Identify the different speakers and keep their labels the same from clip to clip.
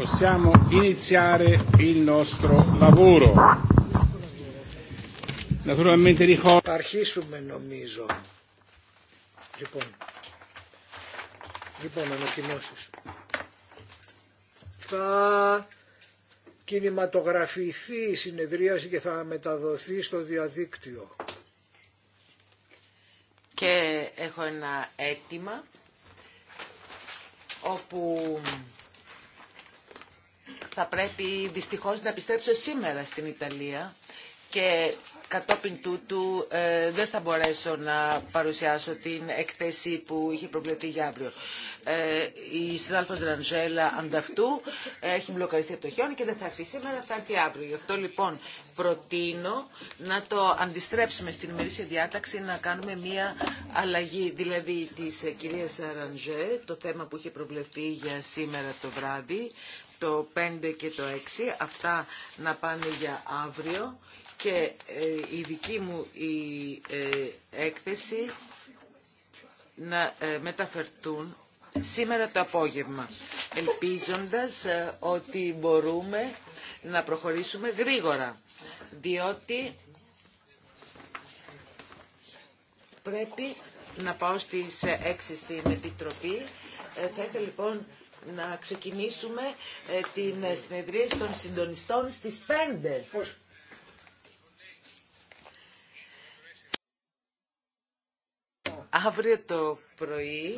Speaker 1: possiamo iniziare il nostro lavoro. Naturalmente ricordo... Θα αρχίσουμε νομίζω. Λοιπόν, λοιπόν ανακοινώσει. Θα κινηματογραφηθεί η συνεδρίαση και θα μεταδοθεί στο διαδίκτυο.
Speaker 2: Και έχω ένα αίτημα όπου θα πρέπει δυστυχώς να επιστρέψω σήμερα στην Ιταλία και κατόπιν τούτου ε, δεν θα μπορέσω να παρουσιάσω την εκθέση που είχε προβλεφθεί για αύριο. Ε, η συνάδελφος Ραντζέλα ανταυτού έχει μπλοκαριστεί από το χιόνι και δεν θα έρθει σήμερα, θα έρθει αύριο. Γι' αυτό λοιπόν προτείνω να το αντιστρέψουμε στην ημερήσια διάταξη να κάνουμε μία αλλαγή. Δηλαδή της ε, κυρίας Ραντζέ, το θέμα που είχε προβλεφτεί για σήμερα το βράδυ, το 5 και το 6, αυτά να πάνε για αύριο και ε, η δική μου η ε, έκθεση να ε, μεταφερθούν σήμερα το απόγευμα, ελπίζοντας ότι μπορούμε να προχωρήσουμε γρήγορα, διότι πρέπει να πάω στις 6 στην Επιτροπή. Θα ήθελα λοιπόν να ξεκινήσουμε ε, την ε, συνεδρία των συντονιστών στις 5. Αύριο το πρωί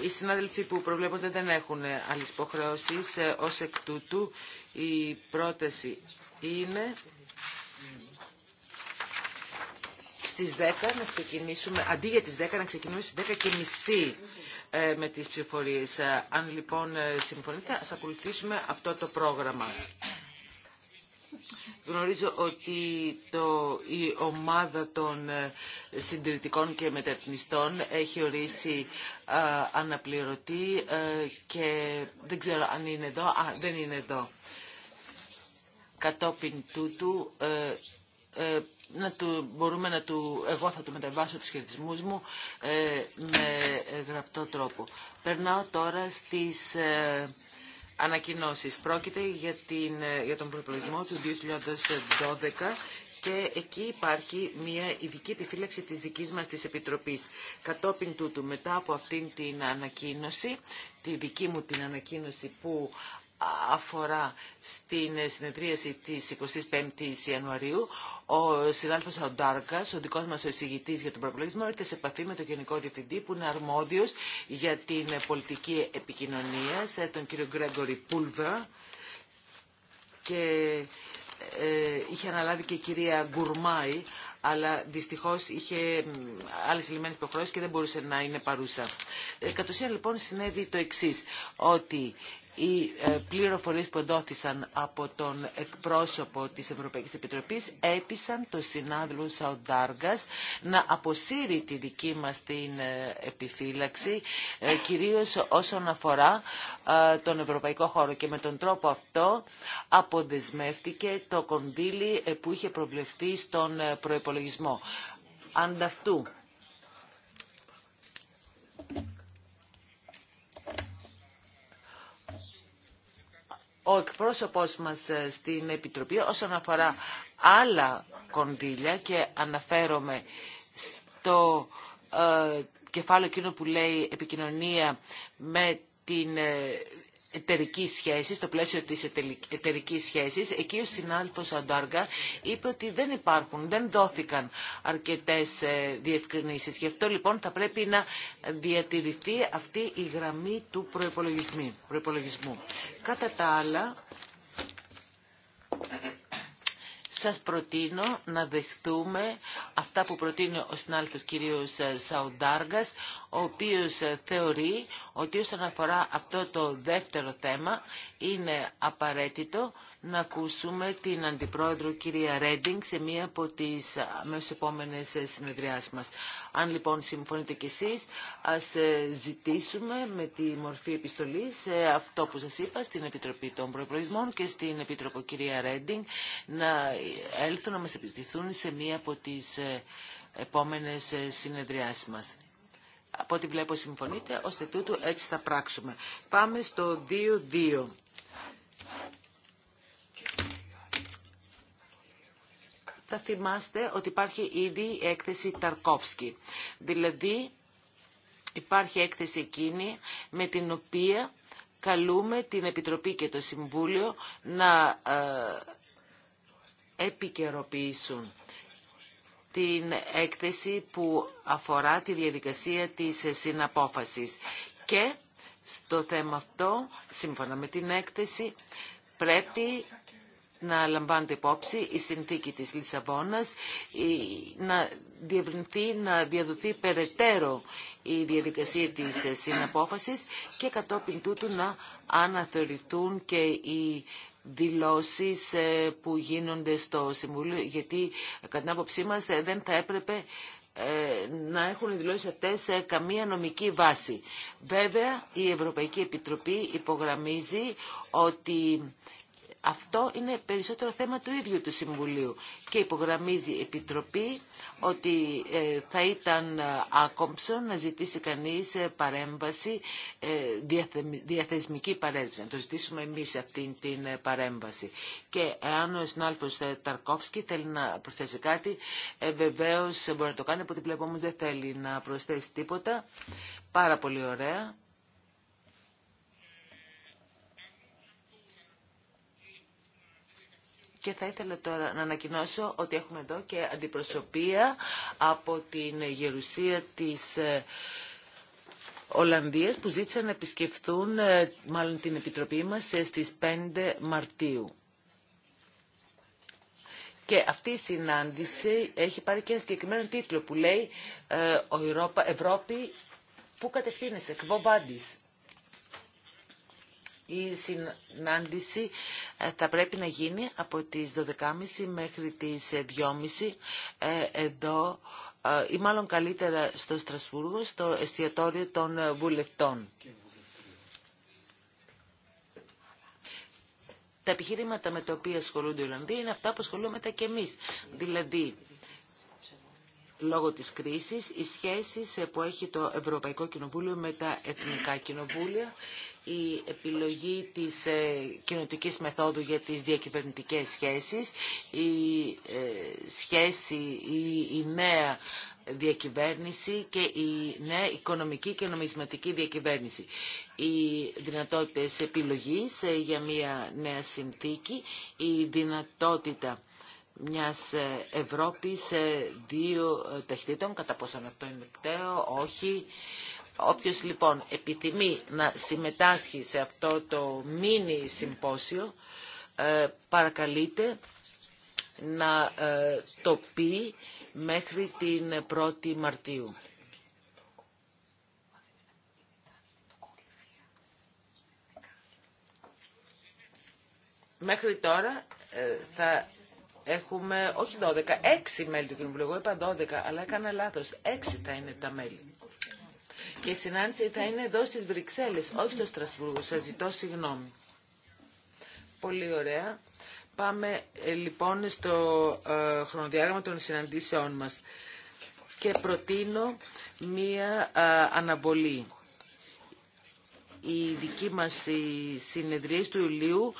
Speaker 2: ε, οι συνάδελφοι που προβλέπονται δεν έχουν άλλες υποχρεώσεις. Ως εκ τούτου η πρόταση είναι στις 10 να ξεκινήσουμε, αντί για τις 10 να ξεκινήσουμε στις 10 και μισή ε, με τις ψηφορίες. Ε, αν λοιπόν ε, συμφωνείτε, ας ακολουθήσουμε αυτό το πρόγραμμα. Γνωρίζω ότι το, η ομάδα των συντηρητικών και μεταρρυθμιστών έχει ορίσει αναπληρωτή και δεν ξέρω αν είναι εδώ. Α, δεν είναι εδώ. Κατόπιν τούτου α, ε, να του, μπορούμε να του, εγώ θα του μεταβάσω τους χαιρετισμούς μου ε, με γραπτό τρόπο. Περνάω τώρα στις ε, ανακοινώσεις. Πρόκειται για, την, ε, για τον προπολογισμό του 2012 και εκεί υπάρχει μια ειδική επιφύλαξη της δικής μας της Επιτροπής. Κατόπιν τούτου, μετά από αυτήν την ανακοίνωση, τη δική μου την ανακοίνωση που αφορά στην συνεδρίαση της 25ης Ιανουαρίου. Ο συνάδελφος Αντάρκας, ο δικός μας ο εισηγητής για τον προπολογισμό, έρθει σε επαφή με τον Γενικό Διευθυντή που είναι αρμόδιος για την πολιτική επικοινωνία, τον κύριο Γκρέγκορι Πούλβερ και ε, είχε αναλάβει και η κυρία Γκουρμάη, αλλά δυστυχώ είχε άλλε λιμένε υποχρεώσει και δεν μπορούσε να είναι παρούσα. Ε, κατ' ουσίαν λοιπόν συνέβη το εξή ότι οι ε, πληροφορίες που δόθησαν από τον εκπρόσωπο της Ευρωπαϊκής Επιτροπής έπεισαν το συνάδελφο Σαουντάργας να αποσύρει τη δική μας την ε, επιφύλαξη ε, κυρίως όσον αφορά τον Ευρωπαϊκό χώρο και με τον τρόπο αυτό αποδεσμεύτηκε το κονδύλι που είχε προβλεφθεί στον προϋπολογισμό. Ανταυτού ο εκπρόσωπός μας ε, στην Επιτροπή όσον αφορά άλλα κονδύλια και αναφέρομαι στο ε, κεφάλαιο εκείνο που λέει επικοινωνία με την ε, εταιρική σχέση, στο πλαίσιο της εταιρική σχέση, εκεί ο συνάδελφος Αντάργα είπε ότι δεν υπάρχουν, δεν δόθηκαν αρκετές ε, διευκρινήσει. Γι' αυτό λοιπόν θα πρέπει να διατηρηθεί αυτή η γραμμή του προπολογισμού. Κατά τα άλλα, σας προτείνω να δεχτούμε αυτά που προτείνει ο συνάδελφος κύριος ε, Σαουντάργας, ο οποίος ε, θεωρεί ότι όσον αφορά αυτό το δεύτερο θέμα είναι απαραίτητο να ακούσουμε την Αντιπρόεδρο κυρία Ρέντινγκ σε μία από τις αμέσως επόμενες συνεδριάσεις μας. Αν λοιπόν συμφωνείτε κι εσείς, ας ε, ζητήσουμε με τη μορφή επιστολής ε, αυτό που σας είπα στην Επιτροπή των Προϋπολογισμών και στην Επίτροπο κυρία Ρέντινγκ να έλθουν να μας επιστηθούν σε μία από τις ε, επόμενες συνεδριάσεις μας. Από ό,τι βλέπω συμφωνείτε, ώστε τούτου έτσι θα πράξουμε. Πάμε στο 2-2. θα θυμάστε ότι υπάρχει ήδη η έκθεση Ταρκόφσκι. Δηλαδή υπάρχει έκθεση εκείνη με την οποία καλούμε την Επιτροπή και το Συμβούλιο να ε, επικαιροποιήσουν την έκθεση που αφορά τη διαδικασία της συναπόφασης. Και στο θέμα αυτό, σύμφωνα με την έκθεση, πρέπει να λαμβάνεται υπόψη η συνθήκη της Λισαβόνας, να διευρυνθεί, να διαδοθεί περαιτέρω η διαδικασία της συναπόφασης και κατόπιν τούτου να αναθεωρηθούν και οι δηλώσεις ε, που γίνονται στο Συμβούλιο, γιατί ε, κατά την άποψή μας ε, δεν θα έπρεπε να έχουν οι δηλώσεις αυτές καμία νομική βάση. Βέβαια, η Ευρωπαϊκή Επιτροπή υπογραμμίζει ότι αυτό είναι περισσότερο θέμα του ίδιου του Συμβουλίου και υπογραμμίζει η Επιτροπή ότι ε, θα ήταν ε, άκομψο να ζητήσει κανείς ε, παρέμβαση, διαθεσμική παρέμβαση, να το ζητήσουμε εμείς αυτή την παρέμβαση. Και αν ο συνάλφος Ταρκόφσκι θέλει να προσθέσει κάτι, βεβαίως μπορεί να το κάνει, από ό,τι βλέπω όμως δεν θέλει να προσθέσει τίποτα. Πάρα πολύ ωραία. Και θα ήθελα τώρα να ανακοινώσω ότι έχουμε εδώ και αντιπροσωπεία από την γερουσία της ε, Ολλανδίας που ζήτησαν να επισκεφθούν ε, μάλλον την Επιτροπή μας ε, στις 5 Μαρτίου. Και αυτή η συνάντηση έχει πάρει και ένα συγκεκριμένο τίτλο που λέει «Ευρώπη, που κατευθύνεσαι, εκβομπάντης» η συνάντηση ε, θα πρέπει να γίνει από τις 12.30 μέχρι τις 2.30 ε, ε, εδώ ή μάλλον καλύτερα στο Στρασβούργο, στο εστιατόριο των βουλευτών. Τα επιχείρηματα με τα οποία ασχολούνται οι Ολλανδοί είναι αυτά που ασχολούμαστε και εμείς. Δηλαδή, λόγω της κρίσης, οι σχέσεις που έχει το Ευρωπαϊκό Κοινοβούλιο με τα Εθνικά Κοινοβούλια η επιλογή της ε, κοινωτικής μεθόδου για τις διακυβερνητικές σχέσεις, η ε, σχέση, η νέα διακυβέρνηση και η νέα οικονομική και νομισματική διακυβέρνηση. Οι δυνατότητες επιλογής ε, για μια νέα συνθήκη, η δυνατότητα μιας Ευρώπης δύο ταχυτήτων, κατά πόσο αυτό είναι εκταίο, όχι, Όποιος λοιπόν επιθυμεί να συμμετάσχει σε αυτό το μίνι συμπόσιο, ε, παρακαλείται να ε, το πει μέχρι την 1η Μαρτίου. Μέχρι τώρα ε, θα έχουμε, όχι 12, 6 μέλη του Κοινοβουλίου. Εγώ είπα 12, αλλά έκανα λάθος. 6 θα είναι τα μέλη και η συνάντηση θα είναι εδώ στις Βρυξέλλες, όχι στο Στρασβούργο. Σας ζητώ συγγνώμη. Πολύ ωραία. Πάμε ε, λοιπόν στο ε, χρονοδιάγραμμα των συναντήσεών μας και προτείνω μία ε, αναβολή. Η δική μας συνεδρία του Ιουλίου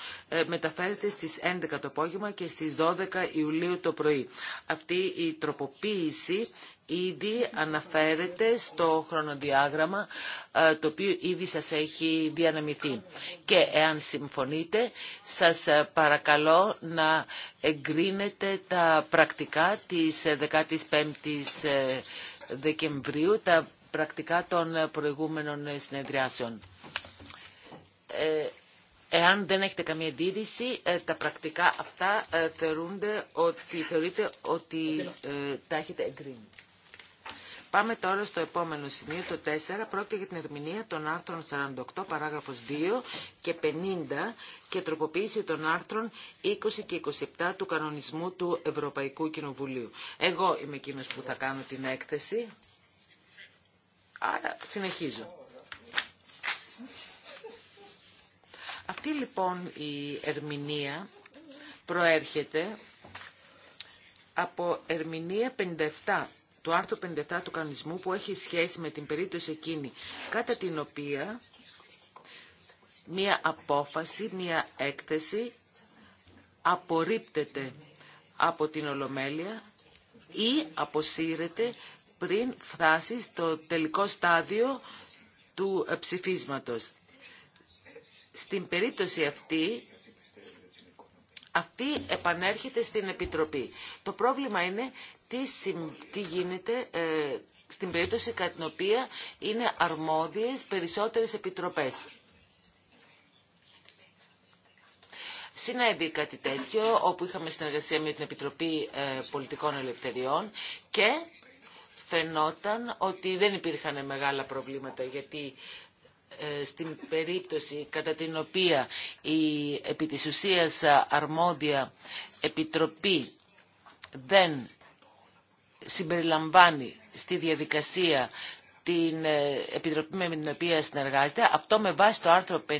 Speaker 2: μεταφέρεται στις 11 το απόγευμα και στις 12 Ιουλίου το πρωί. Αυτή η τροποποίηση ήδη αναφέρεται στο χρονοδιάγραμμα ε, το οποίο ήδη σας έχει διανεμηθεί. Και εάν συμφωνείτε, σας ε, παρακαλώ να εγκρίνετε τα πρακτικά της 15ης ε, Δεκεμβρίου, τα πρακτικά των προηγούμενων συνεδριάσεων. Εάν δεν έχετε καμία αντίρρηση, τα πρακτικά αυτά θεωρούνται ότι, θεωρείτε ότι τα έχετε εγκρίνει. Πάμε τώρα στο επόμενο σημείο, το 4. Πρόκειται για την ερμηνεία των άρθρων 48 παράγραφος 2 και 50 και τροποποίηση των άρθρων 20 και 27 του κανονισμού του Ευρωπαϊκού Κοινοβουλίου. Εγώ είμαι εκείνο που θα κάνω την έκθεση. Άρα συνεχίζω. Αυτή λοιπόν η ερμηνεία προέρχεται από ερμηνεία 57 του άρθρου 57 του κανονισμού που έχει σχέση με την περίπτωση εκείνη κατά την οποία μία απόφαση, μία έκθεση απορρίπτεται από την Ολομέλεια ή αποσύρεται πριν φτάσει στο τελικό στάδιο του ε, ψηφίσματος. Στην περίπτωση αυτή, αυτή επανέρχεται στην Επιτροπή. Το πρόβλημα είναι τι, τι γίνεται ε, στην περίπτωση κατά την οποία είναι αρμόδιες περισσότερες επιτροπές. Συνέβη κάτι τέτοιο, όπου είχαμε συνεργασία με την Επιτροπή ε, Πολιτικών Ελευθεριών και φαινόταν ότι δεν υπήρχαν μεγάλα προβλήματα, γιατί ε, στην περίπτωση κατά την οποία η επί της ουσίας αρμόδια Επιτροπή δεν συμπεριλαμβάνει στη διαδικασία την ε, επιτροπή με την οποία συνεργάζεται, αυτό με βάση το άρθρο 50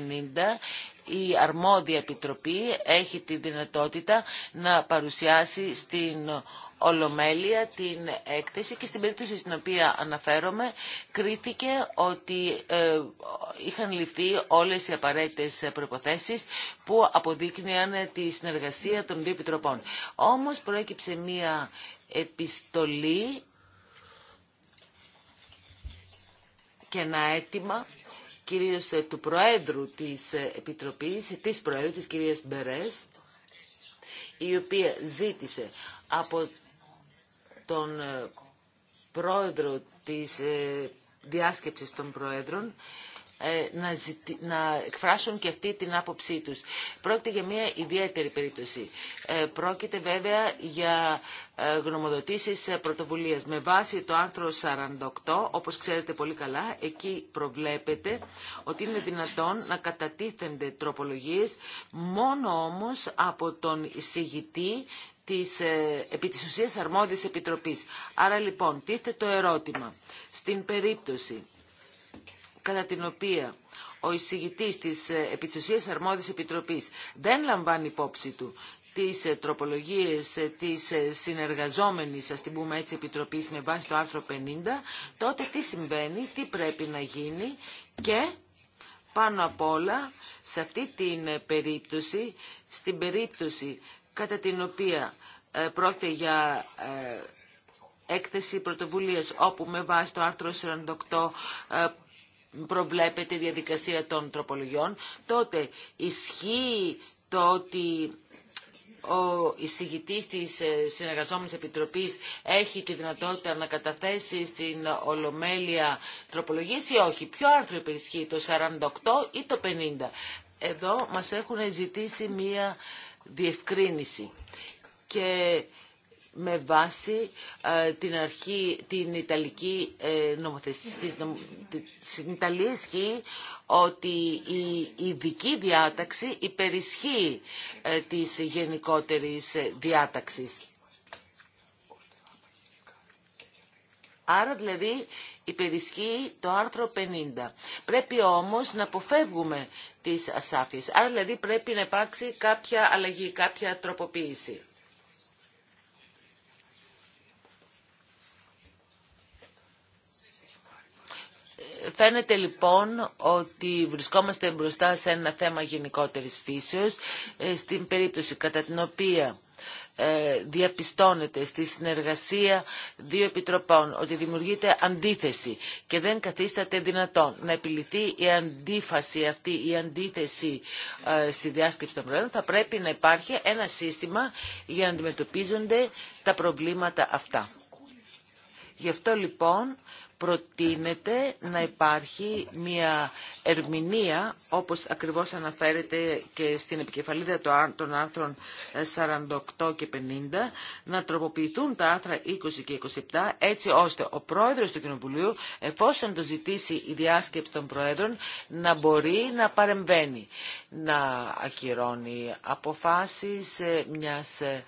Speaker 2: η αρμόδια επιτροπή έχει τη δυνατότητα να παρουσιάσει στην Ολομέλεια την έκθεση και στην περίπτωση στην οποία αναφέρομαι κρίθηκε ότι ε, είχαν ληφθεί όλες οι απαραίτητες προϋποθέσεις που αποδείκνυαν τη συνεργασία των δύο επιτροπών. Όμως προέκυψε μία επιστολή και ένα αίτημα κυρίως ε, του Προέδρου της ε, Επιτροπής, της Προέδρου, της κυρίας Μπερές, η οποία ζήτησε από τον ε, Πρόεδρο της Διάσκεψης των Προέδρων ε, να, να εκφράσουν και αυτή την άποψή τους. Πρόκειται για μια ιδιαίτερη περίπτωση. Ε, πρόκειται βέβαια για ε, γνωμοδοτήσεις πρωτοβουλίας. Με βάση το άρθρο 48, όπως ξέρετε πολύ καλά, εκεί προβλέπεται ότι είναι δυνατόν να κατατίθενται τροπολογίες μόνο όμως από τον εισηγητή της, επί της ουσίας αρμόδιας επιτροπής. Άρα λοιπόν, τίθε το ερώτημα. Στην περίπτωση κατά την οποία ο εισηγητής της ε, Επιτουσίας Αρμόδης Επιτροπής δεν λαμβάνει υπόψη του τις ε, τροπολογίες ε, της συνεργαζόμενης, ας την πούμε έτσι, Επιτροπής με βάση το άρθρο 50, τότε τι συμβαίνει, τι πρέπει να γίνει και πάνω απ' όλα σε αυτή την περίπτωση, στην περίπτωση κατά την οποία πρόκειται για έκθεση πρωτοβουλίας όπου με βάση το άρθρο 48 προβλέπεται η διαδικασία των τροπολογιών, τότε ισχύει το ότι ο εισηγητής της ε, συνεργαζόμενης επιτροπής έχει τη δυνατότητα να καταθέσει στην Ολομέλεια τροπολογίες ή όχι. Ποιο άρθρο υπερισχύει, το 48 ή το 50. Εδώ μας έχουν ζητήσει μία διευκρίνηση. Και με βάση ε, την αρχή, την Ιταλική ε, νομοθεσία. Νομ, στην Ιταλία ισχύει ότι η ειδική διάταξη υπερισχύει ε, της γενικότερης ε, διάταξης. Άρα δηλαδή υπερισχύει το άρθρο 50. Πρέπει όμως να αποφεύγουμε τις ασάφειες. Άρα δηλαδή πρέπει να υπάρξει κάποια αλλαγή, κάποια τροποποίηση. Φαίνεται λοιπόν ότι βρισκόμαστε μπροστά σε ένα θέμα γενικότερης φύσεως, ε, στην περίπτωση κατά την οποία ε, διαπιστώνεται στη συνεργασία δύο επιτροπών ότι δημιουργείται αντίθεση και δεν καθίσταται δυνατόν να επιληθεί η αντίφαση αυτή, η αντίθεση ε, στη διάσκεψη των προϊόντων θα πρέπει να υπάρχει ένα σύστημα για να αντιμετωπίζονται τα προβλήματα αυτά. Γι' αυτό λοιπόν προτείνεται να υπάρχει μια ερμηνεία, όπως ακριβώς αναφέρεται και στην επικεφαλίδα των άρθρων 48 ε, και 50, να τροποποιηθούν τα άρθρα 20 και 27, έτσι ώστε ο πρόεδρος του Κοινοβουλίου, εφόσον το ζητήσει η διάσκεψη των πρόεδρων, να μπορεί να παρεμβαίνει, να ακυρώνει αποφάσεις ε, μιας ε,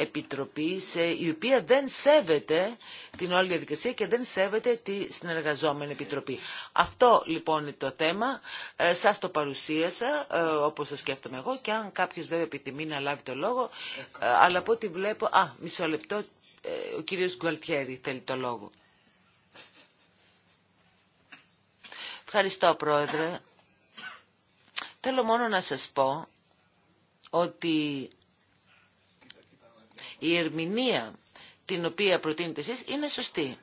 Speaker 2: επιτροπής ε, η οποία δεν σέβεται την όλη διαδικασία και δεν σέβεται τη συνεργαζόμενη επιτροπή. Αυτό λοιπόν είναι το θέμα. Ε, σας το παρουσίασα ε, όπως το σκέφτομαι εγώ και αν κάποιος βέβαια επιθυμεί να λάβει το λόγο αλλά από ό,τι βλέπω... Α, μισό λεπτό, ο κύριος Γκουαλτιέρη θέλει το λόγο. Ευχαριστώ πρόεδρε. Θέλω μόνο να σας πω ότι η ερμηνεία την οποία προτείνετε εσείς είναι σωστή.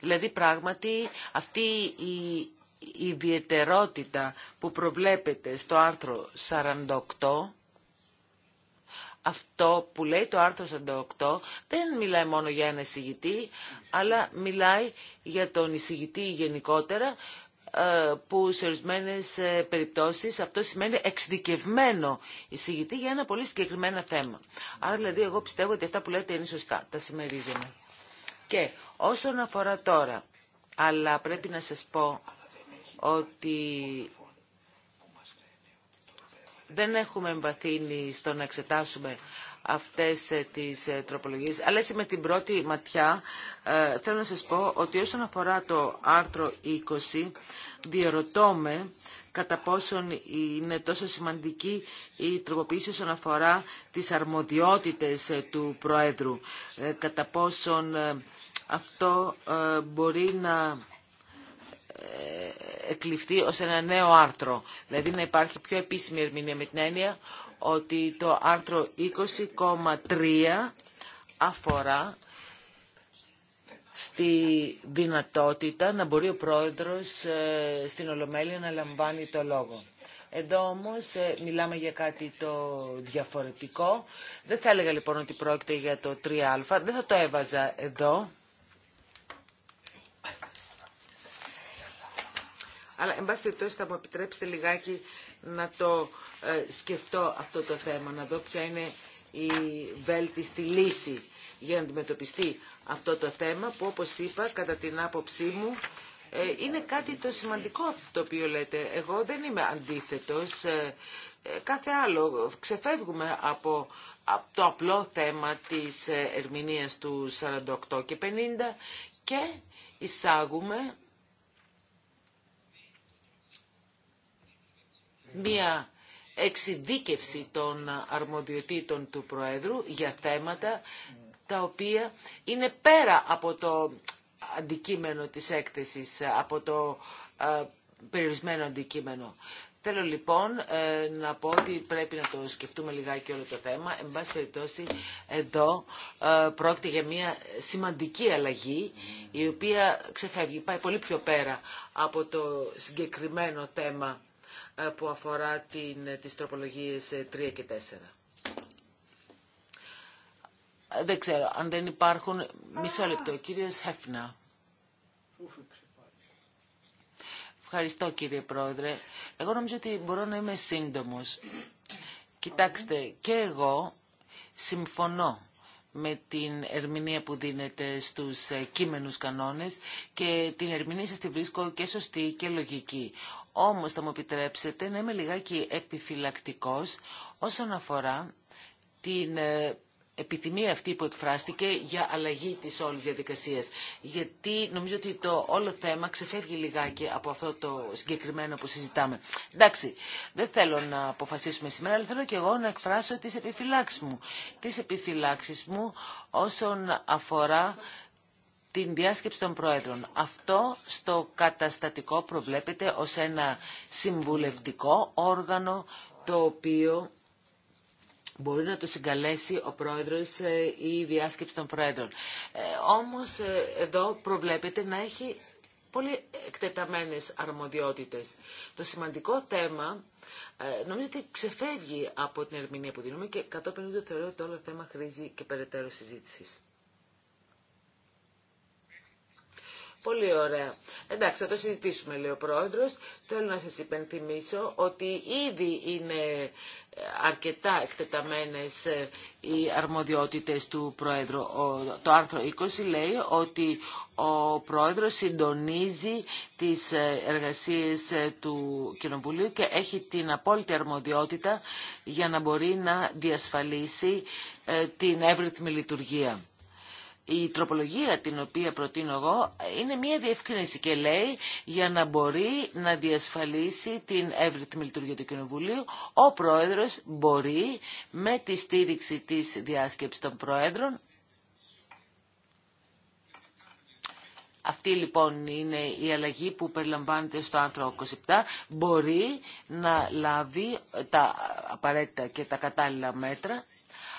Speaker 2: Δηλαδή πράγματι αυτή η ιδιαιτερότητα που προβλέπεται στο άρθρο 48 αυτό που λέει το άρθρο 48 δεν μιλάει μόνο για ένα εισηγητή, αλλά μιλάει για τον εισηγητή γενικότερα ε, που σε ορισμένε ε, περιπτώσεις αυτό σημαίνει εξειδικευμένο εισηγητή για ένα πολύ συγκεκριμένο θέμα. Άρα δηλαδή εγώ πιστεύω ότι αυτά που λέτε είναι σωστά. Τα συμμερίζομαι. Και όσον αφορά τώρα, αλλά πρέπει να σας πω ότι δεν έχουμε εμβαθύνει στο να εξετάσουμε αυτές ε, τις ε, τροπολογίες. Αλλά έτσι με την πρώτη ματιά ε, θέλω να σας πω ότι όσον αφορά το άρθρο 20 διερωτώμε κατά πόσον είναι τόσο σημαντική η τροποποίηση όσον αφορά τις αρμοδιότητες του Προέδρου. Κατά πόσον αυτό μπορεί να εκλειφθεί ως ένα νέο άρθρο. Δηλαδή να υπάρχει πιο επίσημη ερμηνεία με την έννοια ότι το άρθρο 20,3 αφορά στη δυνατότητα να μπορεί ο πρόεδρος ε, στην Ολομέλεια να λαμβάνει το λόγο. Εδώ όμως ε, μιλάμε για κάτι το διαφορετικό. Δεν θα έλεγα λοιπόν ότι πρόκειται για το 3α. Δεν θα το έβαζα εδώ. Αλλά, εν πάση περιπτώσει, θα μου επιτρέψετε λιγάκι να το ε, σκεφτώ αυτό το θέμα, να δω ποια είναι η βέλτιστη λύση για να αντιμετωπιστεί αυτό το θέμα που, όπως είπα, κατά την άποψή μου, ε, είναι κάτι το σημαντικό το οποίο λέτε. Εγώ δεν είμαι αντίθετος. Ε, κάθε άλλο, ξεφεύγουμε από, από το απλό θέμα της ερμηνείας του 48 και 50 και εισάγουμε μία εξειδίκευση των αρμοδιοτήτων του Προέδρου για θέματα τα οποία είναι πέρα από το αντικείμενο της έκθεσης, από το ε, περιορισμένο αντικείμενο. Θέλω λοιπόν ε, να πω ότι πρέπει να το σκεφτούμε λιγάκι όλο το θέμα. Εν πάση περιπτώσει εδώ ε, πρόκειται για μια σημαντική αλλαγή η οποία ξεφεύγει, πάει πολύ πιο πέρα από το συγκεκριμένο θέμα ε, που αφορά την, ε, τις τροπολογίες 3 ε, και 4. Δεν ξέρω, αν δεν υπάρχουν... Μισό λεπτό, κύριος Χέφνα. Ευχαριστώ κύριε Πρόεδρε. Εγώ νομίζω ότι μπορώ να είμαι σύντομος. Κοιτάξτε, και εγώ συμφωνώ με την ερμηνεία που δίνεται στους κείμενους κανόνες και την ερμηνεία σας τη βρίσκω και σωστή και λογική. Όμως θα μου επιτρέψετε να είμαι λιγάκι επιφυλακτικός όσον αφορά την ε, επιθυμία αυτή που εκφράστηκε για αλλαγή της όλης διαδικασίας. Γιατί νομίζω ότι το όλο θέμα ξεφεύγει λιγάκι από αυτό το συγκεκριμένο που συζητάμε. Εντάξει, δεν θέλω να αποφασίσουμε σήμερα, αλλά θέλω και εγώ να εκφράσω τις επιφυλάξεις μου. Τις επιφυλάξεις μου όσον αφορά την διάσκεψη των Προέδρων. Αυτό στο καταστατικό προβλέπεται ως ένα συμβουλευτικό όργανο το οποίο μπορεί να το συγκαλέσει ο Πρόεδρος ή ε, η διάσκεψη των Προέδρων. Ε, όμως ε, εδώ προβλέπεται να έχει πολύ εκτεταμένες αρμοδιότητες. Το σημαντικό θέμα ε, νομίζω ότι ξεφεύγει από την ερμηνεία που δίνουμε και κατόπιν θεωρώ ότι όλο το θέμα χρήζει και περαιτέρω συζήτησης. Πολύ ωραία. Εντάξει, θα το συζητήσουμε, λέει ο Πρόεδρο, Θέλω να σα υπενθυμίσω ότι ήδη είναι αρκετά εκτεταμένες ε, οι αρμοδιότητες του Πρόεδρου. Το άρθρο 20 λέει ότι ο Πρόεδρος συντονίζει τις ε, εργασίες ε, του Κοινοβουλίου και έχει την απόλυτη αρμοδιότητα για να μπορεί να διασφαλίσει την εύρυθμη λειτουργία η τροπολογία την οποία προτείνω εγώ είναι μια διευκρίνηση και λέει για να μπορεί να διασφαλίσει την εύρυθμη λειτουργία του Κοινοβουλίου ο Πρόεδρος μπορεί με τη στήριξη της διάσκεψης των Πρόεδρων Αυτή λοιπόν είναι η αλλαγή που περιλαμβάνεται στο άνθρωπο 27. Μπορεί να λάβει τα απαραίτητα και τα κατάλληλα μέτρα.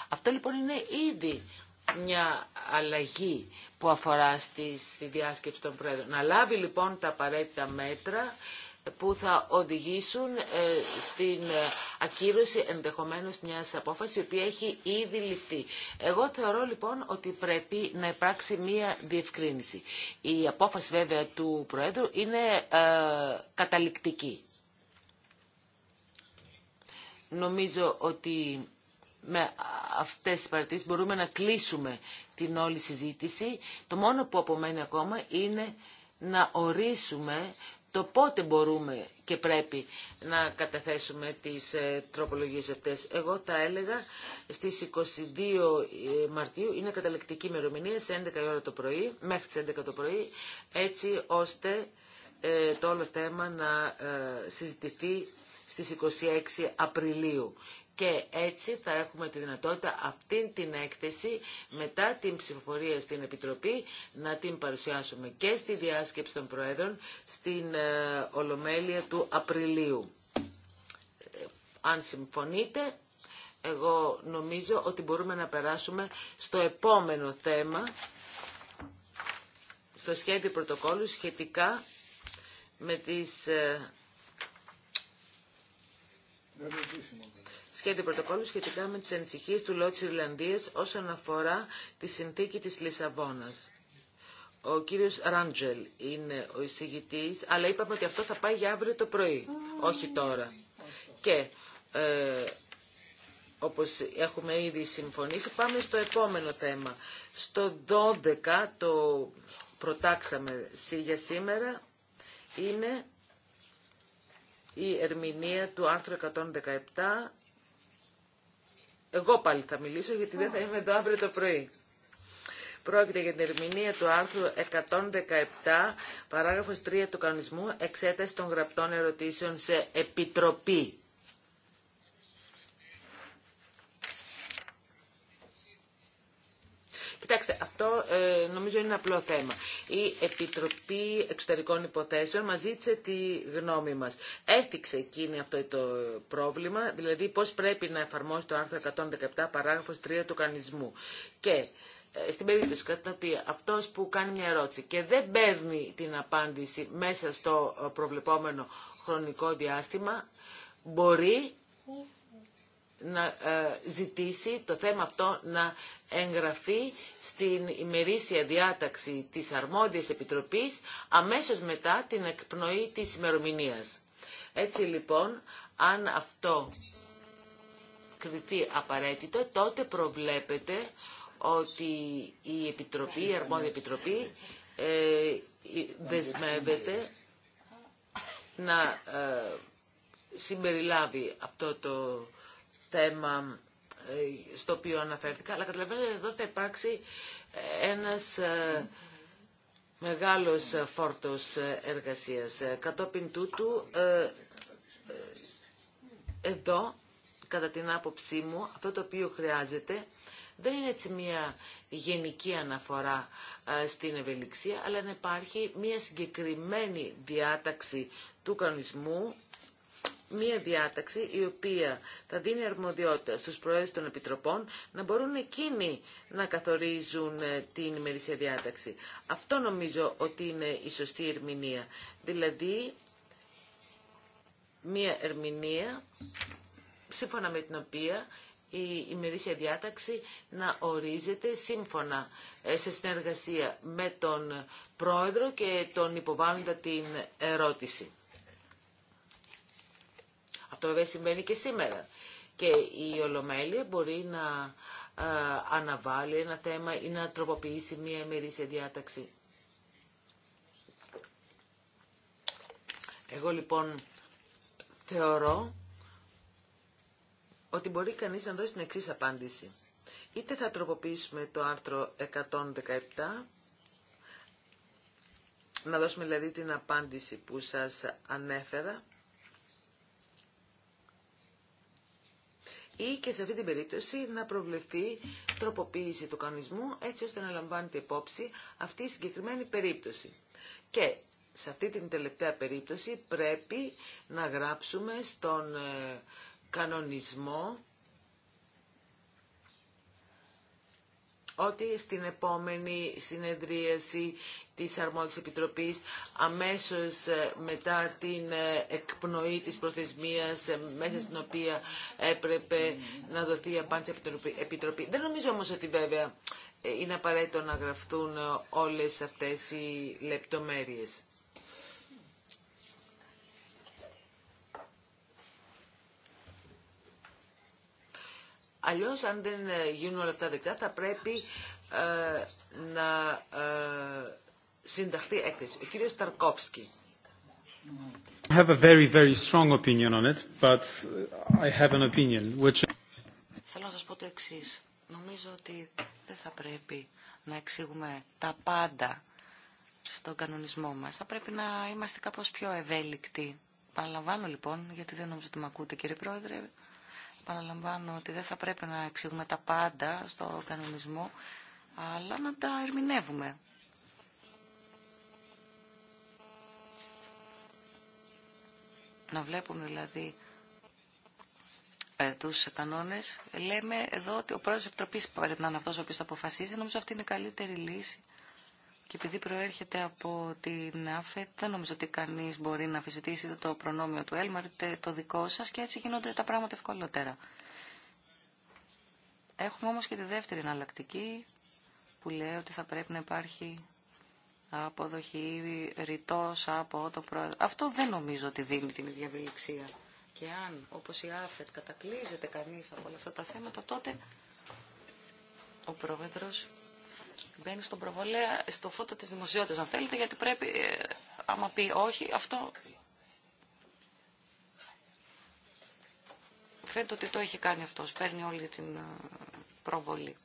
Speaker 2: Αυτό λοιπόν είναι ήδη μια αλλαγή που αφορά στη, στη διάσκεψη των Πρόεδρων. Να λάβει λοιπόν τα απαραίτητα μέτρα που θα οδηγήσουν ε, στην ε, ακύρωση ενδεχομένως μιας απόφασης η οποία έχει ήδη ληφθεί. Εγώ θεωρώ λοιπόν ότι πρέπει να υπάρξει μία διευκρίνηση. Η απόφαση βέβαια του Προέδρου είναι ε, καταληκτική. Νομίζω ότι με αυτές τις παρατηρήσεις μπορούμε να κλείσουμε την όλη συζήτηση. Το μόνο που απομένει ακόμα είναι να ορίσουμε το πότε μπορούμε και πρέπει να καταθέσουμε τις ε, τροπολογίες αυτές. Εγώ τα έλεγα στις 22 ε, Μαρτίου, είναι καταληκτική ημερομηνία, σε 11 ώρα το πρωί, μέχρι τις 11 το πρωί, έτσι ώστε ε, το όλο θέμα να συζητηθεί στις 26 Απριλίου. Και έτσι θα έχουμε τη δυνατότητα αυτήν την έκθεση μετά την ψηφοφορία στην Επιτροπή να την παρουσιάσουμε και στη διάσκεψη των Προέδρων στην ε, Ολομέλεια του Απριλίου. Ε, αν συμφωνείτε, εγώ νομίζω ότι μπορούμε να περάσουμε στο επόμενο θέμα, στο σχέδιο πρωτοκόλλου σχετικά με τις... Ε, σχέδιο πρωτοκόλλου σχετικά με τις ανησυχίε του Λότ Ιρλανδίας όσον αφορά τη συνθήκη της Λισαβόνας. Ο κύριος Ράντζελ είναι ο εισηγητής, αλλά είπαμε ότι αυτό θα πάει για αύριο το πρωί, όχι τώρα. Και ε, όπως έχουμε ήδη συμφωνήσει, πάμε στο επόμενο θέμα. Στο 12 το προτάξαμε για σήμερα είναι η ερμηνεία του άρθρου 117 εγώ πάλι θα μιλήσω γιατί δεν θα είμαι εδώ αύριο το πρωί. Πρόκειται για την ερμηνεία του άρθρου 117, παράγραφος 3 του κανονισμού, εξέταση των γραπτών ερωτήσεων σε επιτροπή. Κοιτάξτε, αυτό ε, νομίζω είναι ένα απλό θέμα. Η Επιτροπή Εξωτερικών Υποθέσεων μας ζήτησε τη γνώμη μας. Έθιξε εκείνη αυτό το πρόβλημα, δηλαδή πώς πρέπει να εφαρμόσει το άρθρο 117 παράγραφος 3 του κανισμού. Και ε, στην περίπτωση κατά την οποία αυτός που κάνει μια ερώτηση και δεν παίρνει την απάντηση μέσα στο προβλεπόμενο χρονικό διάστημα, μπορεί να ε, ζητήσει το θέμα αυτό να εγγραφεί στην ημερήσια διάταξη της αρμόδιας επιτροπής αμέσως μετά την εκπνοή της ημερομηνία. Έτσι λοιπόν, αν αυτό κριθεί απαραίτητο, τότε προβλέπεται ότι η Επιτροπή, η Αρμόδια Επιτροπή ε, δεσμεύεται να ε, συμπεριλάβει αυτό το θέμα ε, στο οποίο αναφέρθηκα, αλλά καταλαβαίνετε εδώ θα υπάρξει ε, ένας ε, μεγάλος φόρτος εργασίας. Κατόπιν τούτου, εδώ, κατά την άποψή μου, αυτό το οποίο χρειάζεται δεν είναι έτσι μια γενική αναφορά στην ευελιξία, αλλά να υπάρχει μια συγκεκριμένη διάταξη του κανονισμού μία διάταξη η οποία θα δίνει αρμοδιότητα στους προέδρους των επιτροπών να μπορούν εκείνοι να καθορίζουν ε, την ημερήσια διάταξη. Αυτό νομίζω ότι είναι η σωστή ερμηνεία. Δηλαδή, μία ερμηνεία σύμφωνα με την οποία η ημερήσια διάταξη να ορίζεται σύμφωνα ε, σε συνεργασία με τον πρόεδρο και τον υποβάλλοντα την ερώτηση. Αυτό βέβαια συμβαίνει και σήμερα. Και η Ολομέλεια μπορεί να ε, αναβάλει ένα θέμα ή να τροποποιήσει μία ημερήσια διάταξη. Εγώ λοιπόν θεωρώ ότι μπορεί κανείς να δώσει την εξής απάντηση. Είτε θα τροποποιήσουμε το άρθρο 117, να δώσουμε δηλαδή την απάντηση που σας ανέφερα, ή και σε αυτή την περίπτωση να προβλεφθεί τροποποίηση του κανονισμού έτσι ώστε να λαμβάνεται υπόψη αυτή η συγκεκριμένη περίπτωση. Και σε αυτή την τελευταία περίπτωση πρέπει να γράψουμε στον ε, κανονισμό ότι στην επόμενη συνεδρίαση της Αρμόδιας Επιτροπής αμέσως ε, μετά την ε, εκπνοή της προθεσμίας ε, μέσα στην οποία έπρεπε να δοθεί η απάντηση από την Επιτροπή. Δεν νομίζω όμως ότι βέβαια είναι απαραίτητο να γραφτούν όλες αυτές οι λεπτομέρειες. Αλλιώς αν δεν ε, γίνουν όλα αυτά δεκτά θα πρέπει ε, να ε, συνταχθεί έκθεση. Ο κύριος Ταρκόφσκι.
Speaker 1: I have a very, very strong opinion on it, but uh, I have an opinion, which...
Speaker 3: Θέλω να σας πω το εξή. Νομίζω ότι δεν θα πρέπει να εξηγούμε τα πάντα στον κανονισμό μας. Θα πρέπει να είμαστε κάπως πιο ευέλικτοι. Παραλαμβάνω λοιπόν, γιατί δεν νομίζω ότι με ακούτε κύριε Πρόεδρε, Παραλαμβάνω ότι δεν θα πρέπει να εξηγούμε τα πάντα στο κανονισμό, αλλά να τα ερμηνεύουμε. Να βλέπουμε δηλαδή ε, τους κανόνες. Λέμε εδώ ότι ο πρόεδρος της Επιτροπής πρέπει να είναι αυτός ο οποίος θα αποφασίζει. Νομίζω αυτή είναι η καλύτερη λύση και επειδή προέρχεται από την ΑΦΕΤ, δεν νομίζω ότι κανεί μπορεί να αφισβητήσει το προνόμιο του Έλμαρ, είτε το δικό σα και έτσι γίνονται τα πράγματα ευκολότερα. Έχουμε όμω και τη δεύτερη εναλλακτική που λέει ότι θα πρέπει να υπάρχει αποδοχή ρητό από το πρόεδρο. Αυτό δεν νομίζω ότι δίνει την ίδια Και αν, όπω η ΑΦΕΤ, κατακλείζεται κανεί από όλα αυτά τα θέματα, τότε ο πρόεδρος Μπαίνει στον προβολέα, στο φώτο της δημοσιότητας, αν θέλετε, γιατί πρέπει, ε, άμα πει όχι, αυτό φαίνεται ότι το έχει κάνει αυτός, παίρνει όλη την ε, προβολή.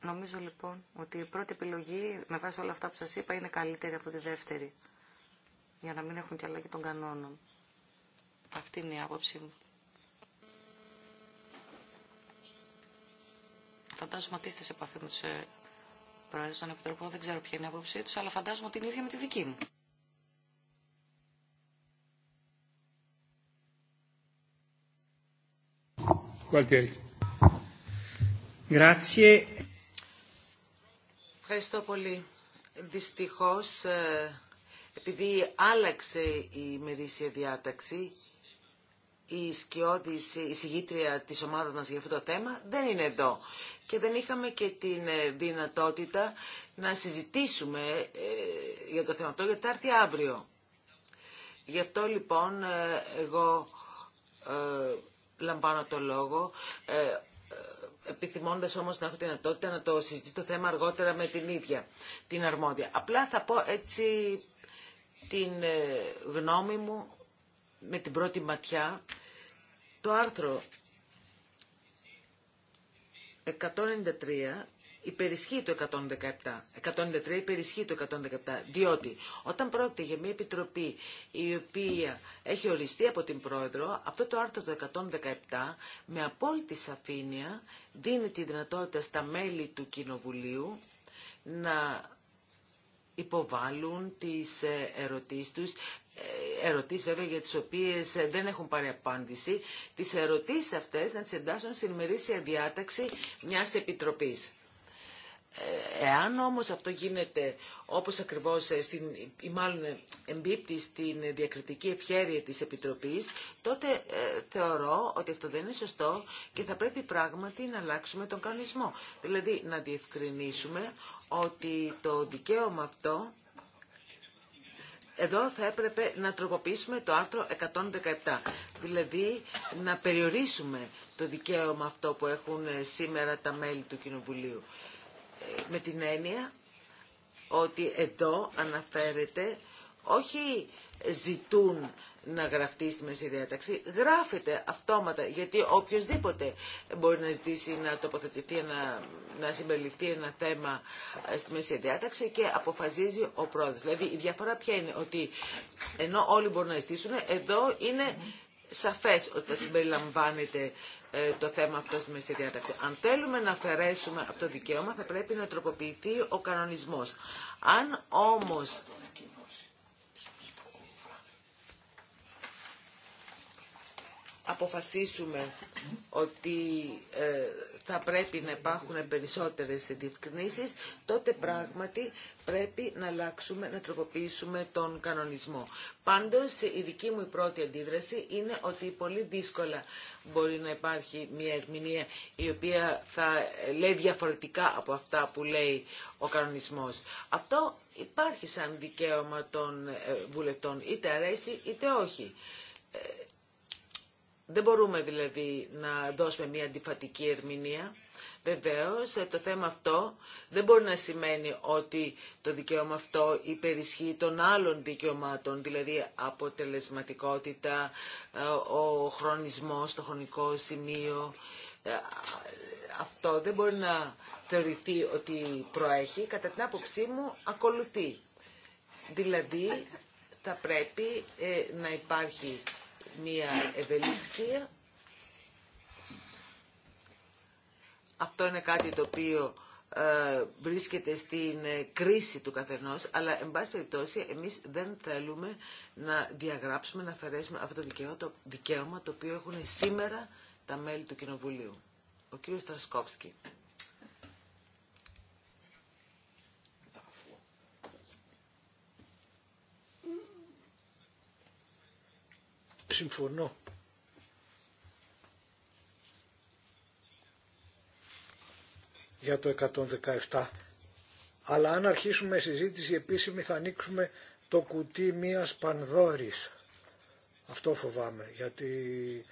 Speaker 3: Νομίζω λοιπόν ότι η πρώτη επιλογή, με βάση όλα αυτά που σας είπα, είναι καλύτερη από τη δεύτερη, για να μην έχουν και αλλαγή των κανόνων. Αυτή είναι η άποψή μου. Φαντάζομαι ότι είστε σε επαφή με τους ε, προέδρου των Επιτροπών, δεν ξέρω ποια είναι η άποψή του, αλλά φαντάζομαι ότι είναι ίδια με τη δική μου.
Speaker 2: Ευχαριστώ πολύ. Δυστυχώς, ε, επειδή άλλαξε η μερίσια διάταξη, η σκιώδη εισηγήτρια της ομάδας μας για αυτό το θέμα δεν είναι εδώ και δεν είχαμε και την ε, δυνατότητα να συζητήσουμε ε, για το θέμα αυτό γιατί θα έρθει αύριο. Γι' αυτό λοιπόν ε, εγώ ε, λαμβάνω το λόγο ε, επιθυμώντας όμως να έχω τη δυνατότητα να το συζητήσω το θέμα αργότερα με την ίδια την αρμόδια. Απλά θα πω έτσι την γνώμη μου με την πρώτη ματιά το άρθρο 193 υπερισχύει το 117. 193 υπερισχύει 117. Διότι όταν πρόκειται για μια επιτροπή η οποία έχει οριστεί από την πρόεδρο, αυτό το άρθρο το 117 με απόλυτη σαφήνεια δίνει τη δυνατότητα στα μέλη του Κοινοβουλίου να υποβάλουν τις ε, ερωτήσεις τους ε, ερωτήσεις βέβαια για τις οποίες ε, δεν έχουν πάρει απάντηση, τις ερωτήσεις αυτές να τις εντάσσουν στην ημερήσια διάταξη μιας επιτροπής. Ε, εάν όμως αυτό γίνεται όπως ακριβώς, στην, ή μάλλον εμπίπτει στην διακριτική ευχέρεια της Επιτροπής, τότε θεωρώ ότι αυτό δεν είναι σωστό και θα πρέπει πράγματι να αλλάξουμε τον κανονισμό. Δηλαδή να διευκρινίσουμε ότι το δικαίωμα αυτό εδώ θα έπρεπε να τροποποιήσουμε το άρθρο 117, δηλαδή να περιορίσουμε το δικαίωμα αυτό που έχουν ε, σήμερα τα μέλη του Κοινοβουλίου. Ε, με την έννοια ότι εδώ αναφέρεται όχι ζητούν να γραφτεί στη Μεσή Διάταξη, γράφεται αυτόματα, γιατί οποιοδήποτε μπορεί να ζητήσει να τοποθετηθεί, να, να συμπεριληφθεί ένα θέμα ε, στη Μεσή Διάταξη και αποφασίζει ο πρόεδρος. Δηλαδή η διαφορά ποια είναι, ότι ενώ όλοι μπορούν να ζητήσουν, εδώ είναι σαφές ότι θα συμπεριλαμβάνεται ε, το θέμα αυτό στη Μεσή Διάταξη. Αν θέλουμε να αφαιρέσουμε αυτό το δικαίωμα, θα πρέπει να τροποποιηθεί ο κανονισμός. Αν όμως αποφασίσουμε ότι ε, θα πρέπει να υπάρχουν περισσότερες διευκρινήσεις, τότε πράγματι πρέπει να αλλάξουμε, να τροποποιήσουμε τον κανονισμό. Πάντως, η δική μου πρώτη αντίδραση είναι ότι πολύ δύσκολα μπορεί να υπάρχει μια ερμηνεία η οποία θα λέει διαφορετικά από αυτά που λέει ο κανονισμός. Αυτό υπάρχει σαν δικαίωμα των ε, βουλευτών, είτε αρέσει είτε όχι. Ε, δεν μπορούμε δηλαδή να δώσουμε μια αντιφατική ερμηνεία. Βεβαίως, ε, το θέμα αυτό δεν μπορεί να σημαίνει ότι το δικαίωμα αυτό υπερισχύει των άλλων δικαιωμάτων, δηλαδή αποτελεσματικότητα, ε, ο χρονισμός, το χρονικό σημείο. Ε, αυτό δεν μπορεί να θεωρηθεί ότι προέχει, κατά την άποψή μου ακολουθεί. Δηλαδή, θα πρέπει να υπάρχει μια ευελιξία. Αυτό είναι κάτι το οποίο ε, βρίσκεται στην ε, κρίση του καθενός, αλλά εν πάση περιπτώσει εμείς δεν θέλουμε να διαγράψουμε, να αφαιρέσουμε αυτό το δικαίωμα, το οποίο έχουν σήμερα τα μέλη του Κοινοβουλίου. Ο κύριος Τρασκόφσκι.
Speaker 1: Συμφωνώ. για το 117. Αλλά αν αρχίσουμε συζήτηση επίσημη θα ανοίξουμε το κουτί μίας πανδόρης. Αυτό φοβάμαι, γιατί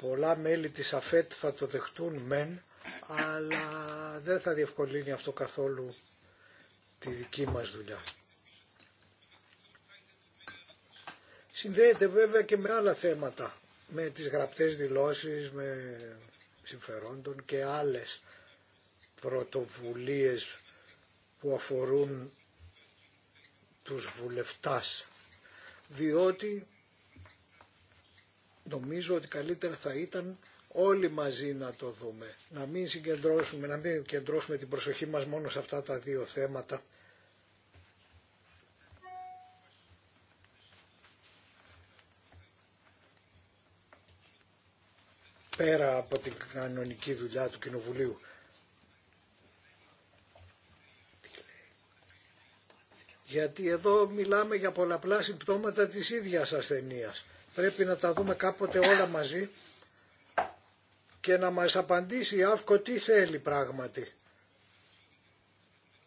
Speaker 1: πολλά μέλη της ΑΦΕΤ θα το δεχτούν μεν, αλλά δεν θα διευκολύνει αυτό καθόλου τη δική μας δουλειά. Συνδέεται βέβαια και με άλλα θέματα, με τις γραπτές δηλώσεις, με συμφερόντων και άλλες πρωτοβουλίες που αφορούν τους βουλευτάς. Διότι νομίζω ότι καλύτερα θα ήταν όλοι μαζί να το δούμε. Να μην συγκεντρώσουμε, να μην κεντρώσουμε την προσοχή μας μόνο σε αυτά τα δύο θέματα πέρα από την κανονική δουλειά του Κοινοβουλίου. Γιατί εδώ μιλάμε για πολλαπλά συμπτώματα της ίδιας ασθενείας. Πρέπει να τα δούμε κάποτε όλα μαζί και να μας απαντήσει η ΑΦΚΟ τι θέλει πράγματι.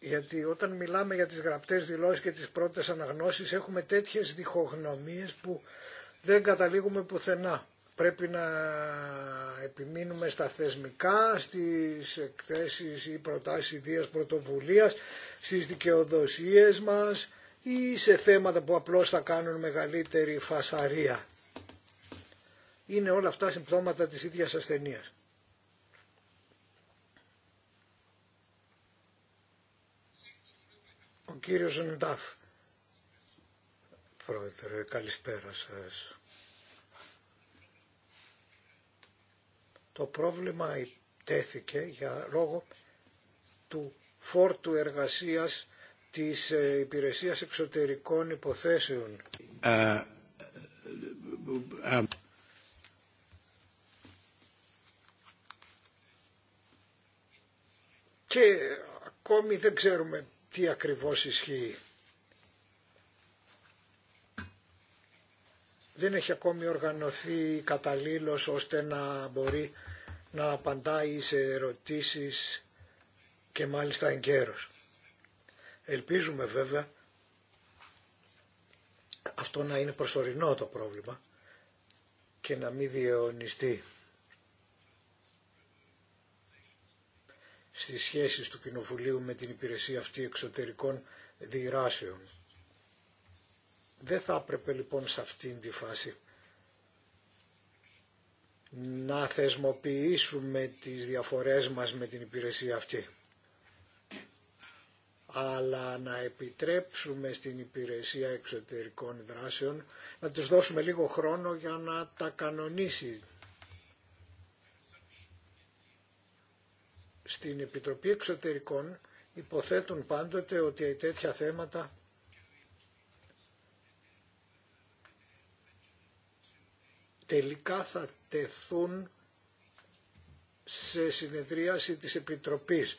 Speaker 1: Γιατί όταν μιλάμε για τις γραπτές δηλώσεις και τις πρώτες αναγνώσεις έχουμε τέτοιες διχογνωμίες που δεν καταλήγουμε πουθενά. Πρέπει να επιμείνουμε στα θεσμικά, στις εκθέσεις ή προτάσεις ιδίας πρωτοβουλίας, στις δικαιοδοσίες μας ή σε θέματα που απλώς θα κάνουν μεγαλύτερη φασαρία. Είναι όλα αυτά συμπτώματα της ίδιας ασθενείας. Ο κύριος Ντάφ. Πρόεδρε, καλησπέρα σας. Το πρόβλημα τέθηκε για λόγο του φόρτου εργασίας της ε, Υπηρεσίας Εξωτερικών Υποθέσεων. Ε, ε, Και ακόμη δεν ξέρουμε τι ακριβώς ισχύει. Δεν έχει ακόμη οργανωθεί καταλήλως ώστε να μπορεί να απαντάει σε ερωτήσεις και μάλιστα εγκαίρως. Ελπίζουμε βέβαια αυτό να είναι προσωρινό το πρόβλημα και να μην διαιωνιστεί στις σχέσεις του Κοινοβουλίου με την υπηρεσία αυτή εξωτερικών διηράσεων. Δεν θα έπρεπε λοιπόν σε αυτήν τη φάση να θεσμοποιήσουμε τις διαφορές μας με την υπηρεσία αυτή αλλά να επιτρέψουμε στην υπηρεσία εξωτερικών δράσεων να τους δώσουμε λίγο χρόνο για να τα κανονίσει. Στην Επιτροπή Εξωτερικών υποθέτουν πάντοτε ότι τέτοια θέματα τελικά θα τεθούν σε συνεδρίαση της Επιτροπής.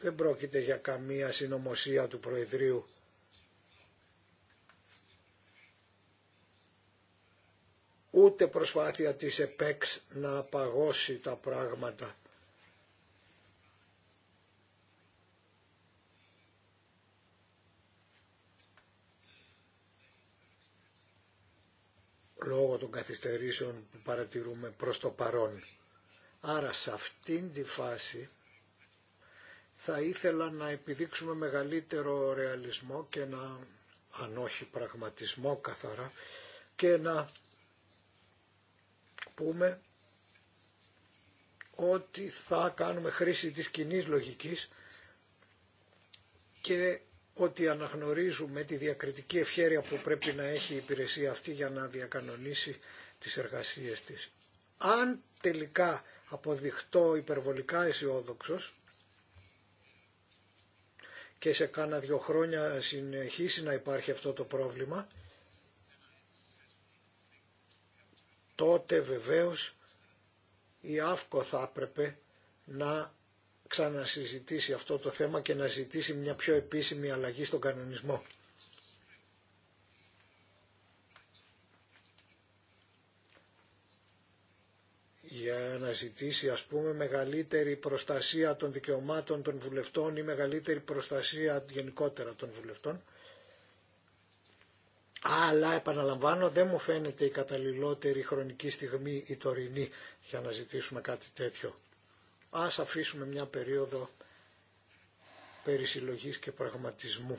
Speaker 1: Δεν πρόκειται για καμία συνωμοσία του Προεδρείου. Ούτε προσπάθεια της ΕΠΕΚΣ να απαγώσει τα πράγματα. λόγω των καθυστερήσεων που παρατηρούμε προς το παρόν. Άρα σε αυτήν τη φάση θα ήθελα να επιδείξουμε μεγαλύτερο ρεαλισμό και να, αν όχι πραγματισμό καθαρά, και να πούμε ότι θα κάνουμε χρήση της κοινή λογικής και ότι αναγνωρίζουμε τη διακριτική ευχέρεια που πρέπει να έχει η υπηρεσία αυτή για να διακανονίσει τις εργασίες της. Αν τελικά αποδειχτώ υπερβολικά αισιόδοξο και σε κάνα δυο χρόνια συνεχίσει να υπάρχει αυτό το πρόβλημα, τότε βεβαίως η ΑΦΚΟ θα έπρεπε να ξανασυζητήσει αυτό το θέμα και να ζητήσει μια πιο επίσημη αλλαγή στον κανονισμό. για να ζητήσει ας πούμε μεγαλύτερη προστασία των δικαιωμάτων των βουλευτών ή μεγαλύτερη προστασία γενικότερα των βουλευτών. Αλλά επαναλαμβάνω δεν μου φαίνεται η καταλληλότερη χρονική στιγμή η τωρινή για να ζητήσουμε κάτι τέτοιο. Ας αφήσουμε μια περίοδο περισυλλογής και πραγματισμού.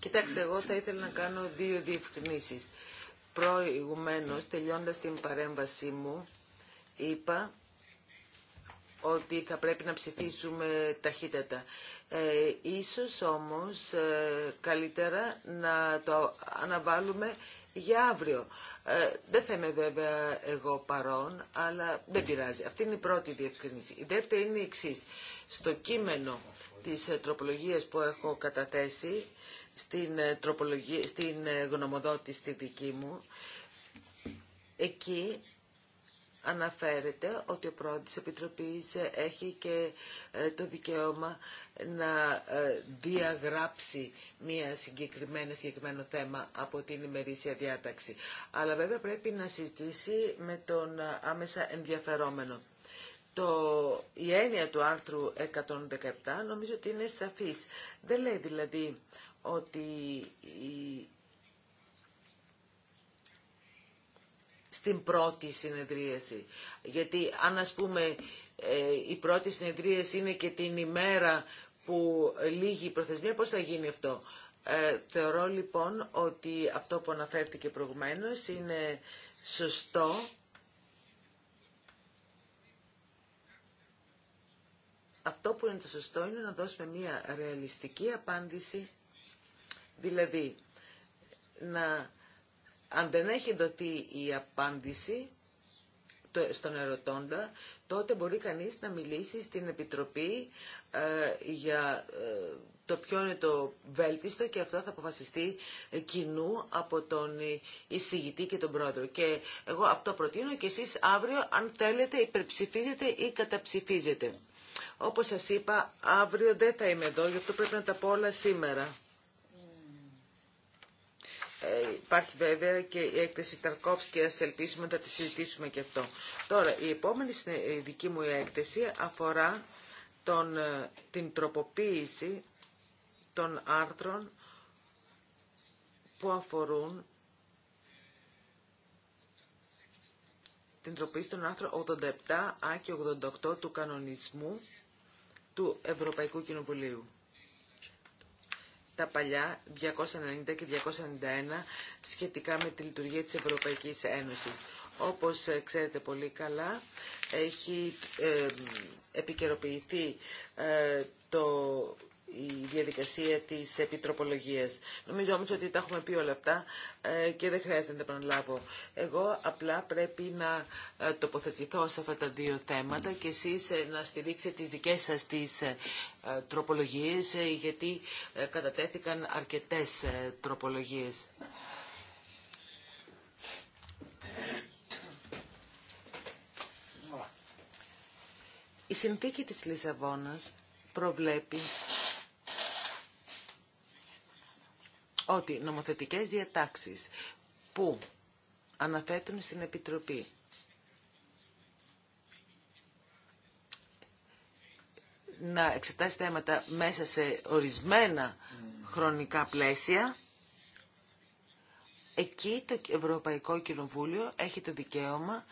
Speaker 2: Κοιτάξτε, εγώ θα ήθελα να κάνω δύο διευκρινήσεις. Προηγουμένως, τελειώντας την παρέμβασή μου, είπα ότι θα πρέπει να ψηφίσουμε ταχύτατα. Ε, ίσως όμως ε, καλύτερα να το αναβάλουμε για αύριο. Ε, δεν θα είμαι βέβαια εγώ παρόν, αλλά δεν πειράζει. Αυτή είναι η πρώτη διευκρινήση. Η δεύτερη είναι η εξή. Στο κείμενο της ε, τροπολογίας που έχω καταθέσει, στην, ε, τροπολογία, στην γνωμοδότη στη δική μου, εκεί αναφέρεται ότι ο πρόεδρος της Επιτροπής έχει και ε, το δικαίωμα να ε, διαγράψει μια συγκεκριμένη, συγκεκριμένο θέμα από την ημερήσια διάταξη. Αλλά βέβαια πρέπει να συζητήσει με τον ε, άμεσα ενδιαφερόμενο. Το, η έννοια του άρθρου 117 νομίζω ότι είναι σαφής. Δεν λέει δηλαδή ότι στην πρώτη συνεδρίαση. Γιατί αν ας πούμε ε, η πρώτη συνεδρίαση είναι και την ημέρα που λύγει η προθεσμία, πώς θα γίνει αυτό. Ε, θεωρώ λοιπόν ότι αυτό που αναφέρθηκε προηγουμένως είναι σωστό. Αυτό που είναι το σωστό είναι να δώσουμε μία ρεαλιστική απάντηση, δηλαδή να αν δεν έχει δοθεί η απάντηση στον ερωτώντα, τότε μπορεί κανείς να μιλήσει στην Επιτροπή ε, για ε, το ποιο είναι το βέλτιστο και αυτό θα αποφασιστεί κοινού από τον εισηγητή και τον πρόεδρο. Και εγώ αυτό προτείνω και εσείς αύριο αν θέλετε υπερψηφίζετε ή καταψηφίζετε. Όπως σας είπα, αύριο δεν θα είμαι εδώ, γι' αυτό πρέπει να τα πω όλα σήμερα υπάρχει βέβαια και η έκθεση Ταρκόφσκη, ας ελπίσουμε να τη συζητήσουμε και αυτό. Τώρα, η επόμενη δική μου έκθεση αφορά τον, ε, την τροποποίηση των άρθρων που αφορούν την τροποποίηση των άρθρων 87α 88 του κανονισμού του Ευρωπαϊκού Κοινοβουλίου τα παλιά 290 και 291 σχετικά με τη λειτουργία της Ευρωπαϊκής Ένωσης. Όπως ε, ξέρετε πολύ καλά, έχει ε, επικαιροποιηθεί ε, το η διαδικασία της επιτροπολογίας. Νομίζω όμως ότι τα έχουμε πει όλα αυτά ε, και δεν χρειάζεται να τα επαναλάβω. Εγώ απλά πρέπει να ε, τοποθετηθώ σε αυτά τα δύο θέματα και εσείς ε, να στηρίξετε τις δικές σας τις τροπολογίες γιατί κατατέθηκαν αρκετές τροπολογίες. Η συνθήκη της Λισαβόνας προβλέπει ότι νομοθετικές διατάξεις που αναθέτουν στην Επιτροπή να εξετάσει θέματα μέσα σε ορισμένα χρονικά πλαίσια, εκεί το Ευρωπαϊκό Κοινοβούλιο έχει το δικαίωμα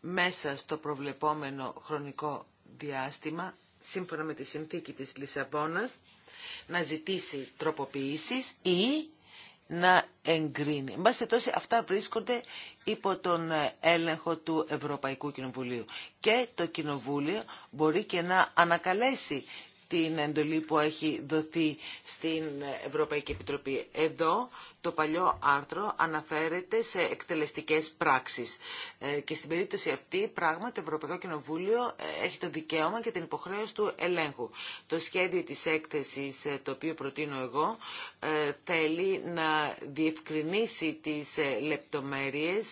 Speaker 2: μέσα στο προβλεπόμενο χρονικό διάστημα, σύμφωνα με τη συνθήκη της Λισαβόνας, να ζητήσει τροποποιήσεις ή να εγκρίνει. Εν πάση αυτά βρίσκονται υπό τον ε, έλεγχο του Ευρωπαϊκού Κοινοβουλίου. Και το Κοινοβούλιο μπορεί και να ανακαλέσει την εντολή που έχει δοθεί στην Ευρωπαϊκή Επιτροπή. Εδώ το παλιό άρθρο αναφέρεται σε εκτελεστικές πράξεις ε, και στην περίπτωση αυτή πράγματι το Ευρωπαϊκό Κοινοβούλιο ε, έχει το δικαίωμα και την υποχρέωση του ελέγχου. Το σχέδιο της έκθεσης ε, το οποίο προτείνω εγώ θέλει να διευκρινίσει τις λεπτομέρειες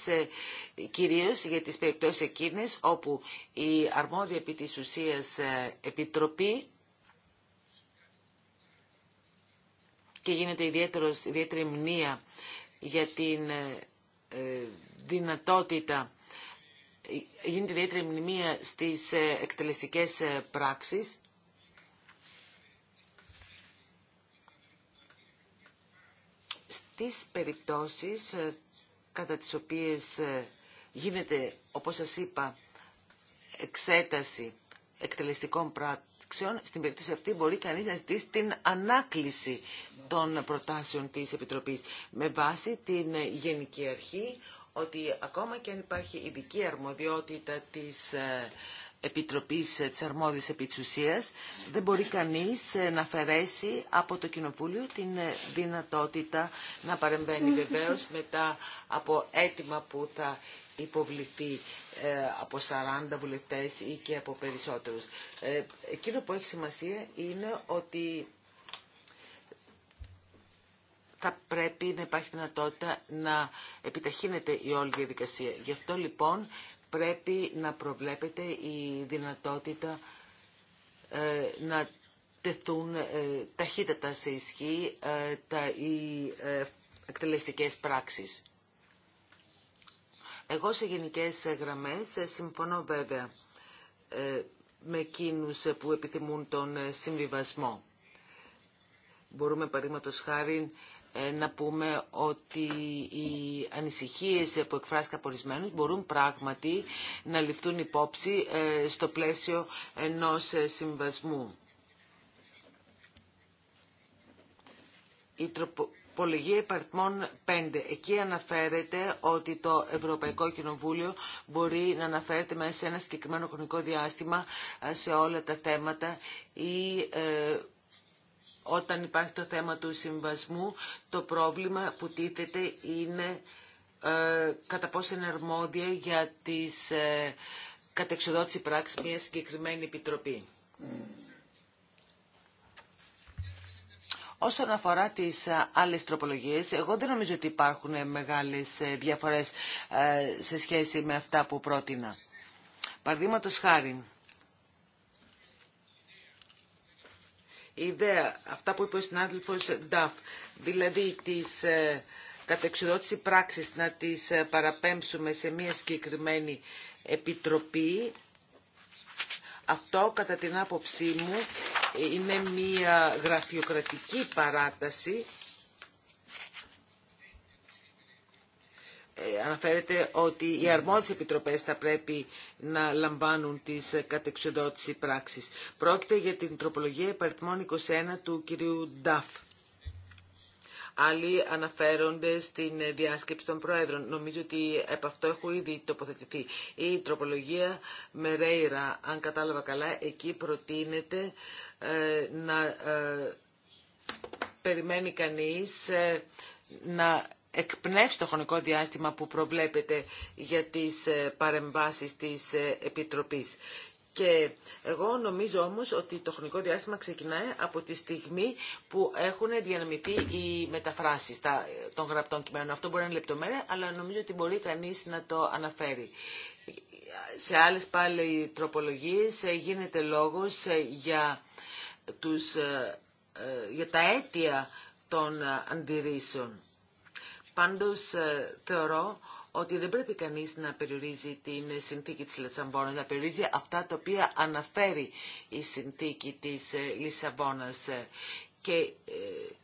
Speaker 2: κυρίως για τις περιπτώσεις εκείνες όπου η αρμόδια επί της ουσίας επιτροπή και γίνεται ιδιαίτερος, ιδιαίτερη μνήα για την ε, ε, δυνατότητα ε, γίνεται ιδιαίτερη μνημεία στις εκτελεστικές πράξεις στις περιπτώσεις κατά τις οποίες γίνεται, όπως σας είπα, εξέταση εκτελεστικών στην περίπτωση αυτή μπορεί κανείς να ζητήσει την ανάκληση των προτάσεων της Επιτροπής με βάση την Γενική Αρχή ότι ακόμα και αν υπάρχει ειδική αρμοδιότητα της ε, Επιτροπής ε, της Αρμόδιας επιτσουσίας δεν μπορεί κανείς ε, να αφαιρέσει από το Κοινοβούλιο την δυνατότητα να παρεμβαίνει βεβαίως μετά από αίτημα που θα υποβληθεί ε, από 40 βουλευτές ή και από περισσότερους. Ε, εκείνο που έχει σημασία είναι ότι θα πρέπει να υπάρχει δυνατότητα να επιταχύνεται η όλη διαδικασία. Γι' αυτό λοιπόν πρέπει να προβλέπεται η δυνατότητα ε, να τεθούν ταχύτατα σε ισχύ τα, οι εκτελεστικές πράξεις. Εγώ σε γενικές γραμμές ε, συμφωνώ βέβαια ε, με εκείνους ε, που επιθυμούν τον συμβιβασμό. Μπορούμε παραδείγματο χάρη να πούμε ότι οι ανησυχίες που εκφράστηκαν από μπορούν πράγματι να ληφθούν υπόψη στο πλαίσιο ενός συμβασμού. Η τροπο τροπολογία υπαριθμών 5. Εκεί αναφέρεται ότι το Ευρωπαϊκό Κοινοβούλιο μπορεί να αναφέρεται μέσα σε ένα συγκεκριμένο χρονικό διάστημα ε, σε όλα τα θέματα ή ε, όταν υπάρχει το θέμα του συμβασμού, το πρόβλημα που τίθεται είναι ε, κατά πόσο είναι αρμόδια για τις ε, κατεξοδότηση πράξη μια συγκεκριμένη επιτροπή. Όσον αφορά τις ε, άλλες τροπολογίες, εγώ δεν νομίζω ότι υπάρχουν ε, μεγάλες ε, διαφορές σε σχέση με αυτά που πρότεινα. Παραδείγματο χάρη, η ιδέα, αυτά που είπε ο συνάδελφος Νταφ, δηλαδή της κατεξουδότηση πράξης να τις παραπέμψουμε σε μια συγκεκριμένη επιτροπή, αυτό κατά την άποψή μου είναι μια γραφειοκρατική παράταση. Ε, αναφέρεται ότι οι αρμόδιες επιτροπές θα πρέπει να λαμβάνουν τις κατεξοδότηση πράξεις. Πρόκειται για την τροπολογία υπαριθμών 21 του κυρίου Νταφ άλλοι αναφέρονται στην διάσκεψη των Προέδρων. Νομίζω ότι επ' αυτό έχω ήδη τοποθετηθεί. Η τροπολογία Μερέιρα, αν κατάλαβα καλά, εκεί προτείνεται ε, να ε, περιμένει κανείς ε, να εκπνεύσει το χρονικό διάστημα που προβλέπεται για τις παρεμβάσεις της Επιτροπής. Και εγώ νομίζω όμως ότι το χρονικό διάστημα ξεκινάει από τη στιγμή που έχουν διανεμηθεί οι μεταφράσεις των γραπτών κειμένων. Αυτό μπορεί να είναι λεπτομέρεια, αλλά νομίζω ότι μπορεί κανείς να το αναφέρει. Σε άλλες πάλι τροπολογίες ε, γίνεται λόγος ε, για, τους, ε, για τα αίτια των αντιρρήσεων. Πάντως θεωρώ ότι δεν πρέπει κανείς να περιορίζει την συνθήκη της Λισαβόνας, να περιορίζει αυτά τα οποία αναφέρει η συνθήκη της ε, Λισαβόνας. Και ε,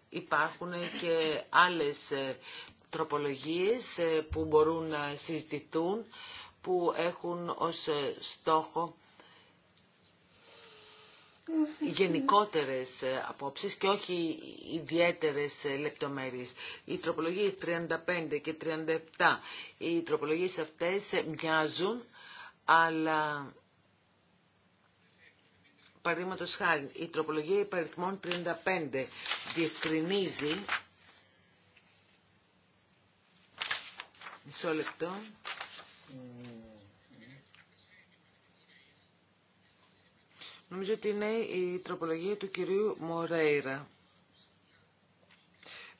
Speaker 2: υπάρχουν και άλλες ε, τροπολογίες που μπορούν να συζητηθούν, που έχουν ως στόχο γενικότερες ε, απόψεις και όχι ιδιαίτερες ε, λεπτομέρειες. Οι τροπολογίες 35 και 37, οι τροπολογίες αυτές ε, μοιάζουν, αλλά παραδείγματο χάρη η τροπολογία υπαριθμών 35 διευκρινίζει... Μισό λεπτό. Νομίζω ότι είναι η τροπολογία του κυρίου Μορέιρα.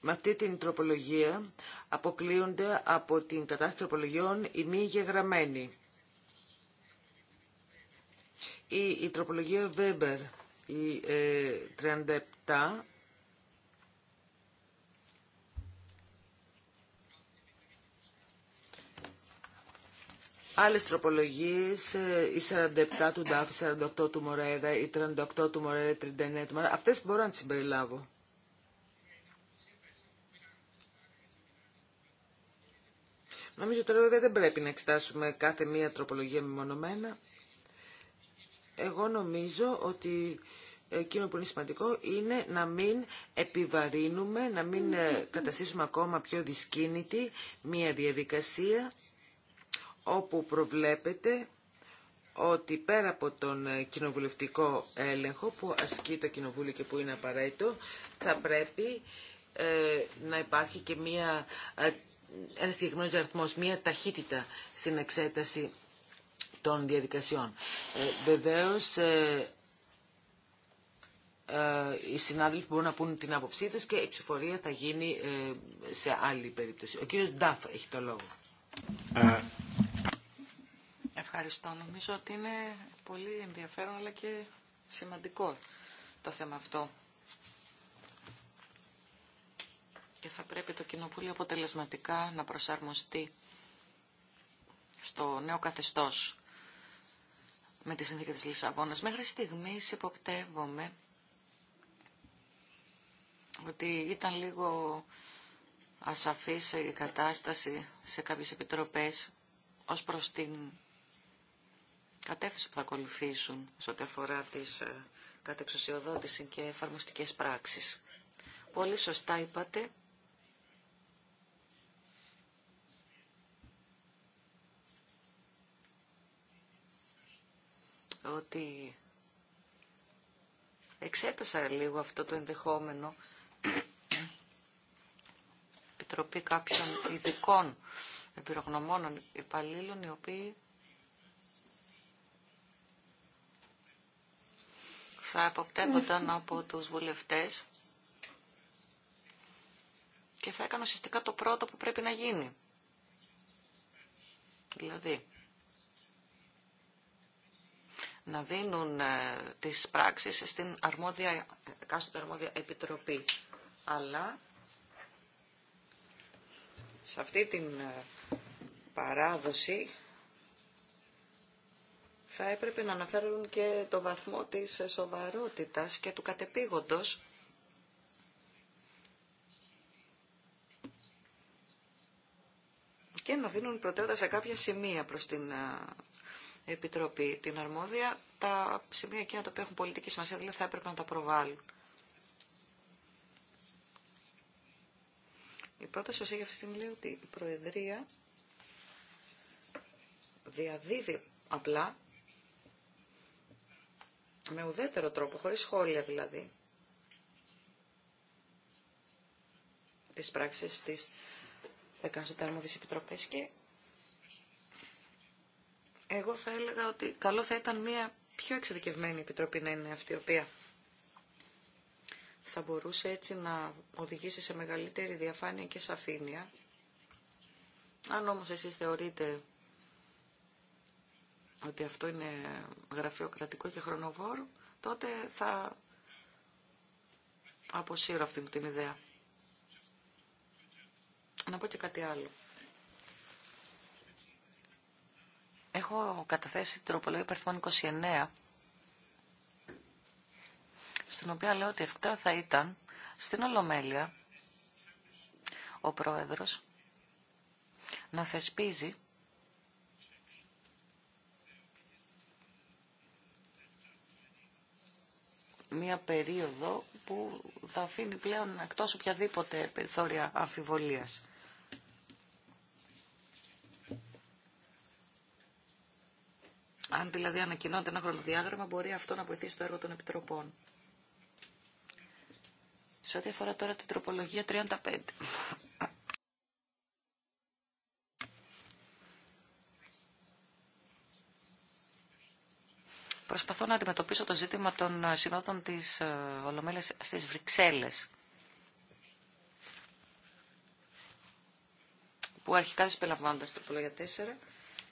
Speaker 2: Με αυτή την τροπολογία αποκλείονται από την κατάσταση τροπολογιών οι μη γεγραμμένοι. Η, η τροπολογία Βέμπερ, η 37, ε, Άλλες τροπολογίες, ε, η 47 του Ντάφ, η 48 του Μορέδα, η 38 του Μορέδα, η 39 του Μορέδα, αυτές μπορώ να τις συμπεριλάβω. Νομίζω τώρα βέβαια δεν πρέπει να εξετάσουμε κάθε μία τροπολογία μεμονωμένα. Εγώ νομίζω ότι εκείνο που είναι σημαντικό είναι να μην επιβαρύνουμε, να μην ε, καταστήσουμε ακόμα πιο δυσκίνητη μία διαδικασία όπου προβλέπεται ότι πέρα από τον κοινοβουλευτικό έλεγχο που ασκεί το κοινοβούλιο και που είναι απαραίτητο, θα πρέπει ε, να υπάρχει και μία, ε, ένας συγκεκριμένος αριθμός, μία ταχύτητα στην εξέταση των διαδικασιών. Ε, βεβαίως, ε, ε, οι συνάδελφοι μπορούν να πούν την άποψή τους και η ψηφορία θα γίνει σε άλλη περίπτωση. Ο κύριος Νταφ έχει το λόγο.
Speaker 3: Ευχαριστώ. Νομίζω ότι είναι πολύ ενδιαφέρον αλλά και σημαντικό το θέμα αυτό. Και θα πρέπει το Κοινοβούλιο αποτελεσματικά να προσαρμοστεί στο νέο καθεστώς με τη συνθήκη της Λισαβόνας. Μέχρι στιγμής υποπτεύομαι ότι ήταν λίγο ασαφής η κατάσταση σε κάποιες επιτροπές ως προς την κατεύθυνση που θα ακολουθήσουν σε ό,τι αφορά τις ε, κατεξουσιοδότηση και εφαρμοστικέ πράξει. Πολύ σωστά είπατε ότι εξέτασα λίγο αυτό το ενδεχόμενο επιτροπή κάποιων ειδικών εμπειρογνωμόνων υπαλλήλων οι οποίοι θα αποπτεύονταν από τους βουλευτές και θα έκανε ουσιαστικά το πρώτο που πρέπει να γίνει. Δηλαδή, να δίνουν ε, τις πράξεις στην αρμόδια, κάστοτε αρμόδια επιτροπή. Αλλά σε αυτή την ε, παράδοση θα έπρεπε να αναφέρουν και το βαθμό της σοβαρότητας και του κατεπήγοντος και να δίνουν προτεραιότητα σε κάποια σημεία προς την ε, Επιτροπή, την αρμόδια, τα σημεία εκείνα τα οποία έχουν πολιτική σημασία, δηλαδή θα έπρεπε να τα προβάλλουν. Η πρόταση ως έχει αυτή λέει ότι η Προεδρία διαδίδει απλά με ουδέτερο τρόπο, χωρίς σχόλια δηλαδή, τις πράξεις της εκάστοτε αρμόδιες επιτροπές και εγώ θα έλεγα ότι καλό θα ήταν μια πιο εξειδικευμένη επιτροπή να είναι αυτή η οποία θα μπορούσε έτσι να οδηγήσει σε μεγαλύτερη διαφάνεια και σαφήνεια. Αν όμως εσείς θεωρείτε ότι αυτό είναι γραφειοκρατικό και χρονοβόρο, τότε θα αποσύρω αυτή την ιδέα. Να πω και κάτι άλλο. Έχω καταθέσει την τροπολογία υπερθμών 29, στην οποία λέω ότι ευκταίο θα ήταν στην Ολομέλεια ο Πρόεδρος να θεσπίζει μία περίοδο που θα αφήνει πλέον εκτός οποιαδήποτε περιθώρια αμφιβολίας. Αν δηλαδή ανακοινώνεται ένα χρονοδιάγραμμα, μπορεί αυτό να βοηθήσει το έργο των επιτροπών. Σε ό,τι αφορά τώρα την τροπολογία 35. Προσπαθώ να αντιμετωπίσω το ζήτημα των ε, συνόδων της ε, Ολομέλειας στις Βρυξέλλες. Που αρχικά δεν συμπεριλαμβάνονται στην τροπολογία 4,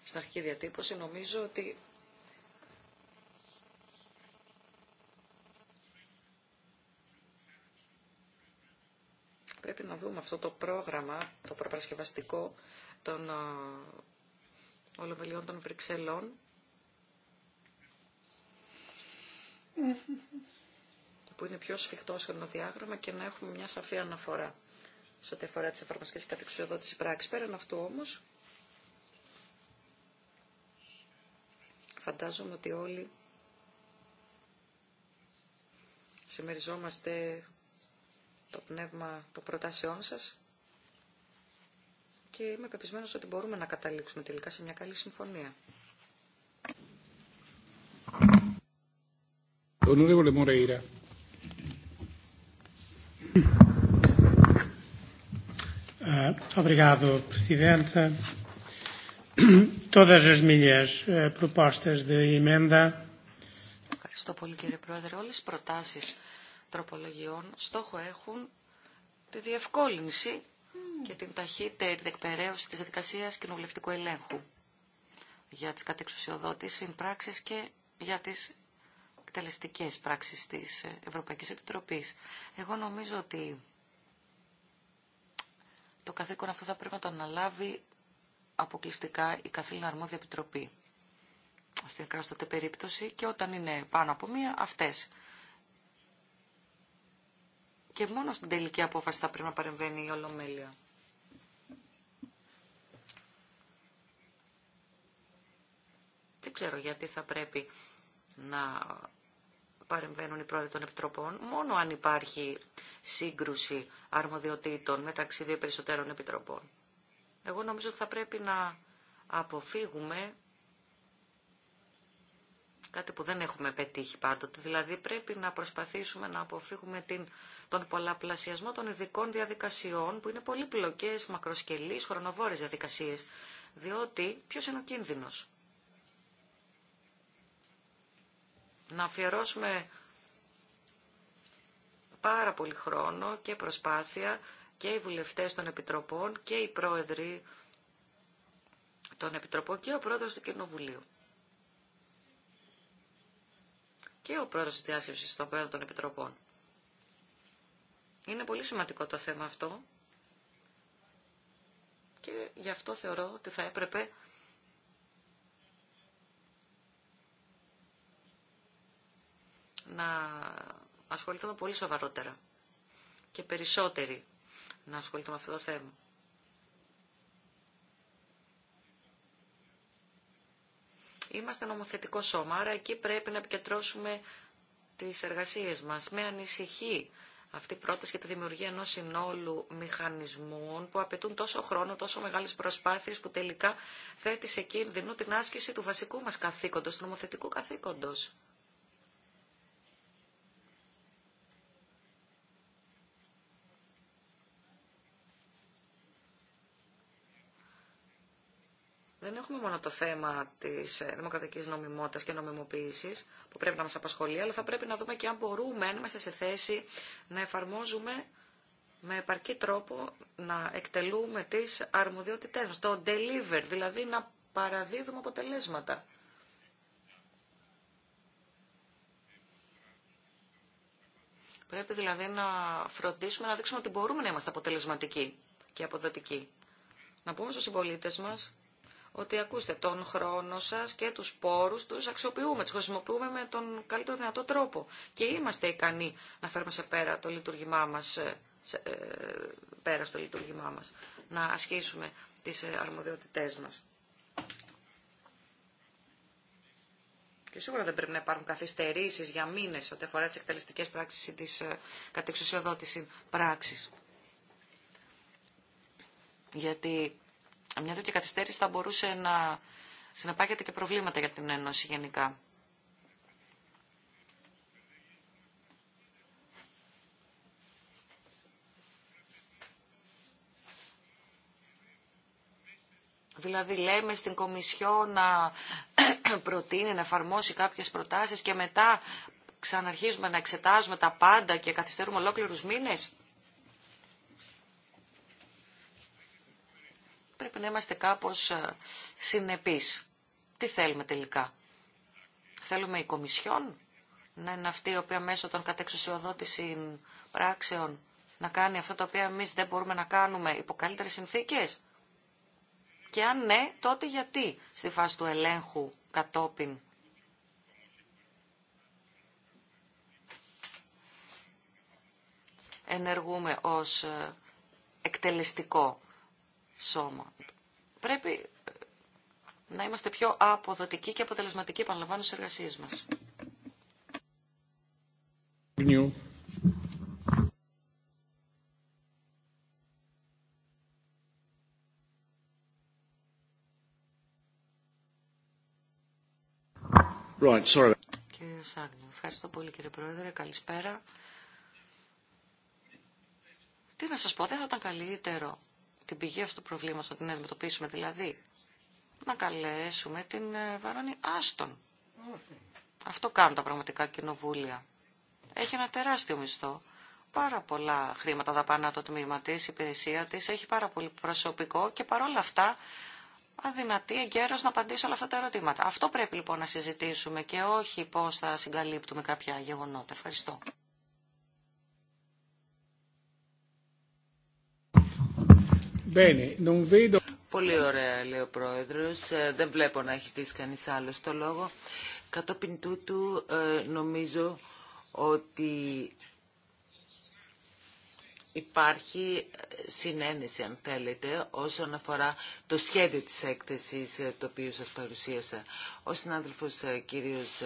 Speaker 3: στην αρχική διατύπωση. Νομίζω ότι πρέπει να δούμε αυτό το πρόγραμμα, το προπαρασκευαστικό των ε, Ολομελιών των Βρυξελών, που είναι πιο σφιχτό διάγραμμα και να έχουμε μια σαφή αναφορά σε ό,τι αφορά τις και κατεξουσιοδότηση πράξη. Πέραν αυτού όμως, φαντάζομαι ότι όλοι συμμεριζόμαστε το πνεύμα των προτάσεών σας και είμαι πεπισμένος ότι μπορούμε να καταλήξουμε τελικά σε μια καλή συμφωνία. Ευχαριστώ πολύ, κύριε Πρόεδρε. Όλες οι προτάσεις τροπολογιών στόχο έχουν τη διευκόλυνση και την ταχύτερη δεκπεραίωση της διαδικασίας κοινοβουλευτικού ελέγχου για τις κατεξουσιοδότης συμπράξεις και για τις εκτελεστικές πράξεις της Ευρωπαϊκής Επιτροπής. Εγώ νομίζω ότι το καθήκον αυτό θα πρέπει να το αναλάβει αποκλειστικά η καθήλυνα αρμόδια επιτροπή. Στην εκάστοτε περίπτωση και όταν είναι πάνω από μία, αυτές. Και μόνο στην τελική απόφαση θα πρέπει να παρεμβαίνει η Ολομέλεια. Δεν ξέρω γιατί θα πρέπει να παρεμβαίνουν οι πρόεδροι των επιτροπών, μόνο αν υπάρχει σύγκρουση αρμοδιοτήτων μεταξύ δύο περισσότερων επιτροπών. Εγώ νομίζω ότι θα πρέπει να αποφύγουμε κάτι που δεν έχουμε πετύχει πάντοτε. Δηλαδή πρέπει να προσπαθήσουμε να αποφύγουμε την, τον πολλαπλασιασμό των ειδικών διαδικασιών που είναι πολύπλοκες, μακροσκελείς, χρονοβόρες διαδικασίες. Διότι ποιος είναι ο κίνδυνος. να αφιερώσουμε πάρα πολύ χρόνο και προσπάθεια και οι βουλευτές των Επιτροπών και οι πρόεδροι των Επιτροπών και ο πρόεδρος του Κοινοβουλίου. Και ο πρόεδρος της διάσκεψης των πρόεδρων των Επιτροπών. Είναι πολύ σημαντικό το θέμα αυτό και γι' αυτό θεωρώ ότι θα έπρεπε να ασχοληθούμε πολύ σοβαρότερα και περισσότεροι να ασχοληθούμε με αυτό το θέμα. Είμαστε νομοθετικό σώμα, άρα εκεί πρέπει να επικεντρώσουμε τις εργασίες μας. Με ανησυχεί αυτή η πρόταση για τη δημιουργία ενός συνόλου μηχανισμών που απαιτούν τόσο χρόνο, τόσο μεγάλες προσπάθειες που τελικά θέτει σε κίνδυνο την άσκηση του βασικού μας καθήκοντος, του νομοθετικού καθήκοντος. δεν έχουμε μόνο το θέμα τη ε, δημοκρατική νομιμότητα και νομιμοποίηση που πρέπει να μας απασχολεί, αλλά θα πρέπει να δούμε και αν μπορούμε, να είμαστε σε θέση να εφαρμόζουμε με επαρκή τρόπο να εκτελούμε τις αρμοδιότητές μα. το deliver, δηλαδή να παραδίδουμε αποτελέσματα. Πρέπει δηλαδή να φροντίσουμε να δείξουμε ότι μπορούμε να είμαστε αποτελεσματικοί και αποδοτικοί. Να πούμε στους συμπολίτε μας ότι ακούστε τον χρόνο σας και τους πόρους τους αξιοποιούμε, τους χρησιμοποιούμε με τον καλύτερο δυνατό τρόπο και είμαστε ικανοί να φέρουμε σε πέρα το λειτουργήμά μας, ε, ε, πέρα στο λειτουργήμά μας, να ασχίσουμε τις ε, αρμοδιότητές μας. Και σίγουρα δεν πρέπει να υπάρχουν καθυστερήσει για μήνε ό,τι αφορά τι εκτελεστικέ πράξει ή τι κατεξουσιοδότηση πράξη. Γιατί μια τέτοια καθυστέρηση θα μπορούσε να συνεπάγεται και προβλήματα για την Ένωση γενικά. Δηλαδή λέμε στην Κομισιό να προτείνει, να εφαρμόσει κάποιες προτάσεις και μετά ξαναρχίζουμε να εξετάζουμε τα πάντα και καθυστερούμε ολόκληρους μήνες. πρέπει να είμαστε κάπως ε, συνεπείς. Τι θέλουμε τελικά. Θέλουμε η Κομισιόν να είναι αυτή η οποία μέσω των κατεξουσιοδότηση πράξεων να κάνει αυτά το οποία εμείς δεν μπορούμε να κάνουμε υπό καλύτερες συνθήκες. Και αν ναι, τότε γιατί στη φάση του ελέγχου κατόπιν. Ενεργούμε ως ε, εκτελεστικό σώμα. Πρέπει ε, να είμαστε πιο αποδοτικοί και αποτελεσματικοί, επαναλαμβάνω, στις εργασίες μας. Κύριε Σάγνιο, ευχαριστώ πολύ κύριε Πρόεδρε, καλησπέρα. Τι να σας πω, δεν θα ήταν καλύτερο την πηγή αυτού του προβλήματος να την αντιμετωπίσουμε δηλαδή. Να καλέσουμε την ε, Βαρόνη Άστον. Αυτό κάνουν τα πραγματικά κοινοβούλια. Έχει ένα τεράστιο μισθό. Πάρα πολλά χρήματα δαπανά το τμήμα τη, η υπηρεσία τη, έχει πάρα πολύ προσωπικό και παρόλα αυτά αδυνατή εγκαίρω να απαντήσει όλα αυτά τα ερωτήματα. Αυτό πρέπει λοιπόν να συζητήσουμε και όχι πώ θα συγκαλύπτουμε κάποια γεγονότα. Ευχαριστώ.
Speaker 2: Πολύ ωραία, λέει ο Πρόεδρος. Ε, δεν βλέπω να έχει στήσει κανείς άλλο το λόγο. Κατόπιν τούτου, ε, νομίζω ότι υπάρχει ε, συνένεση, αν θέλετε, όσον αφορά το σχέδιο της έκθεσης το οποίο σας παρουσίασα. Ο συνάδελφος κύριος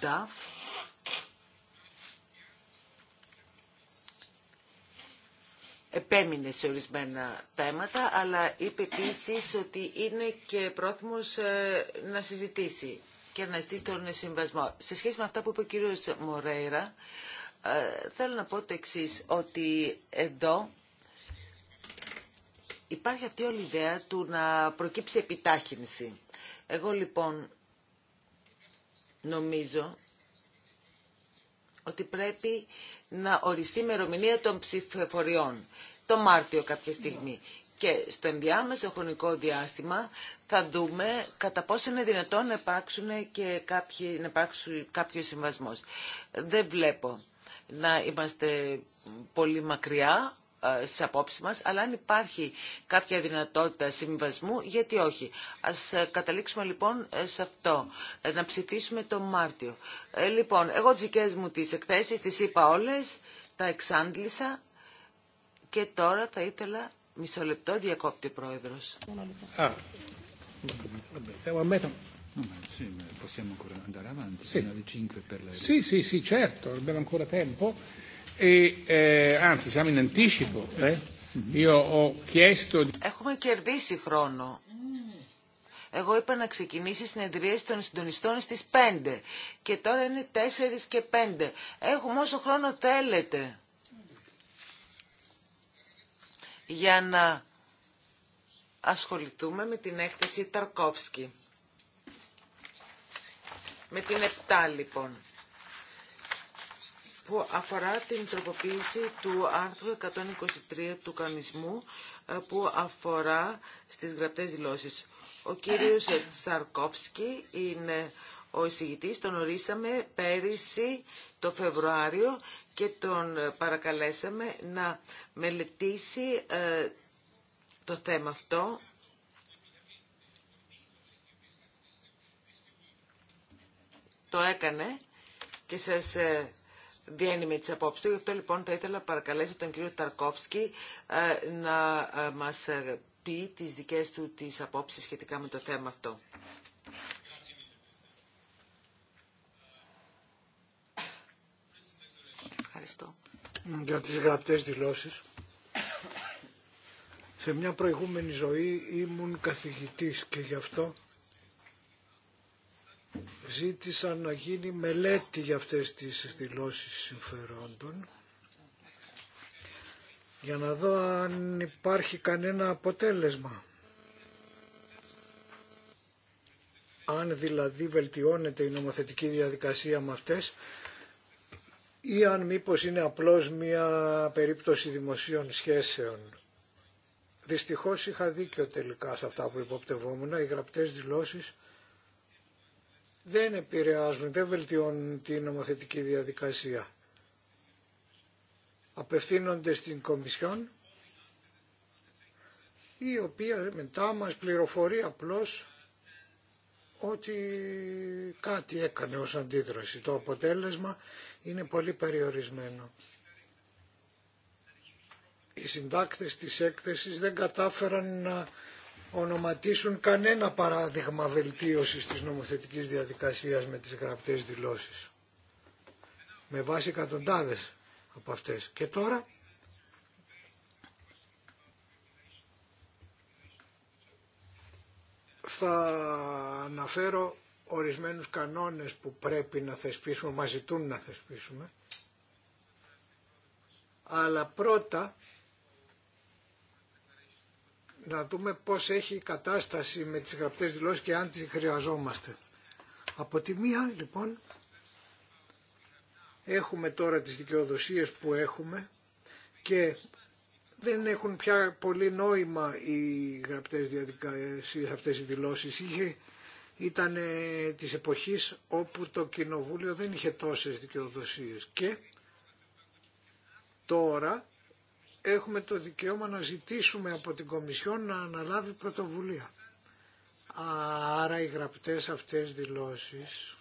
Speaker 2: Νταφ επέμεινε σε ορισμένα θέματα, αλλά είπε επίση ότι είναι και πρόθυμος ε, να συζητήσει και να ζητήσει τον συμβασμό. Σε σχέση με αυτά που είπε ο κύριος Μορέιρα, ε, θέλω να πω το ότι εδώ υπάρχει αυτή όλη η ιδέα του να προκύψει επιτάχυνση. Εγώ λοιπόν νομίζω ότι πρέπει να οριστεί η μερομηνία των ψηφοφοριών το Μάρτιο κάποια στιγμή. Και στο ενδιάμεσο χρονικό διάστημα θα δούμε κατά πόσο είναι δυνατόν να υπάρξουν και κάποιοι, να κάποιο συμβασμό. Δεν βλέπω να είμαστε πολύ μακριά ε, στις απόψεις μας, αλλά αν υπάρχει κάποια δυνατότητα συμβασμού, γιατί όχι. Ας ε, καταλήξουμε λοιπόν ε, σε αυτό, να ψηφίσουμε το Μάρτιο. λοιπόν, εγώ τις δικέ μου τις εκθέσεις τις είπα όλες, τα εξάντλησα και τώρα θα ήθελα μισό λεπτό διακόπτη πρόεδρος.
Speaker 1: Sì, sì, sì, certo, abbiamo ancora tempo e anzi siamo in anticipo io ho chiesto
Speaker 2: Έχουμε κερδίσει χρόνο εγώ είπα να ξεκινήσει συνεδρίες των συντονιστών στις 5 και τώρα είναι 4 και 5 έχουμε όσο χρόνο θέλετε για να ασχοληθούμε με την έκθεση Ταρκόφσκι με την 7 λοιπόν που αφορά την τροποποίηση του άρθρου 123 του κανονισμού ε, που αφορά στις γραπτές δηλώσεις. Ο κύριος Τσαρκόφσκι είναι ο εισηγητής, τον ορίσαμε πέρυσι το Φεβρουάριο και τον παρακαλέσαμε να μελετήσει ε, το θέμα αυτό το έκανε και σας ε, με τις απόψεις του. Γι' αυτό λοιπόν θα ήθελα να παρακαλέσω τον κύριο Ταρκόφσκι ε, να ε, μας ε, πει τις δικές του τις απόψεις σχετικά με το θέμα αυτό.
Speaker 1: Ευχαριστώ. Για τις γραπτές δηλώσεις. Σε μια προηγούμενη ζωή ήμουν καθηγητής και γι' αυτό Ζήτησα να γίνει μελέτη για αυτές τις δηλώσεις συμφερόντων για να δω αν υπάρχει κανένα αποτέλεσμα. Αν δηλαδή βελτιώνεται η νομοθετική διαδικασία με αυτές ή αν μήπως είναι απλώς μια περίπτωση δημοσίων σχέσεων. Δυστυχώς είχα δίκιο τελικά σε αυτά που υποπτευόμουν. Οι γραπτές δηλώσεις δεν επηρεάζουν, δεν βελτιώνουν την νομοθετική διαδικασία. Απευθύνονται στην Κομισιόν, η οποία μετά μας πληροφορεί απλώς ότι κάτι έκανε ως αντίδραση. Το αποτέλεσμα είναι πολύ περιορισμένο. Οι συντάκτες της έκθεσης δεν κατάφεραν να ονοματίσουν κανένα παράδειγμα βελτίωσης της νομοθετικής διαδικασίας με τις γραπτές δηλώσεις. Με βάση εκατοντάδες από αυτές. Και τώρα θα αναφέρω ορισμένους κανόνες που πρέπει να θεσπίσουμε, μα ζητούν να θεσπίσουμε. Αλλά πρώτα να δούμε πώς έχει η κατάσταση με τις γραπτές δηλώσεις και αν τις χρειαζόμαστε. Από τη μία λοιπόν έχουμε τώρα τις δικαιοδοσίες που έχουμε και δεν έχουν πια πολύ νόημα οι γραπτές διαδικασίες αυτές οι δηλώσεις. Είχε, ήταν της εποχής όπου το κοινοβούλιο δεν είχε τόσες δικαιοδοσίες και τώρα έχουμε το δικαίωμα να ζητήσουμε από την Κομισιόν να αναλάβει πρωτοβουλία. Άρα οι γραπτές αυτές δηλώσεις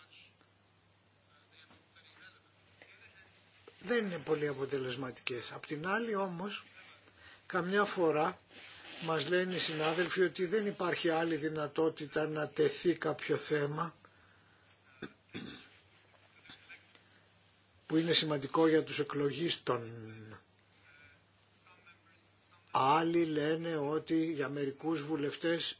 Speaker 1: δεν είναι πολύ αποτελεσματικές. Απ' την άλλη όμως καμιά φορά μας λένε οι συνάδελφοι ότι δεν υπάρχει άλλη δυνατότητα να τεθεί κάποιο θέμα που είναι σημαντικό για τους εκλογείς των Άλλοι λένε ότι για μερικούς βουλευτές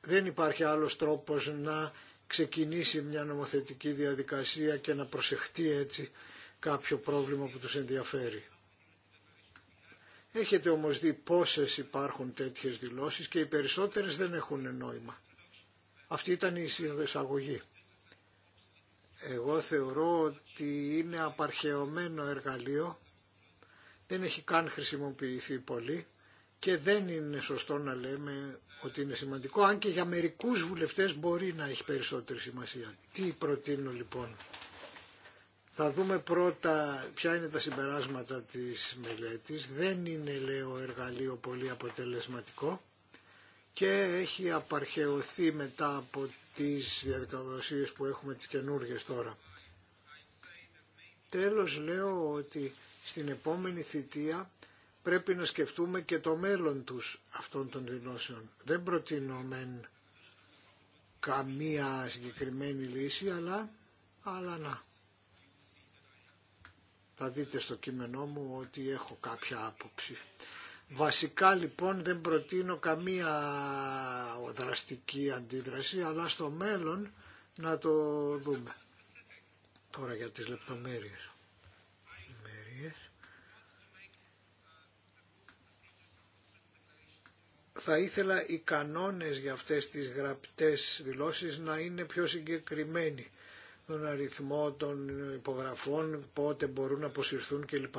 Speaker 1: δεν υπάρχει άλλος τρόπος να ξεκινήσει μια νομοθετική διαδικασία και να προσεχτεί έτσι κάποιο πρόβλημα που τους ενδιαφέρει. Έχετε όμως δει πόσες υπάρχουν τέτοιες δηλώσεις και οι περισσότερες δεν έχουν νόημα. Αυτή ήταν η εισαγωγή. Εγώ θεωρώ ότι είναι απαρχαιωμένο εργαλείο δεν έχει καν χρησιμοποιηθεί πολύ και δεν είναι σωστό να λέμε ότι είναι σημαντικό, αν και για μερικούς βουλευτές μπορεί να έχει περισσότερη σημασία. Τι προτείνω λοιπόν. Θα δούμε πρώτα ποια είναι τα συμπεράσματα της μελέτης. Δεν είναι, λέω, εργαλείο πολύ αποτελεσματικό και έχει απαρχαιωθεί μετά από τις διαδικασίες που έχουμε τις καινούργιες τώρα. Τέλος λέω ότι στην επόμενη θητεία πρέπει να σκεφτούμε και το μέλλον τους αυτών των δηλώσεων. Δεν προτείνω μεν καμία συγκεκριμένη λύση, αλλά, αλλά να. Θα δείτε στο κείμενό μου ότι έχω κάποια άποψη. Βασικά λοιπόν δεν προτείνω καμία δραστική αντίδραση, αλλά στο μέλλον να το δούμε. Τώρα για τις λεπτομέρειες. θα ήθελα οι κανόνες για αυτές τις γραπτές δηλώσεις να είναι πιο συγκεκριμένοι τον αριθμό των υπογραφών, πότε μπορούν να αποσυρθούν κλπ.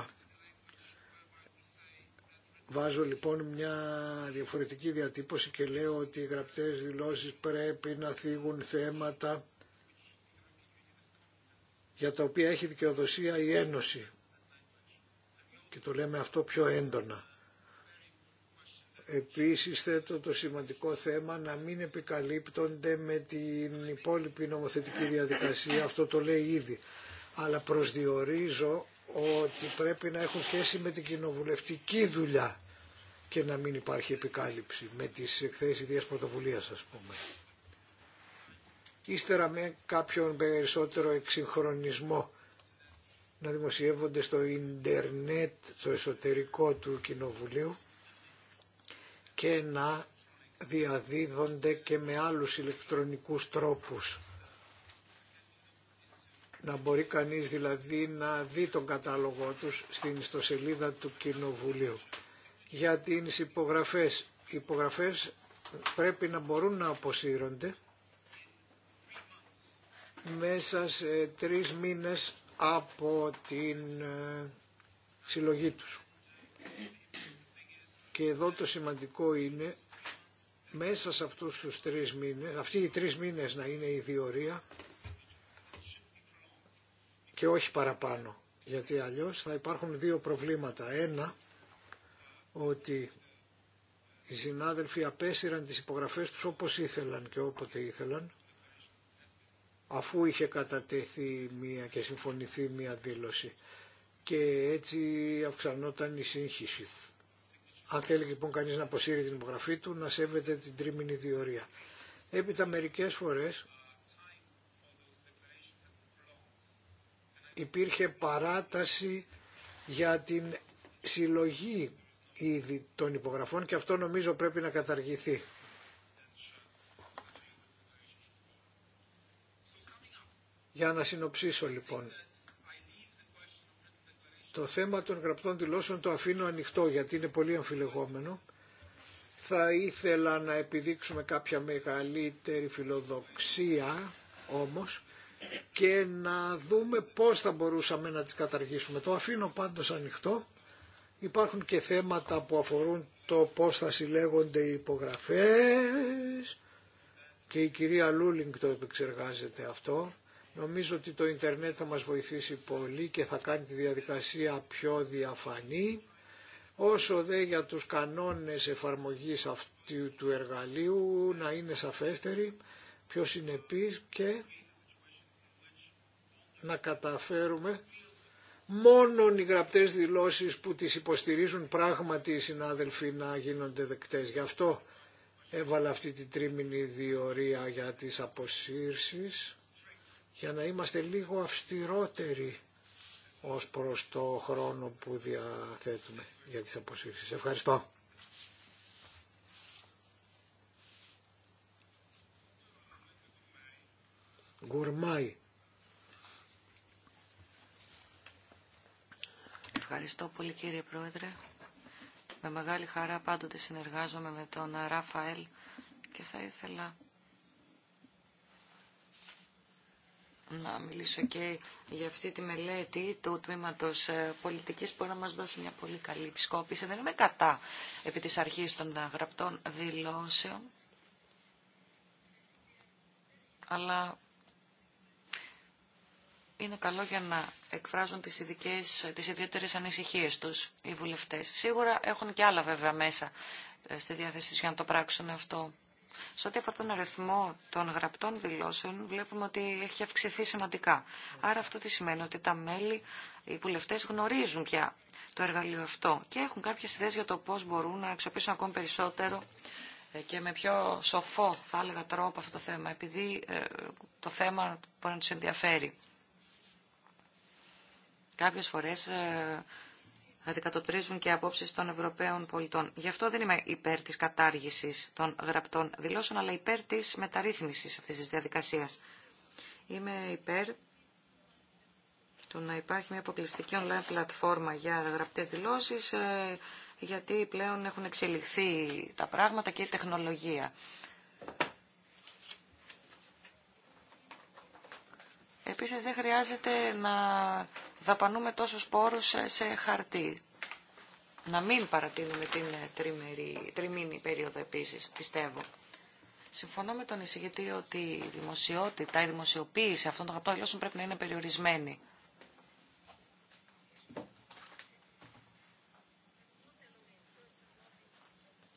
Speaker 1: Βάζω λοιπόν μια διαφορετική διατύπωση και λέω ότι οι γραπτές δηλώσεις πρέπει να θίγουν θέματα για τα οποία έχει δικαιοδοσία η Ένωση. Και το λέμε αυτό πιο έντονα. Επίσης θέτω το σημαντικό θέμα να μην επικαλύπτονται με την υπόλοιπη νομοθετική διαδικασία, αυτό το λέει ήδη. Αλλά προσδιορίζω ότι πρέπει να έχουν σχέση με την κοινοβουλευτική δουλειά και να μην υπάρχει επικάλυψη με τις εκθέσεις ιδίας πρωτοβουλίας ας πούμε. Ύστερα με κάποιον περισσότερο εξυγχρονισμό να δημοσιεύονται στο ίντερνετ, στο εσωτερικό του κοινοβουλίου και να διαδίδονται και με άλλους ηλεκτρονικούς τρόπους. Να μπορεί κανείς δηλαδή να δει τον κατάλογο τους στην ιστοσελίδα του Κοινοβουλίου. Για τις υπογραφές. Οι υπογραφές πρέπει να μπορούν να αποσύρονται μέσα σε τρεις μήνες από την ε, συλλογή τους και εδώ το σημαντικό είναι μέσα σε αυτούς τους τρεις μήνες, αυτοί οι τρεις μήνες να είναι η διορία και όχι παραπάνω. Γιατί αλλιώς θα υπάρχουν δύο προβλήματα. Ένα, ότι οι συνάδελφοι απέσυραν τις υπογραφές τους όπως ήθελαν και όποτε ήθελαν, αφού είχε κατατεθεί μία και συμφωνηθεί μία δήλωση. Και έτσι αυξανόταν η σύγχυση αν θέλει λοιπόν κανείς να αποσύρει την υπογραφή του, να σέβεται την τρίμηνη διορία. Έπειτα μερικές φορές υπήρχε παράταση για την συλλογή ήδη των υπογραφών και αυτό νομίζω πρέπει να καταργηθεί. Για να συνοψίσω λοιπόν. Το θέμα των γραπτών δηλώσεων το αφήνω ανοιχτό γιατί είναι πολύ αμφιλεγόμενο. Θα ήθελα να επιδείξουμε κάποια μεγαλύτερη φιλοδοξία όμως και να δούμε πώς θα μπορούσαμε να τις καταργήσουμε. Το αφήνω πάντως ανοιχτό. Υπάρχουν και θέματα που αφορούν το πώς θα συλλέγονται οι υπογραφές και η κυρία Λούλινγκ το επεξεργάζεται αυτό Νομίζω ότι το ίντερνετ θα μας βοηθήσει πολύ και θα κάνει τη διαδικασία πιο διαφανή. Όσο δε για τους κανόνες εφαρμογής αυτού του εργαλείου να είναι σαφέστεροι, πιο συνεπείς και να καταφέρουμε μόνο οι γραπτές δηλώσεις που τις υποστηρίζουν πράγματι οι συνάδελφοι να γίνονται δεκτές. Γι' αυτό έβαλα αυτή τη τρίμηνη διορία για τις αποσύρσεις για να είμαστε λίγο αυστηρότεροι ως προς το χρόνο που διαθέτουμε για τις αποσύρσεις. Ευχαριστώ.
Speaker 3: Γκουρμάι. Ευχαριστώ πολύ κύριε Πρόεδρε. Με μεγάλη χαρά πάντοτε συνεργάζομαι με τον Ραφαέλ και θα ήθελα να μιλήσω και για αυτή τη μελέτη του τμήματος ε, πολιτικής που να μας δώσει μια πολύ καλή επισκόπηση. Δεν είμαι κατά επί της αρχής των γραπτών δηλώσεων, αλλά είναι καλό για να εκφράζουν τις, ειδικές, τις ιδιαίτερες ανησυχίες τους οι βουλευτές. Σίγουρα έχουν και άλλα βέβαια μέσα ε, στη διάθεση για να το πράξουν αυτό. Σε ό,τι αφορά τον αριθμό των γραπτών δηλώσεων, βλέπουμε ότι έχει αυξηθεί σημαντικά. Άρα αυτό τι σημαίνει, ότι τα μέλη, οι βουλευτέ γνωρίζουν πια το εργαλείο αυτό και έχουν κάποιες ιδέες για το πώς μπορούν να εξοπλίσουν ακόμη περισσότερο ε, και με πιο σοφό, θα έλεγα, τρόπο αυτό το θέμα, επειδή ε, το θέμα μπορεί να τους ενδιαφέρει αντικατοπτρίζουν και απόψει των Ευρωπαίων πολιτών. Γι' αυτό δεν είμαι υπέρ τη κατάργηση των γραπτών δηλώσεων, αλλά υπέρ τη μεταρρύθμιση αυτής της διαδικασίας. Είμαι υπέρ του να υπάρχει μια αποκλειστική online πλατφόρμα για γραπτές δηλώσεις, ε, γιατί πλέον έχουν εξελιχθεί τα πράγματα και η τεχνολογία. Επίσης δεν χρειάζεται να δαπανούμε τόσους πόρους σε χαρτί. Να μην παρατείνουμε την ε, τριμήνη περίοδο επίσης, πιστεύω. Συμφωνώ με τον εισηγητή ότι η δημοσιότητα, η δημοσιοποίηση αυτών των γραπτών πρέπει να είναι περιορισμένη.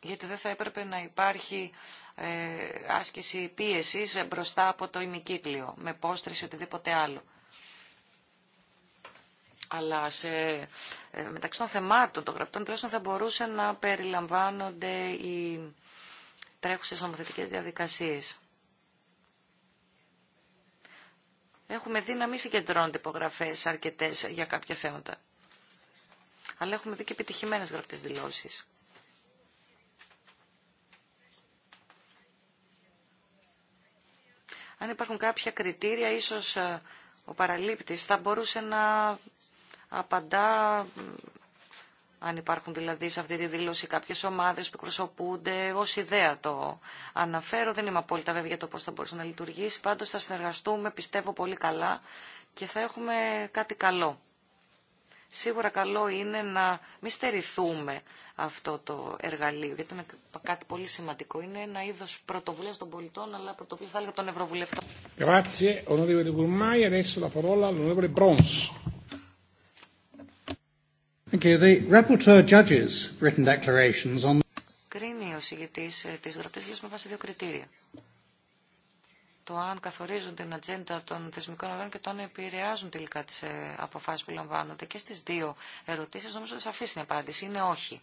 Speaker 3: γιατί δεν θα έπρεπε να υπάρχει ε, άσκηση πίεσης μπροστά από το ημικύκλιο, με πόστρηση οτιδήποτε άλλο αλλά σε, ε, μεταξύ των θεμάτων των γραπτών δηλώσεων θα μπορούσε να περιλαμβάνονται οι τρέχουσες νομοθετικές διαδικασίες. Έχουμε δει να μην συγκεντρώνονται υπογραφέ αρκετέ για κάποια θέματα. Αλλά έχουμε δει και επιτυχημένε γραπτέ δηλώσει. Αν υπάρχουν κάποια κριτήρια, ίσως ε, ο παραλήπτης θα μπορούσε να απαντά αν υπάρχουν δηλαδή σε αυτή τη δήλωση κάποιες ομάδες που προσωπούνται, ως ιδέα το αναφέρω. Δεν είμαι απόλυτα βέβαια για το πώς θα μπορούσε να λειτουργήσει. Πάντως θα συνεργαστούμε, πιστεύω πολύ καλά και θα έχουμε κάτι καλό. Σίγουρα καλό είναι να μην στερηθούμε αυτό το εργαλείο, γιατί είναι κάτι πολύ σημαντικό. Είναι ένα είδο πρωτοβουλία των πολιτών, αλλά πρωτοβουλία θα έλεγα των Ευρωβουλευτών. Κρίνει ο συγκεκριτή ε, τη γραπτής λύση με βάση δύο κριτήρια. Το αν καθορίζουν την ατζέντα των θεσμικών οργάνων και το αν επηρεάζουν τελικά τι ε, αποφάσει που λαμβάνονται. Και στι δύο ερωτήσει, νομίζω ότι σαφής είναι απάντηση. Είναι όχι.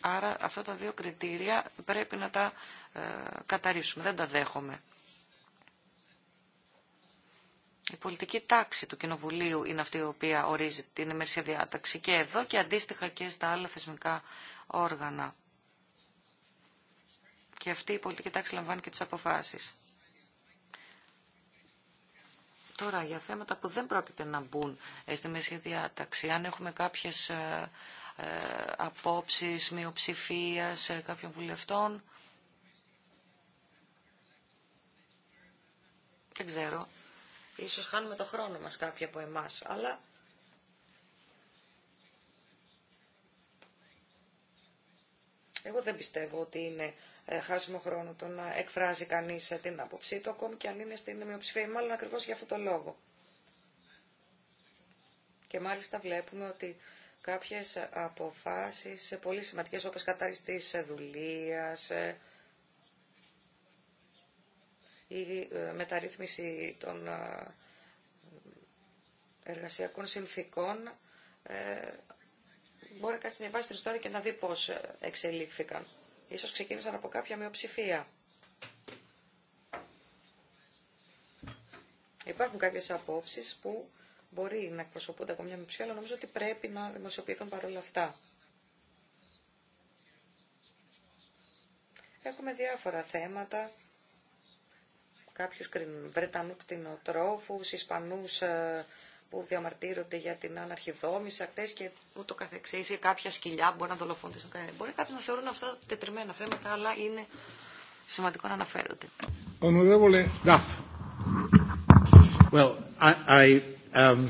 Speaker 3: Άρα αυτά τα δύο κριτήρια πρέπει να τα ε, καταρρύψουμε. Δεν τα δέχομαι. Η πολιτική τάξη του Κοινοβουλίου είναι αυτή η οποία ορίζει την ημερήσια διάταξη και εδώ και αντίστοιχα και στα άλλα θεσμικά όργανα. Και αυτή η πολιτική τάξη λαμβάνει και τις αποφάσεις. Τώρα, για θέματα που δεν πρόκειται να μπουν ε, στη ημερήσια διάταξη, αν έχουμε κάποιες ε, ε, απόψεις μειοψηφίας ε, κάποιων βουλευτών, δεν ξέρω. Ίσως χάνουμε το χρόνο μας κάποιοι από εμάς, αλλά Εγώ δεν πιστεύω ότι είναι ε, χάσιμο χρόνο το να εκφράζει κανείς ε, την άποψή του, ακόμη και αν είναι στην μειοψηφία, μάλλον ακριβώς για αυτόν τον λόγο. Και μάλιστα βλέπουμε ότι κάποιες αποφάσεις ε, πολύ σημαντικές, όπως κατάρρηση της δουλείας, η ε, μεταρρύθμιση των ε, εργασιακών συνθήκων ε, μπορεί να διαβάσει την ιστορία και να δει πώς εξελίχθηκαν. Ίσως ξεκίνησαν από κάποια μειοψηφία. Υπάρχουν κάποιες απόψεις που μπορεί να εκπροσωπούνται από μια μειοψηφία, αλλά νομίζω ότι πρέπει να δημοσιοποιηθούν παρόλα αυτά. Έχουμε διάφορα θέματα κάποιους Βρετανούς κτηνοτρόφους, Ισπανούς ε, που διαμαρτύρονται για την αναρχιδόμηση ακτές και ούτω καθεξής, ή κάποια σκυλιά μπορεί να κανένα. Μπορεί κάποιος να θεωρούν αυτά τετριμένα θέματα, αλλά είναι σημαντικό να αναφέρονται. Well, I, um,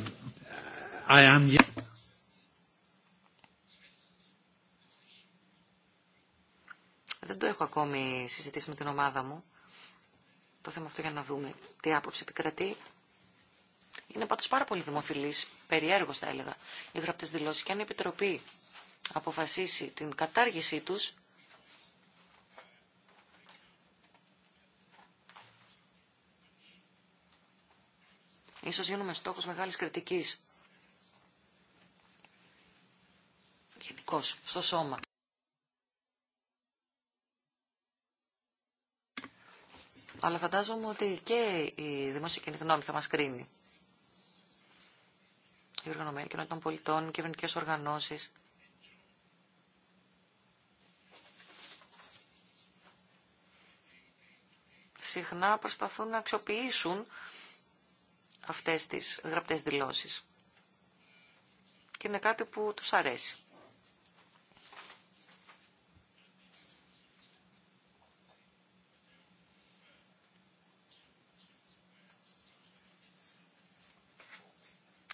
Speaker 3: Δεν το έχω ακόμη συζητήσει με την ομάδα μου το θέμα αυτό για να δούμε τι άποψη επικρατεί. Είναι πάντως πάρα πολύ δημοφιλής, περιέργως θα έλεγα, οι γραπτές δηλώσεις και αν η Επιτροπή αποφασίσει την κατάργησή τους, ίσως γίνουμε στόχος μεγάλης κριτικής. Γενικώ στο σώμα. αλλά φαντάζομαι ότι και η δημόσια κοινή γνώμη θα μας κρίνει. Η οργανωμένη κοινότητα των πολιτών, κυβερνητικέ οργανώσεις. Συχνά προσπαθούν να αξιοποιήσουν αυτές τις γραπτές δηλώσεις. Και είναι κάτι που τους αρέσει.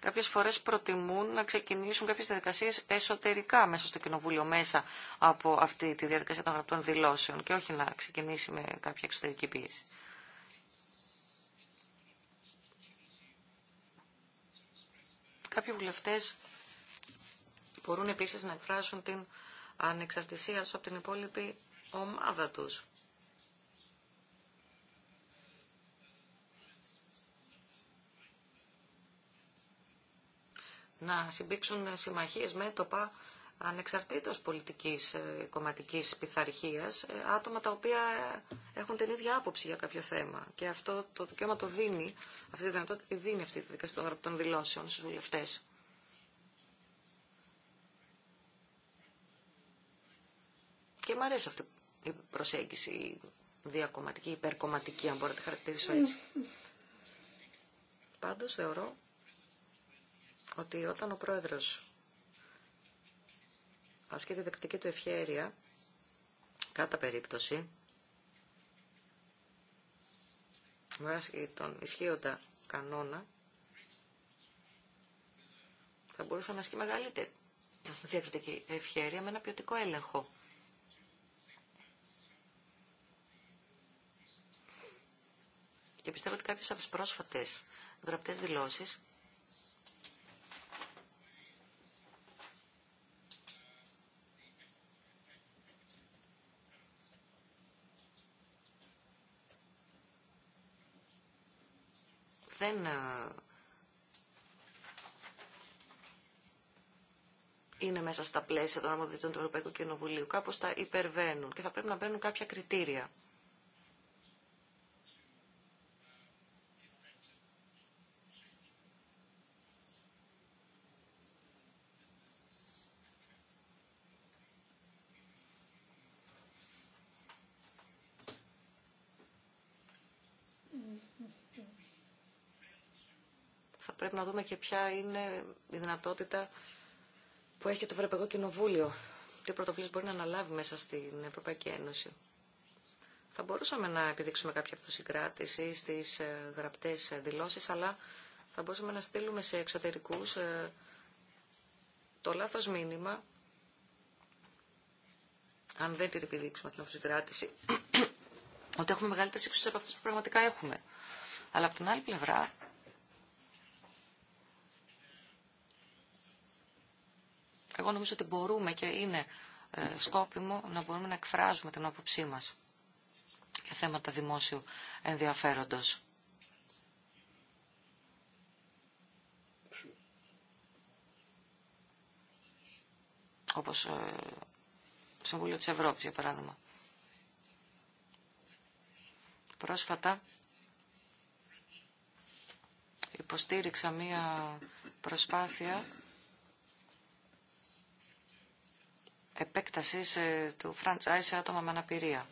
Speaker 3: Κάποιε φορέ προτιμούν να ξεκινήσουν κάποιες διαδικασίε εσωτερικά μέσα στο Κοινοβούλιο, μέσα από αυτή τη διαδικασία των γραπτών δηλώσεων και όχι να ξεκινήσει με κάποια εξωτερική πίεση. Κάποιοι βουλευτέ μπορούν επίσης να εκφράσουν την ανεξαρτησία του από την υπόλοιπη ομάδα τους. να συμπήξουν συμμαχίες μέτωπα ανεξαρτήτως πολιτικής ε, κομματικής πειθαρχία, ε, άτομα τα οποία ε, έχουν την ίδια άποψη για κάποιο θέμα. Και αυτό το δικαίωμα το δίνει, αυτή τη δυνατότητα τη δίνει αυτή τη δικασία των δηλώσεων στους βουλευτές. Και μου αρέσει αυτή η προσέγγιση η διακομματική, υπερκομματική, αν μπορώ να τη χαρακτηρίσω έτσι. Πάντως θεωρώ ότι όταν ο πρόεδρος ασκεί τη δεκτική του ευχέρεια, κατά περίπτωση, βάσει τον ισχύοντα κανόνα, θα μπορούσε να ασκεί μεγαλύτερη διακριτική ευχέρεια με ένα ποιοτικό έλεγχο. Και πιστεύω ότι κάποιες από τις πρόσφατες γραπτές δηλώσεις δεν ε, είναι μέσα στα πλαίσια των αρμοδιοτήτων του Ευρωπαϊκού Κοινοβουλίου. Κάπως τα υπερβαίνουν και θα πρέπει να μπαίνουν κάποια κριτήρια να δούμε και ποια είναι η δυνατότητα που έχει το Ευρωπαϊκό Κοινοβούλιο. Τι πρωτοβουλίε μπορεί να αναλάβει μέσα στην Ευρωπαϊκή Ένωση. Θα μπορούσαμε να επιδείξουμε κάποια αυτοσυγκράτηση στι ε, γραπτέ ε, δηλώσει, αλλά θα μπορούσαμε να στείλουμε σε εξωτερικού ε, το λάθο μήνυμα, αν δεν την επιδείξουμε την αυτοσυγκράτηση, ότι έχουμε μεγαλύτερε εξουσίε από αυτέ που πραγματικά έχουμε. Αλλά από την άλλη πλευρά, Εγώ νομίζω ότι μπορούμε και είναι ε, σκόπιμο να μπορούμε να εκφράζουμε την άποψή μας για θέματα δημόσιου ενδιαφέροντος. Όπως ε, Συμβούλιο της Ευρώπης, για παράδειγμα. Πρόσφατα υποστήριξα μία προσπάθεια επέκτασης του franchise σε άτομα με αναπηρία.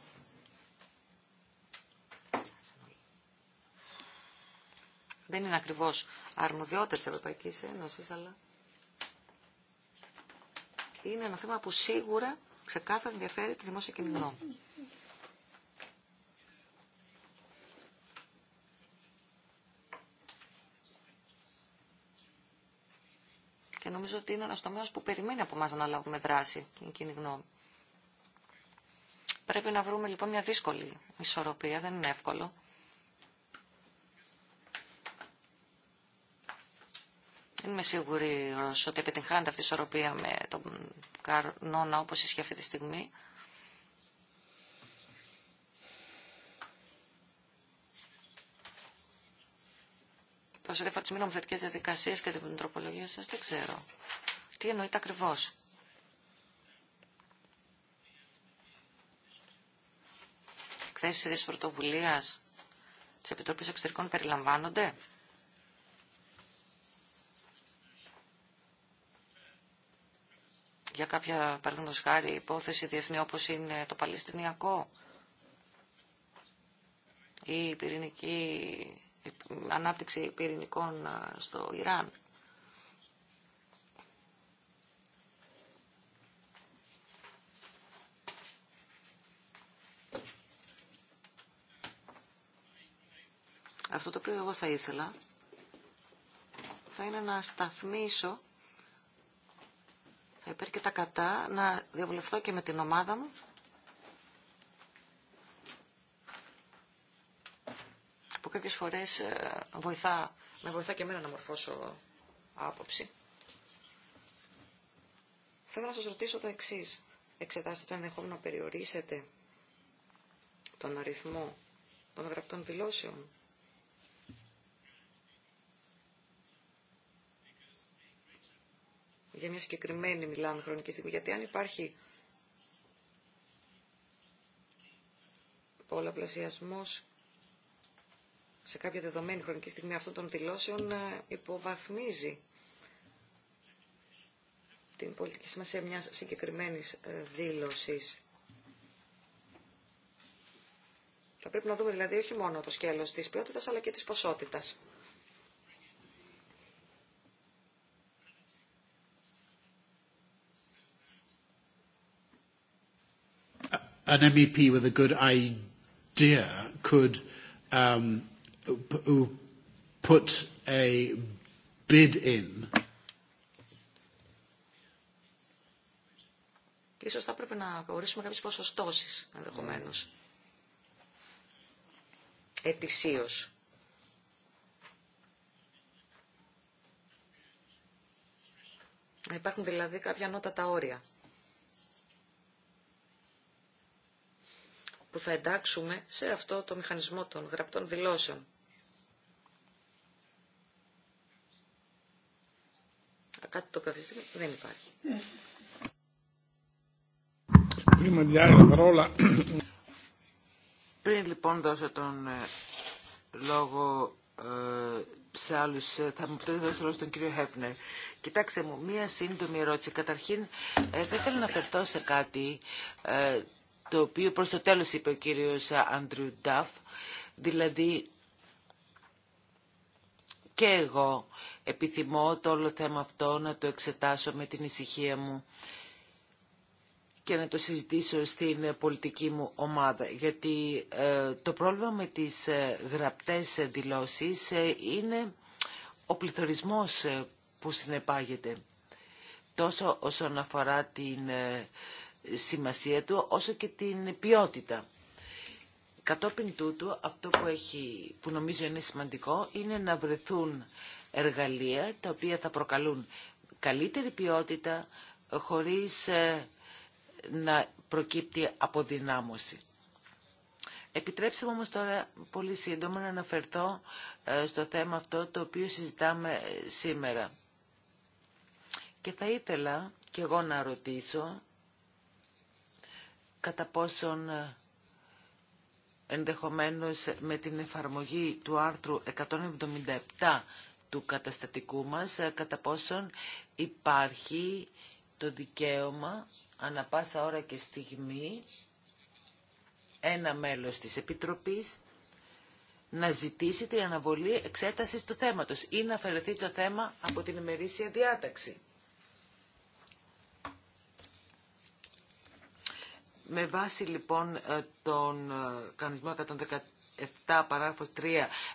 Speaker 3: Δεν είναι ακριβώς αρμοδιότητα τη Ευρωπαϊκή Ένωση, αλλά είναι ένα θέμα που σίγουρα ξεκάθαρα ενδιαφέρει τη δημόσια κοινωνία. Και νομίζω ότι είναι ένα τομέα που περιμένει από εμά να αναλάβουμε δράση, Είναι κοινή γνώμη. Πρέπει να βρούμε λοιπόν μια δύσκολη ισορροπία, δεν είναι εύκολο. Δεν είμαι σίγουρη ότι επιτυγχάνεται αυτή η ισορροπία με τον κανόνα όπω ισχύει αυτή τη στιγμή. Τόσο διαφορά τις μη νομοθετικές διαδικασίες και την τροπολογία σας, δεν ξέρω. Τι εννοείται ακριβώ. Εκθέσει ειδήσει πρωτοβουλία τη Επιτροπή Εξωτερικών περιλαμβάνονται. για κάποια, παραδείγματο χάρη, υπόθεση διεθνή όπω είναι το Παλαιστινιακό ή η πυρηνική ανάπτυξη πυρηνικών ε, στο Ιράν. Αυτό το οποίο εγώ θα ήθελα θα είναι να σταθμίσω θα υπέρ και τα κατά να διαβουλευτώ και με την ομάδα μου που κάποιες φορές ε, βοηθά, με βοηθά και εμένα να μορφώσω άποψη. Θα ήθελα να σας ρωτήσω το εξής. Εξετάστε το ενδεχόμενο να περιορίσετε τον αριθμό των γραπτών δηλώσεων. Για μια συγκεκριμένη μιλάμε χρονική στιγμή. Γιατί αν υπάρχει πολλαπλασιασμός σε κάποια δεδομένη χρονική στιγμή αυτών των δηλώσεων ε, υποβαθμίζει την πολιτική σημασία μιας συγκεκριμένης ε, δήλωσης. Θα πρέπει να δούμε δηλαδή όχι μόνο το σκέλος της ποιότητας αλλά και της ποσότητας. An MEP
Speaker 1: with a good idea could um, put a bid in.
Speaker 3: Και ίσως θα πρέπει να ορίσουμε κάποιες ποσοστώσεις, ενδεχομένω. Ετησίως. Να υπάρχουν δηλαδή κάποια νότατα όρια. που θα εντάξουμε σε αυτό το μηχανισμό των γραπτών δηλώσεων. Κάτι το οποίο δεν υπάρχει.
Speaker 2: Πριν λοιπόν δώσω τον ε, λόγο ε, σε άλλου, ε, θα μου να δώσω λόγο στον κύριο Χέφνερ. Κοιτάξτε μου, μία σύντομη ερώτηση. Καταρχήν, δεν θέλω να περτώ σε κάτι το οποίο προς το τέλος είπε ο κύριος Άντριου Νταφ, δηλαδή και εγώ επιθυμώ το όλο θέμα αυτό να το εξετάσω με την ησυχία μου και να το συζητήσω στην πολιτική μου ομάδα. Γιατί ε, το πρόβλημα με τις ε, γραπτές δηλώσεις ε, είναι ο πληθωρισμός που συνεπάγεται. Τόσο όσον αφορά την σημασία του, όσο και την ποιότητα. Κατόπιν τούτου, αυτό που, έχει, που νομίζω είναι σημαντικό είναι να βρεθούν εργαλεία τα οποία θα προκαλούν καλύτερη ποιότητα χωρίς ε, να προκύπτει αποδυνάμωση. Επιτρέψτε μου όμως τώρα πολύ σύντομα να αναφερθώ ε, στο θέμα αυτό το οποίο συζητάμε ε, σήμερα. Και θα ήθελα και εγώ να ρωτήσω κατά πόσον ενδεχομένως με την εφαρμογή του άρθρου 177 του καταστατικού μας ε, κατά πόσον υπάρχει το δικαίωμα ανα πάσα ώρα και στιγμή ένα μέλος της Επιτροπής να ζητήσει την αναβολή εξέτασης του θέματος ή να αφαιρεθεί το θέμα από την ημερήσια διάταξη. Με βάση λοιπόν ε, τον ε, κανονισμό 114 7 παράγραφος 3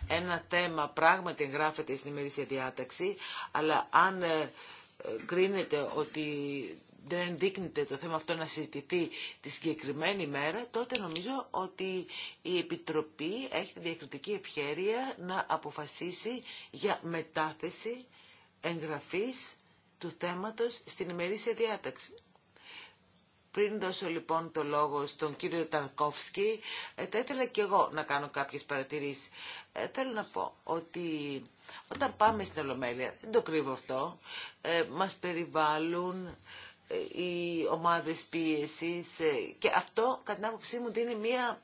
Speaker 2: ένα θέμα πράγματι εγγράφεται στην ημερήσια διάταξη, αλλά αν ε, κρίνεται ότι δεν ενδείκνεται το θέμα αυτό να συζητηθεί τη συγκεκριμένη μέρα, τότε νομίζω ότι η Επιτροπή έχει τη διακριτική ευχέρεια να αποφασίσει για μετάθεση εγγραφής του θέματος στην ημερήσια διάταξη. Πριν δώσω λοιπόν το λόγο στον κύριο Ταρκόφσκι, ε, θα ήθελα και εγώ να κάνω κάποιες παρατηρήσεις. Ε, θέλω να πω ότι όταν πάμε στην Ολομέλεια, δεν το κρύβω αυτό, ε, μας περιβάλλουν οι ομάδες πίεσης και αυτό κατά την άποψή μου δίνει μια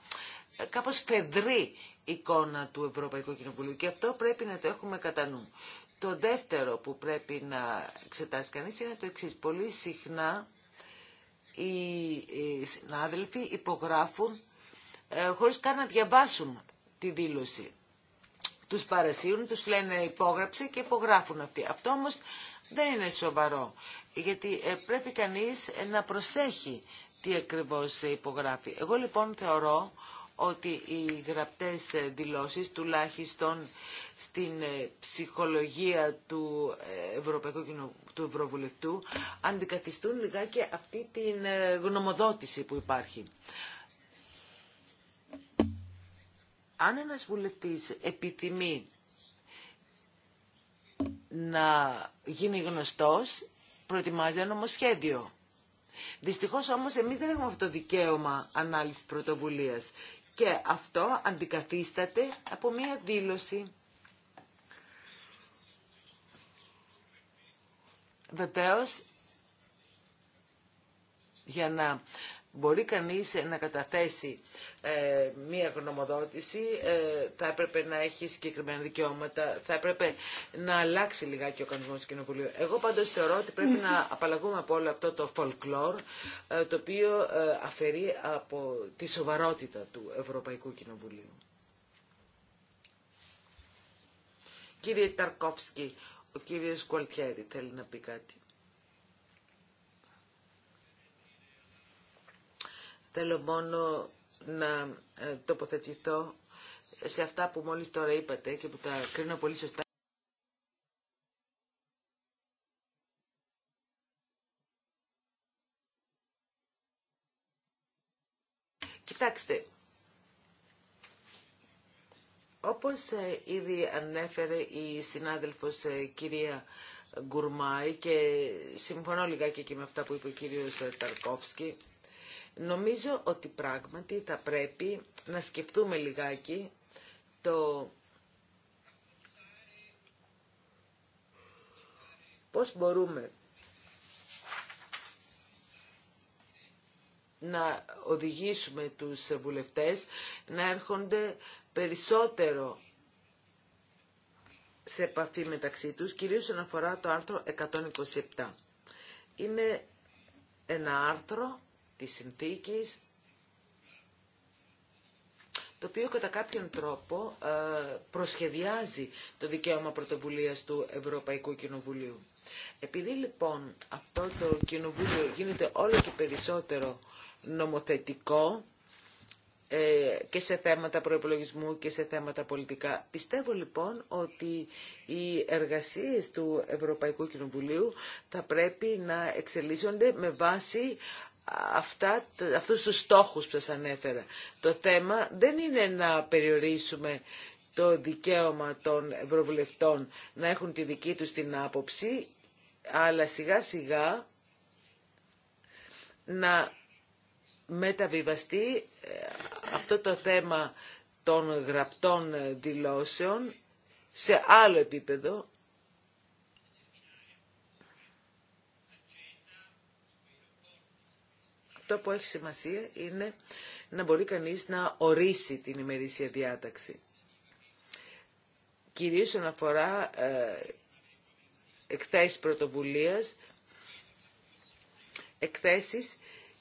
Speaker 2: κάπως φεδρή εικόνα του Ευρωπαϊκού Κοινοβουλίου και αυτό πρέπει να το έχουμε κατά νου. Το δεύτερο που πρέπει να εξετάσει κανείς είναι το εξής. Πολύ συχνά οι συνάδελφοι υπογράφουν ε, χωρίς καν να διαβάσουν τη δήλωση. Τους παρασύρουν, τους λένε υπόγραψε και υπογράφουν αυτοί. Αυτό όμως δεν είναι σοβαρό, γιατί ε, πρέπει κανείς να προσέχει τι ακριβώς υπογράφει. Εγώ λοιπόν θεωρώ ότι οι γραπτές δηλώσεις, τουλάχιστον στην ε, ψυχολογία του ε, Ευρωπαϊκού του Ευρωβουλευτού, αντικαθιστούν λιγάκι αυτή την ε, γνωμοδότηση που υπάρχει. Αν ένας βουλευτής επιθυμεί να γίνει γνωστός, προετοιμάζει ένα νομοσχέδιο. Δυστυχώς όμως εμείς δεν έχουμε αυτό το δικαίωμα ανάλυση πρωτοβουλίας. Και αυτό αντικαθίσταται από μία δήλωση. Βεβαίως, για να μπορεί κανείς να καταθέσει ε, μία γνωμοδότηση, ε, θα έπρεπε να έχει συγκεκριμένα δικαιώματα, θα έπρεπε να αλλάξει λιγάκι ο κανονισμός του Κοινοβουλίου. Εγώ πάντως θεωρώ ότι πρέπει να απαλλαγούμε από όλο αυτό το folklore, ε, το οποίο αφαιρεί από τη σοβαρότητα του Ευρωπαϊκού Κοινοβουλίου. Κύριε Ταρκόφσκι, ο κύριος Κουαλτιέρη θέλει να πει κάτι. Θέλω μόνο να ε, τοποθετηθώ σε αυτά που μόλις τώρα είπατε και που τα κρίνω πολύ σωστά. Κοιτάξτε, όπως ε, ήδη ανέφερε η συνάδελφος ε, κυρία Γκουρμάη και συμφωνώ λιγάκι και με αυτά που είπε ο κύριος Ταρκόφσκι, Νομίζω ότι πράγματι θα πρέπει να σκεφτούμε λιγάκι το πώς μπορούμε να οδηγήσουμε τους βουλευτές να έρχονται περισσότερο σε επαφή μεταξύ τους, κυρίως όσον αφορά το άρθρο 127. Είναι ένα άρθρο της συνθήκης, το οποίο κατά κάποιον τρόπο ε, προσχεδιάζει το δικαίωμα πρωτοβουλίας του Ευρωπαϊκού Κοινοβουλίου. Επειδή λοιπόν αυτό το Κοινοβούλιο γίνεται όλο και περισσότερο νομοθετικό ε, και σε θέματα προϋπολογισμού και σε θέματα πολιτικά. Πιστεύω λοιπόν ότι οι εργασίες του Ευρωπαϊκού Κοινοβουλίου θα πρέπει να εξελίσσονται με βάση αυτά, αυτούς τους στόχους που σας ανέφερα. Το θέμα δεν είναι να περιορίσουμε το δικαίωμα των ευρωβουλευτών να έχουν τη δική τους την άποψη, αλλά σιγά σιγά να μεταβιβαστεί ε, αυτό το θέμα των γραπτών δηλώσεων σε άλλο επίπεδο, Το που έχει σημασία είναι να μπορεί κανείς να ορίσει την ημερήσια διάταξη. Κυρίως όσον αφορά ε, εκθέσεις πρωτοβουλίας, εκθέσεις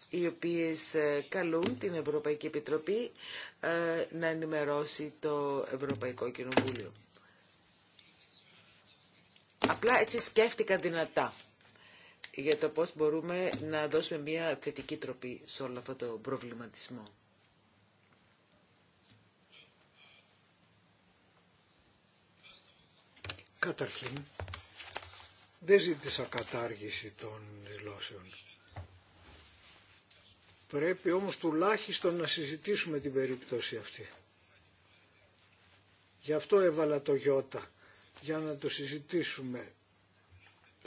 Speaker 2: οι οποίες ε, καλούν την Ευρωπαϊκή Επιτροπή ε, να ενημερώσει το Ευρωπαϊκό Κοινοβούλιο. Απλά έτσι σκέφτηκα δυνατά για το πώς μπορούμε να δώσουμε μια θετική τροπή σε όλο αυτό το προβληματισμό.
Speaker 1: Καταρχήν, δεν ζήτησα κατάργηση των δηλώσεων. Πρέπει όμως τουλάχιστον να συζητήσουμε την περίπτωση αυτή. Γι' αυτό έβαλα το γιώτα, για να το συζητήσουμε.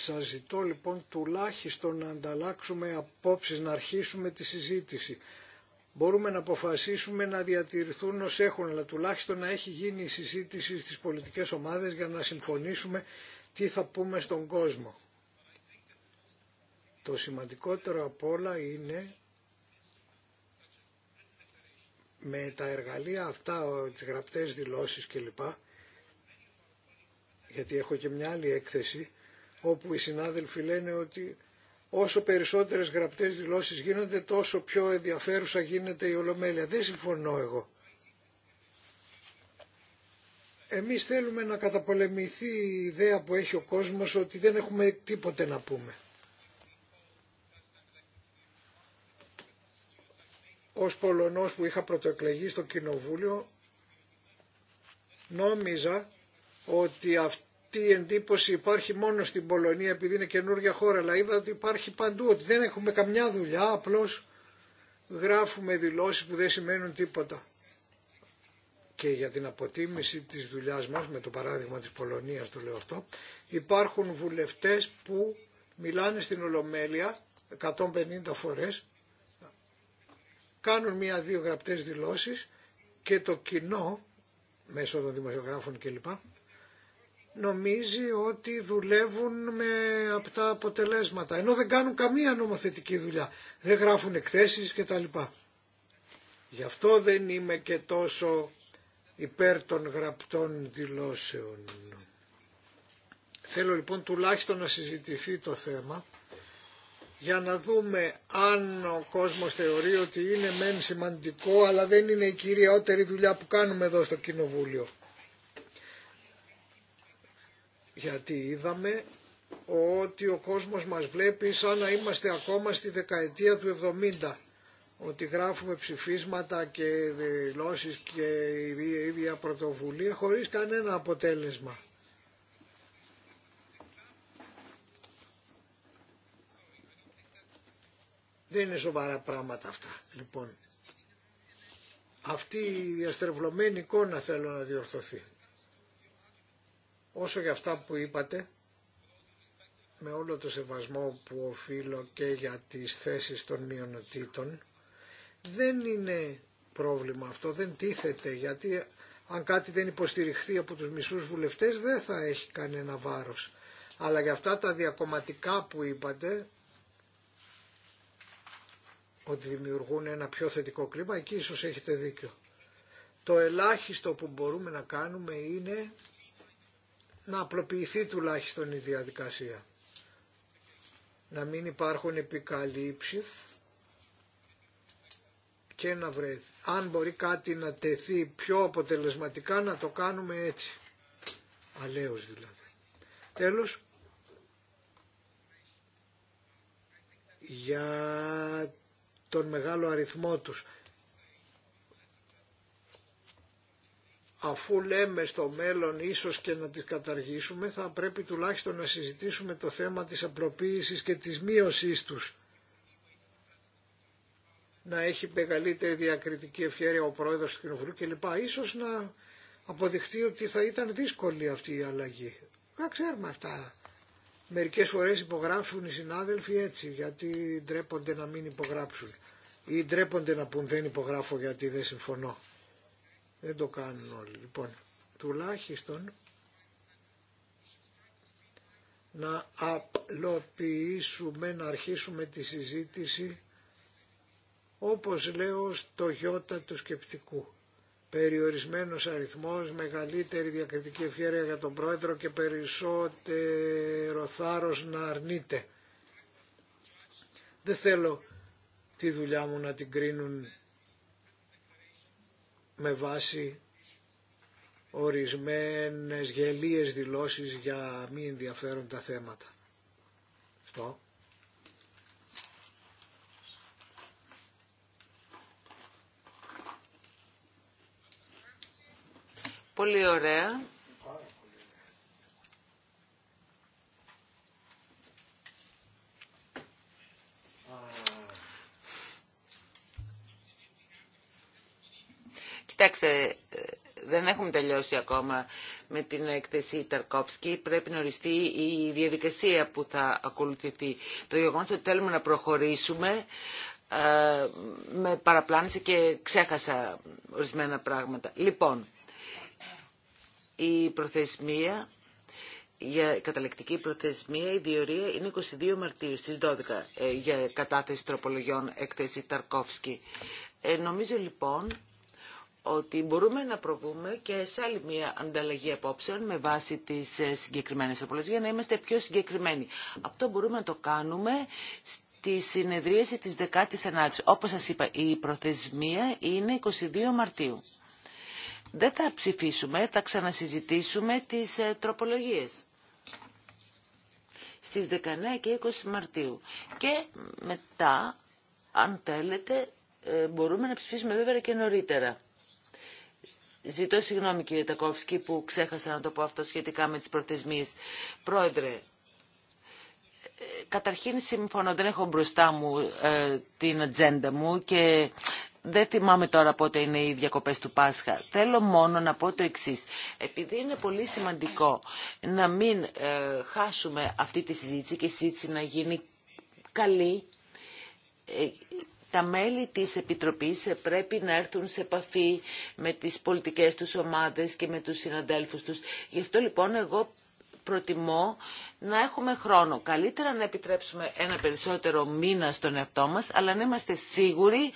Speaker 1: Σας ζητώ λοιπόν τουλάχιστον να ανταλλάξουμε απόψεις, να αρχίσουμε τη συζήτηση. Μπορούμε να αποφασίσουμε να διατηρηθούν ως έχουν, αλλά τουλάχιστον να έχει γίνει η συζήτηση στις πολιτικές ομάδες για να συμφωνήσουμε τι θα πούμε στον κόσμο. Το σημαντικότερο απ' όλα είναι με τα εργαλεία αυτά, τις γραπτές δηλώσεις κλπ, γιατί έχω και μια άλλη έκθεση, όπου οι συνάδελφοι λένε ότι όσο περισσότερες γραπτές δηλώσεις γίνονται τόσο πιο ενδιαφέρουσα γίνεται η Ολομέλεια. Δεν συμφωνώ εγώ. Εμείς θέλουμε να καταπολεμηθεί η ιδέα που έχει ο κόσμος ότι δεν έχουμε τίποτε να πούμε. Ως Πολωνός που είχα πρωτοεκλεγεί στο Κοινοβούλιο νόμιζα ότι αυτό αυτή η εντύπωση υπάρχει μόνο στην Πολωνία επειδή είναι καινούργια χώρα, αλλά είδα ότι υπάρχει παντού, ότι δεν έχουμε καμιά δουλειά, απλώς γράφουμε δηλώσεις που δεν σημαίνουν τίποτα. Και για την αποτίμηση της δουλειάς μας, με το παράδειγμα της Πολωνίας το λέω αυτό, υπάρχουν βουλευτές που μιλάνε στην Ολομέλεια 150 φορές, κάνουν μία-δύο γραπτές δηλώσεις και το κοινό, μέσω των δημοσιογράφων κλπ, νομίζει ότι δουλεύουν με αυτά αποτελέσματα, ενώ δεν κάνουν καμία νομοθετική δουλειά, δεν γράφουν εκθέσεις κτλ. Γι' αυτό δεν είμαι και τόσο υπέρ των γραπτών δηλώσεων. Θέλω λοιπόν τουλάχιστον να συζητηθεί το θέμα για να δούμε αν ο κόσμος θεωρεί ότι είναι μεν σημαντικό αλλά δεν είναι η κυριότερη δουλειά που κάνουμε εδώ στο Κοινοβούλιο γιατί είδαμε ότι ο κόσμος μας βλέπει σαν να είμαστε ακόμα στη δεκαετία του 70 ότι γράφουμε ψηφίσματα και δηλώσεις και η ίδια πρωτοβουλία χωρίς κανένα αποτέλεσμα. Δεν είναι σοβαρά πράγματα αυτά, λοιπόν. Αυτή η διαστρεβλωμένη εικόνα θέλω να διορθωθεί. Όσο για αυτά που είπατε, με όλο το σεβασμό που οφείλω και για τις θέσεις των μειονοτήτων, δεν είναι πρόβλημα αυτό, δεν τίθεται, γιατί αν κάτι δεν υποστηριχθεί από τους μισούς βουλευτές δεν θα έχει κανένα βάρος. Αλλά για αυτά τα διακομματικά που είπατε, ότι δημιουργούν ένα πιο θετικό κλίμα, εκεί ίσως έχετε δίκιο. Το ελάχιστο που μπορούμε να κάνουμε είναι να απλοποιηθεί τουλάχιστον η διαδικασία. Να μην υπάρχουν επικαλύψεις και να βρεθεί. Αν μπορεί κάτι να τεθεί πιο αποτελεσματικά να το κάνουμε έτσι. Αλέως δηλαδή. Τέλος, για τον μεγάλο αριθμό τους. αφού λέμε στο μέλλον ίσως και να τις καταργήσουμε θα πρέπει τουλάχιστον να συζητήσουμε το θέμα της απλοποίησης και της μείωσής τους. Να έχει μεγαλύτερη διακριτική ευχαίρεια ο πρόεδρος του κοινοβουλίου κλπ. Ίσως να αποδειχτεί ότι θα ήταν δύσκολη αυτή η αλλαγή. Να ξέρουμε αυτά. Μερικές φορές υπογράφουν οι συνάδελφοι έτσι γιατί ντρέπονται να μην υπογράψουν ή ντρέπονται να πούν δεν υπογράφω γιατί δεν συμφωνώ. Δεν το κάνουν όλοι. Λοιπόν, τουλάχιστον να απλοποιήσουμε, να αρχίσουμε τη συζήτηση όπως λέω στο γιώτα του σκεπτικού. Περιορισμένος αριθμός, μεγαλύτερη διακριτική ευχαίρεια για τον πρόεδρο και περισσότερο θάρρος να αρνείται. Δεν θέλω τη δουλειά μου να την κρίνουν με βάση ορισμένες γελίες δηλώσεις για μη ενδιαφέροντα θέματα. Αυτό.
Speaker 2: Πολύ ωραία. Κοιτάξτε, δεν έχουμε τελειώσει ακόμα με την έκθεση Ταρκόφσκι. Πρέπει να οριστεί η διαδικασία που θα ακολουθηθεί. Το γεγονό ότι θέλουμε να προχωρήσουμε ε, με παραπλάνησε και ξέχασα ορισμένα πράγματα. Λοιπόν, η προθεσμία, για καταλεκτική προθεσμία, η διορία είναι 22 Μαρτίου στις 12 ε, για κατάθεση τροπολογιών έκθεση Ταρκόφσκι. Ε, νομίζω λοιπόν ότι μπορούμε να προβούμε και σε άλλη μια ανταλλαγή απόψεων με βάση τις ε, συγκεκριμένες απολογίες για να είμαστε πιο συγκεκριμένοι. Αυτό μπορούμε να το κάνουμε στη συνεδρίαση της 19ης. Όπως σας είπα, η προθεσμία είναι 22 Μαρτίου. Δεν θα ψηφίσουμε, θα ξανασυζητήσουμε τις ε, τροπολογίες στις 19 και 20 Μαρτίου. Και μετά, αν θέλετε, ε, μπορούμε να ψηφίσουμε βέβαια και νωρίτερα. Ζητώ συγγνώμη κύριε Τακόφσκι που ξέχασα να το πω αυτό σχετικά με τις προθεσμίες. Πρόεδρε, καταρχήν συμφωνώ, δεν έχω μπροστά μου ε, την ατζέντα μου και δεν θυμάμαι τώρα πότε είναι οι διακοπές του Πάσχα. Θέλω μόνο να πω το εξής. Επειδή είναι πολύ σημαντικό να μην ε, χάσουμε αυτή τη συζήτηση και η συζήτηση να γίνει καλή, ε, τα μέλη της Επιτροπής πρέπει να έρθουν σε επαφή με τις πολιτικές τους ομάδες και με τους συναντέλφους τους. Γι' αυτό λοιπόν εγώ προτιμώ να έχουμε χρόνο. Καλύτερα να επιτρέψουμε ένα περισσότερο μήνα στον εαυτό μας, αλλά να είμαστε σίγουροι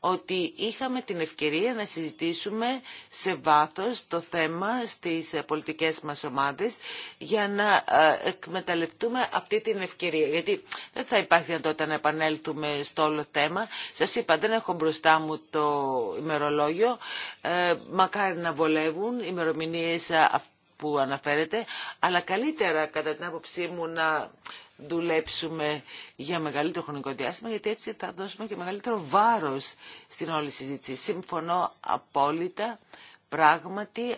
Speaker 2: ότι είχαμε την ευκαιρία να συζητήσουμε σε βάθος το θέμα στις ε, πολιτικές μας ομάδες για να ε, εκμεταλλευτούμε αυτή την ευκαιρία. Γιατί δεν θα υπάρχει τότε να επανέλθουμε στο όλο θέμα. Σας είπα, δεν έχω μπροστά μου το ημερολόγιο. Ε, μακάρι να βολεύουν οι ημερομηνίες που αναφέρεται, αλλά καλύτερα κατά την άποψή μου να δουλέψουμε για μεγαλύτερο χρονικό διάστημα, γιατί έτσι θα δώσουμε και μεγαλύτερο βάρος στην όλη συζήτηση. Συμφωνώ απόλυτα, πράγματι,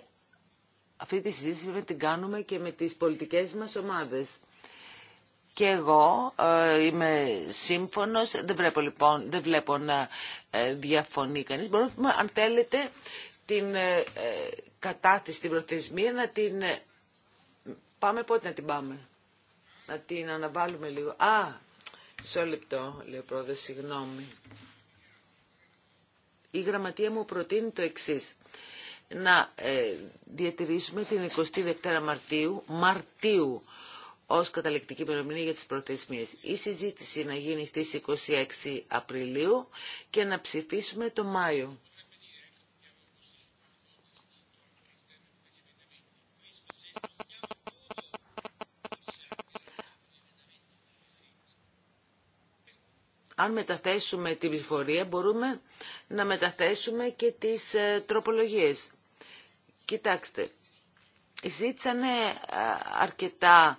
Speaker 2: αυτή τη συζήτηση με την κάνουμε και με τις πολιτικές μας ομάδες. Και εγώ ε, είμαι σύμφωνος, δεν, βλέπω, λοιπόν, δεν βλέπω να ε, διαφωνεί κανείς. Μπορούμε, αν θέλετε, την ε, ε, κατάθεση, την προθεσμία, να την πάμε πότε να την πάμε να την αναβάλουμε λίγο. Α, μισό λεπτό, λέει ο συγγνώμη. Η γραμματεία μου προτείνει το εξή: Να ε, διατηρήσουμε την 22 Μαρτίου, Μαρτίου, ως καταληκτική ημερομηνία για τις προθεσμίες. Η συζήτηση να γίνει στις 26 Απριλίου και να ψηφίσουμε το Μάιο. αν μεταθέσουμε την πληροφορία, μπορούμε να μεταθέσουμε και τις ε, τροπολογίες. Κοιτάξτε, ζήτησανε ε, αρκετά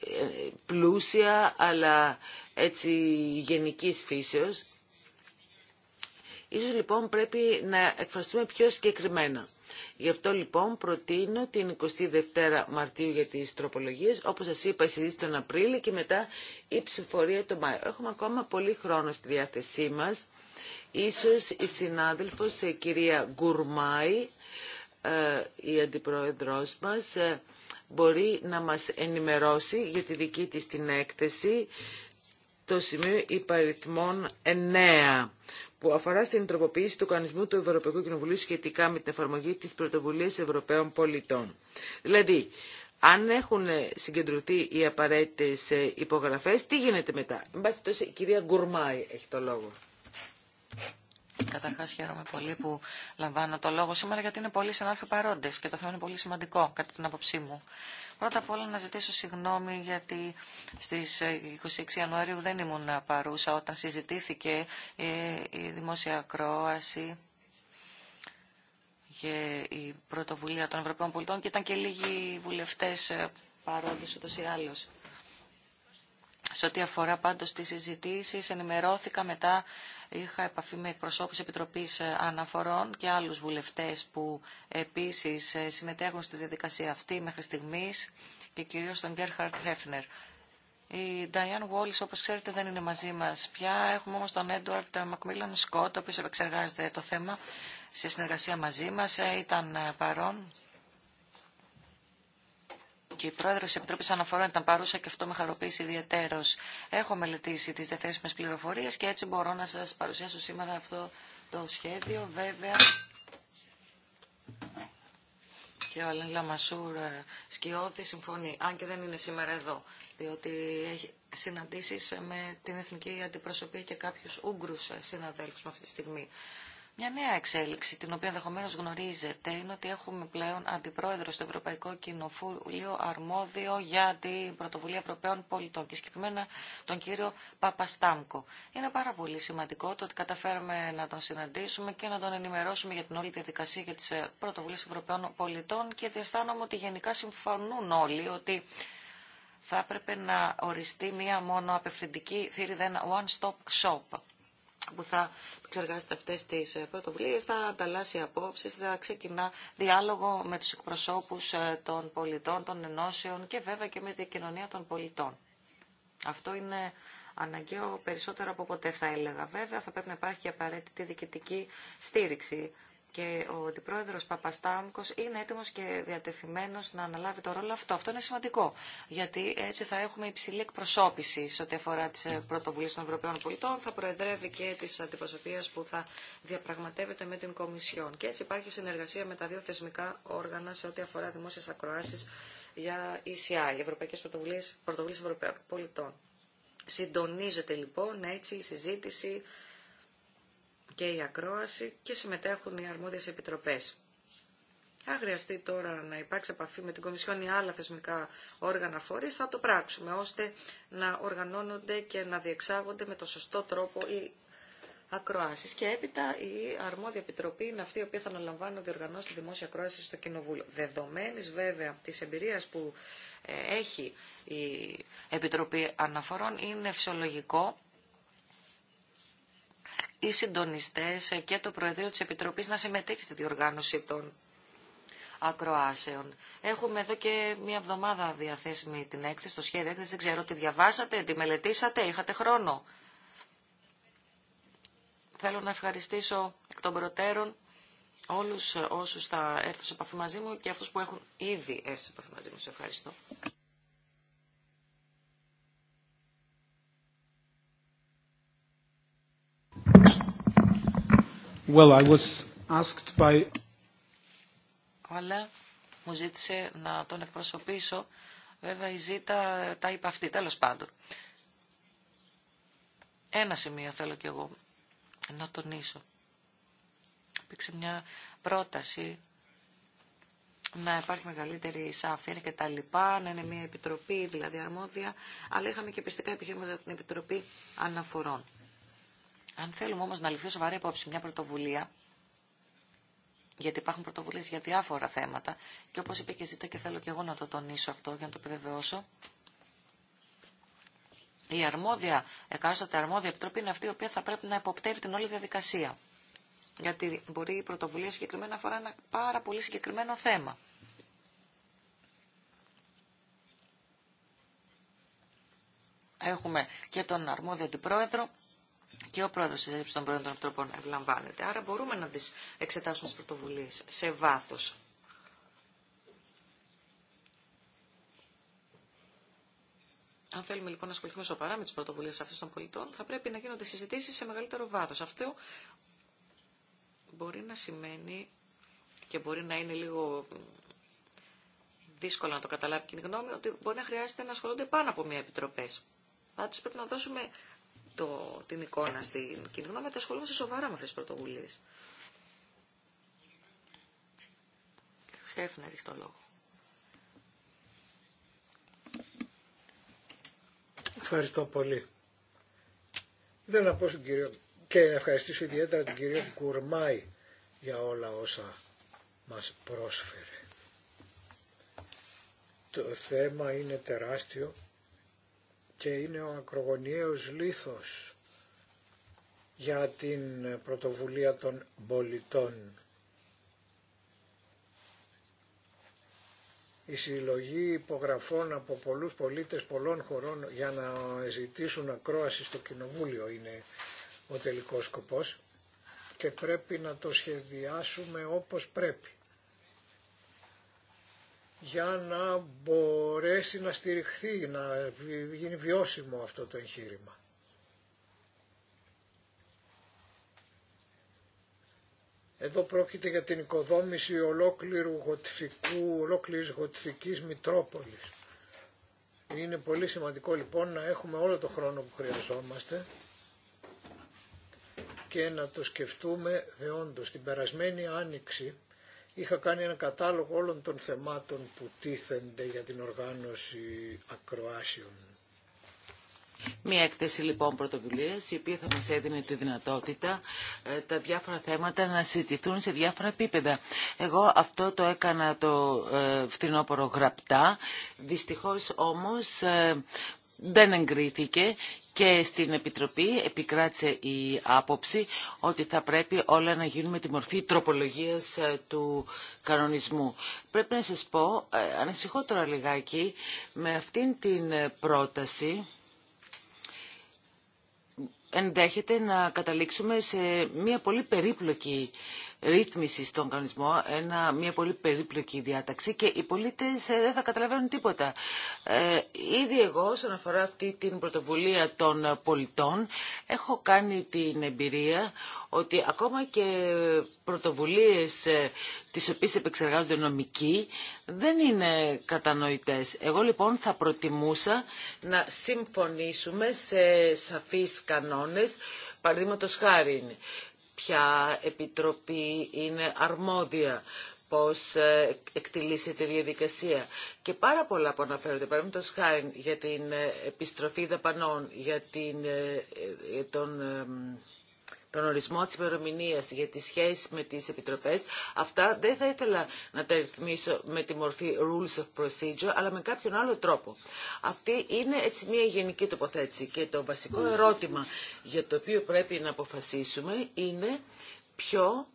Speaker 2: ε, πλούσια αλλά έτσι γενικής φύσεως. Ίσως λοιπόν πρέπει να εκφραστούμε πιο συγκεκριμένα. Γι' αυτό λοιπόν προτείνω την 22 Μαρτίου για τις τροπολογίες, όπως σας είπα η τον Απρίλιο και μετά η ψηφορία τον Μάιο. Έχουμε ακόμα πολύ χρόνο στη διάθεσή μας. Ίσως η συνάδελφος η κυρία Γκουρμάη, ε, η αντιπρόεδρός μας, ε, μπορεί να μας ενημερώσει για τη δική της την έκθεση το σημείο υπαριθμών 9 που αφορά στην τροποποίηση του κανονισμού του Ευρωπαϊκού Κοινοβουλίου σχετικά με την εφαρμογή της πρωτοβουλίας Ευρωπαίων πολιτών. Δηλαδή, αν έχουν συγκεντρωθεί οι απαραίτητες υπογραφές, τι γίνεται μετά. τόσο, η κυρία
Speaker 3: Γκουρμάη έχει το λόγο. Καταρχά, χαίρομαι πολύ που λαμβάνω το λόγο σήμερα γιατί είναι πολλοί συνάδελφοι παρόντε και το θέμα είναι πολύ σημαντικό, κατά την άποψή μου. Πρώτα απ' όλα να ζητήσω συγγνώμη γιατί στις 26 ε, Ιανουαρίου δεν ήμουν παρούσα όταν συζητήθηκε ε, η δημόσια ακρόαση και η πρωτοβουλία των Ευρωπαίων Πολιτών και ήταν και λίγοι βουλευτές ε, παρόντες ούτως ή άλλως. Σε ό,τι αφορά πάντως τις συζητήσεις, ενημερώθηκα μετά Είχα επαφή με εκπροσώπους Επιτροπής ε, Αναφορών και άλλους βουλευτές που επίσης ε, συμμετέχουν στη διαδικασία αυτή μέχρι στιγμής και κυρίως τον Γκέρχαρτ Χέφνερ. Η Νταϊάν Βόλη, όπως ξέρετε, δεν είναι μαζί μας πια. Έχουμε όμω τον Έντουαρτ Μακμίλαν Σκότ, ο οποίο επεξεργάζεται το θέμα σε συνεργασία μαζί μα. Ε, ήταν παρόν και η πρόεδρο τη Επιτροπή Αναφορών ήταν παρούσα και αυτό με χαροποίησε ιδιαίτερω. Έχω μελετήσει τι διαθέσιμε πληροφορίε και έτσι μπορώ να σα παρουσιάσω σήμερα αυτό το σχέδιο. Βέβαια, και ο Αλέν Λαμασούρ ε, Σκιώδη συμφωνεί, αν και δεν είναι σήμερα εδώ, διότι έχει συναντήσει με την Εθνική Αντιπροσωπή και κάποιου Ούγγρου συναδέλφου αυτή τη στιγμή. Μια νέα εξέλιξη, την οποία ενδεχομένω γνωρίζετε, είναι ότι έχουμε πλέον αντιπρόεδρο στο Ευρωπαϊκό Κοινοβούλιο αρμόδιο για την Πρωτοβουλία Ευρωπαίων Πολιτών και συγκεκριμένα τον κύριο Παπαστάμκο. Είναι πάρα πολύ σημαντικό το ότι καταφέραμε να τον συναντήσουμε και να τον ενημερώσουμε για την όλη διαδικασία για τι ε, Πρωτοβουλίε Ευρωπαίων Πολιτών και διαισθάνομαι ότι γενικά συμφωνούν όλοι ότι θα έπρεπε να οριστεί μία μόνο θήρη, ένα one-stop shop που θα εξεργάζεται αυτές τις ε, πρωτοβουλίε, θα ανταλλάσσει απόψεις, θα ξεκινά διάλογο με τους εκπροσώπους ε, των πολιτών, των ενώσεων και βέβαια και με την κοινωνία των πολιτών. Αυτό είναι αναγκαίο περισσότερο από ποτέ θα έλεγα. Βέβαια θα πρέπει να υπάρχει και απαραίτητη διοικητική στήριξη και ο αντιπρόεδρος Παπαστάμκος είναι έτοιμος και διατεθειμένος να αναλάβει το ρόλο αυτό. Αυτό είναι σημαντικό, γιατί έτσι θα έχουμε υψηλή εκπροσώπηση σε ό,τι αφορά τις ε, πρωτοβουλίες των Ευρωπαίων πολιτών, θα προεδρεύει και τις αντιπροσωπείας που θα διαπραγματεύεται με την Κομισιόν. Και έτσι υπάρχει συνεργασία με τα δύο θεσμικά όργανα σε ό,τι αφορά δημόσιες ακροάσεις για ECI, Ευρωπαϊκές Πρωτοβουλίες, Πρωτοβουλίες Ευρωπαίων Πολιτών. Συντονίζεται λοιπόν έτσι η συζήτηση και η ακρόαση και συμμετέχουν οι αρμόδιες επιτροπές. Αν χρειαστεί τώρα να υπάρξει επαφή με την Κομισιόν ή άλλα θεσμικά όργανα φορείς, θα το πράξουμε, ώστε να οργανώνονται και να διεξάγονται με το σωστό τρόπο οι ακροάσεις. Και έπειτα η αρμόδια επιτροπή είναι αυτή η οποία θα αναλαμβάνει ο διοργανώσει τη δημόσια ακρόαση στο Κοινοβούλιο. Δεδομένη βέβαια τη εμπειρία που ε, έχει η Επιτροπή Αναφορών, είναι φυσιολογικό οι συντονιστές και το Προεδρείο της Επιτροπής να συμμετέχει στη διοργάνωση των ακροάσεων. Έχουμε εδώ και μία εβδομάδα διαθέσιμη την έκθεση, το σχέδιο έκθεση. Δεν ξέρω τι διαβάσατε, τη μελετήσατε, είχατε χρόνο. Θέλω να ευχαριστήσω εκ των προτέρων όλους όσους θα έρθουν σε επαφή μαζί μου και αυτούς που έχουν ήδη έρθει σε επαφή μαζί μου. Σε ευχαριστώ. Αλλά μου ζήτησε να τον εκπροσωπήσω. Βέβαια η Ζήτα τα είπε αυτή, τέλος πάντων. Ένα σημείο θέλω κι εγώ να τονίσω. Υπήρξε μια πρόταση να υπάρχει μεγαλύτερη σάφή και τα λοιπά, να είναι μια επιτροπή δηλαδή αρμόδια, αλλά είχαμε και πιστικά επιχείρηματα από την Επιτροπή Αναφορών. Αν θέλουμε όμως να ληφθεί σοβαρή υπόψη μια πρωτοβουλία, γιατί υπάρχουν πρωτοβουλίε για διάφορα θέματα και όπως είπε και ζήτα και θέλω και εγώ να το τονίσω αυτό για να το επιβεβαιώσω, η αρμόδια, εκάστοτε αρμόδια επιτροπή είναι αυτή η οποία θα πρέπει να υποπτεύει την όλη διαδικασία. Γιατί μπορεί η πρωτοβουλία συγκεκριμένα αφορά ένα πάρα πολύ συγκεκριμένο θέμα. Έχουμε και τον αρμόδιο αντιπρόεδρο και ο πρόεδρο τη Ένωση των Πρόεδρων των ευλαμβάνεται. Άρα μπορούμε να τι εξετάσουμε τι πρωτοβουλίε σε βάθο. Αν θέλουμε λοιπόν να ασχοληθούμε σοβαρά με τι πρωτοβουλίε αυτέ των πολιτών, θα πρέπει να γίνονται συζητήσει σε μεγαλύτερο βάθο. Αυτό μπορεί να σημαίνει και μπορεί να είναι λίγο δύσκολο να το καταλάβει κοινή γνώμη, ότι μπορεί να χρειάζεται να ασχολούνται πάνω από μία επιτροπέ. Πάντω πρέπει να δώσουμε το, την εικόνα στην κοινή γνώμη, ασχολούμαστε σοβαρά με αυτές τις πρωτοβουλίες. λόγο.
Speaker 1: Ευχαριστώ πολύ. Δεν να και να ευχαριστήσω ιδιαίτερα τον κύριο Κουρμάη για όλα όσα μας πρόσφερε. Το θέμα είναι τεράστιο και είναι ο ακρογωνιαίος λίθος για την πρωτοβουλία των πολιτών. Η συλλογή υπογραφών από πολλούς πολίτες πολλών χωρών για να ζητήσουν ακρόαση στο Κοινοβούλιο είναι ο τελικός σκοπός και πρέπει να το σχεδιάσουμε όπως πρέπει για να μπορέσει να στηριχθεί, να γίνει βιώσιμο αυτό το εγχείρημα. Εδώ πρόκειται για την οικοδόμηση ολόκληρου γοτφικού, ολόκληρης γοτφικής Μητρόπολης. Είναι πολύ σημαντικό λοιπόν να έχουμε όλο το χρόνο που χρειαζόμαστε και να το σκεφτούμε δεόντως. Την περασμένη άνοιξη είχα κάνει ένα κατάλογο όλων των θεμάτων που τίθενται για την οργάνωση ακροάσεων.
Speaker 2: Μία έκθεση λοιπόν πρωτοβουλία, η οποία θα μα έδινε τη δυνατότητα ε, τα διάφορα θέματα να συζητηθούν σε διάφορα επίπεδα. Εγώ αυτό το έκανα το ε, φθινόπωρο γραπτά. Δυστυχώ όμω ε, δεν εγκρίθηκε και στην Επιτροπή επικράτησε η άποψη ότι θα πρέπει όλα να γίνουν με τη μορφή τροπολογίας ε, του κανονισμού. Πρέπει να σας πω, ε, ανησυχώ τώρα λιγάκι, με αυτήν την ε, πρόταση ενδέχεται να καταλήξουμε σε μια πολύ περίπλοκη ρύθμιση στον κανονισμό, ένα, μια πολύ περίπλοκη διάταξη και οι πολίτες ε, δεν θα καταλαβαίνουν τίποτα. Ε, ήδη εγώ, όσον αφορά αυτή την πρωτοβουλία των πολιτών, έχω κάνει την εμπειρία ότι ακόμα και πρωτοβουλίες ε, τις οποίες επεξεργάζονται νομικοί δεν είναι κατανοητές. Εγώ λοιπόν θα προτιμούσα να συμφωνήσουμε σε σαφείς κανόνες, παραδείγματος χάρη ποια επιτροπή είναι αρμόδια, πώς ε, εκτιλήσεται η διαδικασία. Και πάρα πολλά που αναφέρονται, παραδείγματο χάρη για την ε, επιστροφή δαπανών, για, την, για ε, τον τον ορισμό της ημερομηνία για τις σχέσεις με τις επιτροπές, αυτά δεν θα ήθελα να τα ρυθμίσω με τη μορφή rules of procedure, αλλά με κάποιον άλλο τρόπο. Αυτή είναι έτσι μια γενική τοποθέτηση και το βασικό ερώτημα για το οποίο πρέπει να αποφασίσουμε είναι ποιο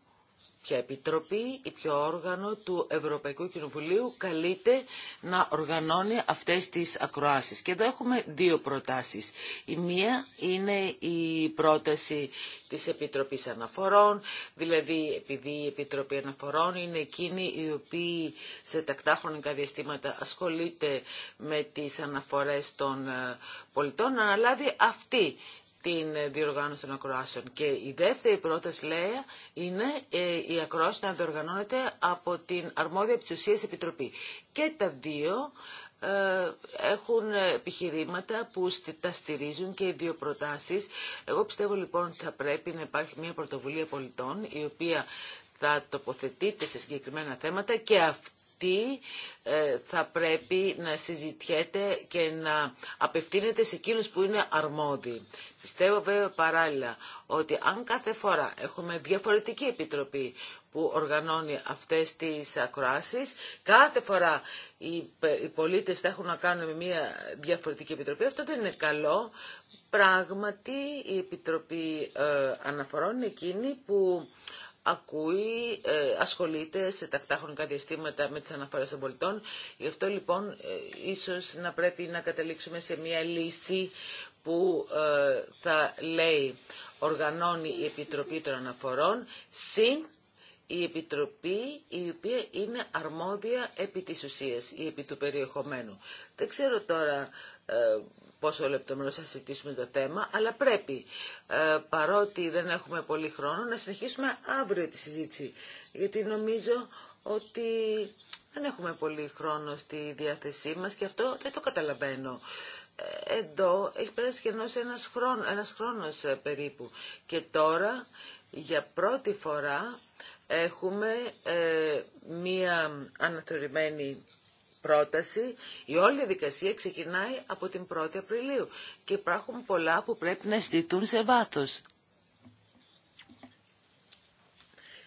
Speaker 2: ποια επιτροπή ή ποιο όργανο του Ευρωπαϊκού Κοινοβουλίου καλείται να οργανώνει αυτές τις ακροάσεις. Και εδώ έχουμε δύο προτάσεις. Η μία είναι η πρόταση της Επιτροπής Αναφορών, δηλαδή επειδή η Επιτροπή Αναφορών είναι εκείνη η οποία σε τακτά χρονικά διαστήματα ασχολείται με τις αναφορές των ε, πολιτών, να αναλάβει αυτή την διοργάνωση των ακροάσεων. Και η δεύτερη πρόταση, λέει, είναι ε, η ακρόαση να διοργανώνεται από την αρμόδια επιτουσίας επιτροπή. Και τα δύο ε, έχουν επιχειρήματα που τα στηρίζουν και οι δύο προτάσεις. Εγώ πιστεύω λοιπόν ότι θα πρέπει να υπάρχει μια πρωτοβουλία πολιτών η οποία θα τοποθετείται σε συγκεκριμένα θέματα και αυτή τι ε, θα πρέπει να συζητιέται και να απευθύνεται σε εκείνους που είναι αρμόδιοι. Πιστεύω βέβαια παράλληλα ότι αν κάθε φορά έχουμε διαφορετική επιτροπή που οργανώνει αυτές τις ακροάσεις, κάθε φορά οι πολίτες θα έχουν να κάνουν μια διαφορετική επιτροπή, αυτό δεν είναι καλό. Πράγματι η Επιτροπή ε, Αναφορών είναι εκείνη που ακούει, ε, ασχολείται σε τακτά χρονικά διαστήματα με τις αναφορές των πολιτών. Γι' αυτό λοιπόν ε, ίσως να πρέπει να καταλήξουμε σε μια λύση που ε, θα λέει οργανώνει η Επιτροπή των Αναφορών η Επιτροπή η οποία είναι αρμόδια επί της ουσίας ή επί του περιεχομένου. Δεν ξέρω τώρα ε, πόσο λεπτομέρως θα συζητήσουμε το θέμα, αλλά πρέπει, ε, παρότι δεν έχουμε πολύ χρόνο, να συνεχίσουμε αύριο τη συζήτηση. Γιατί νομίζω ότι δεν έχουμε πολύ χρόνο στη διάθεσή μας και αυτό δεν το καταλαβαίνω. Ε, εδώ έχει περάσει γεννός ένας, χρόνο, ένας χρόνος περίπου. Και τώρα, για πρώτη φορά, έχουμε ε, μία αναθεωρημένη πρόταση. Η όλη διαδικασία ξεκινάει από την 1η Απριλίου και υπάρχουν πολλά που πρέπει να αισθητούν σε βάθος.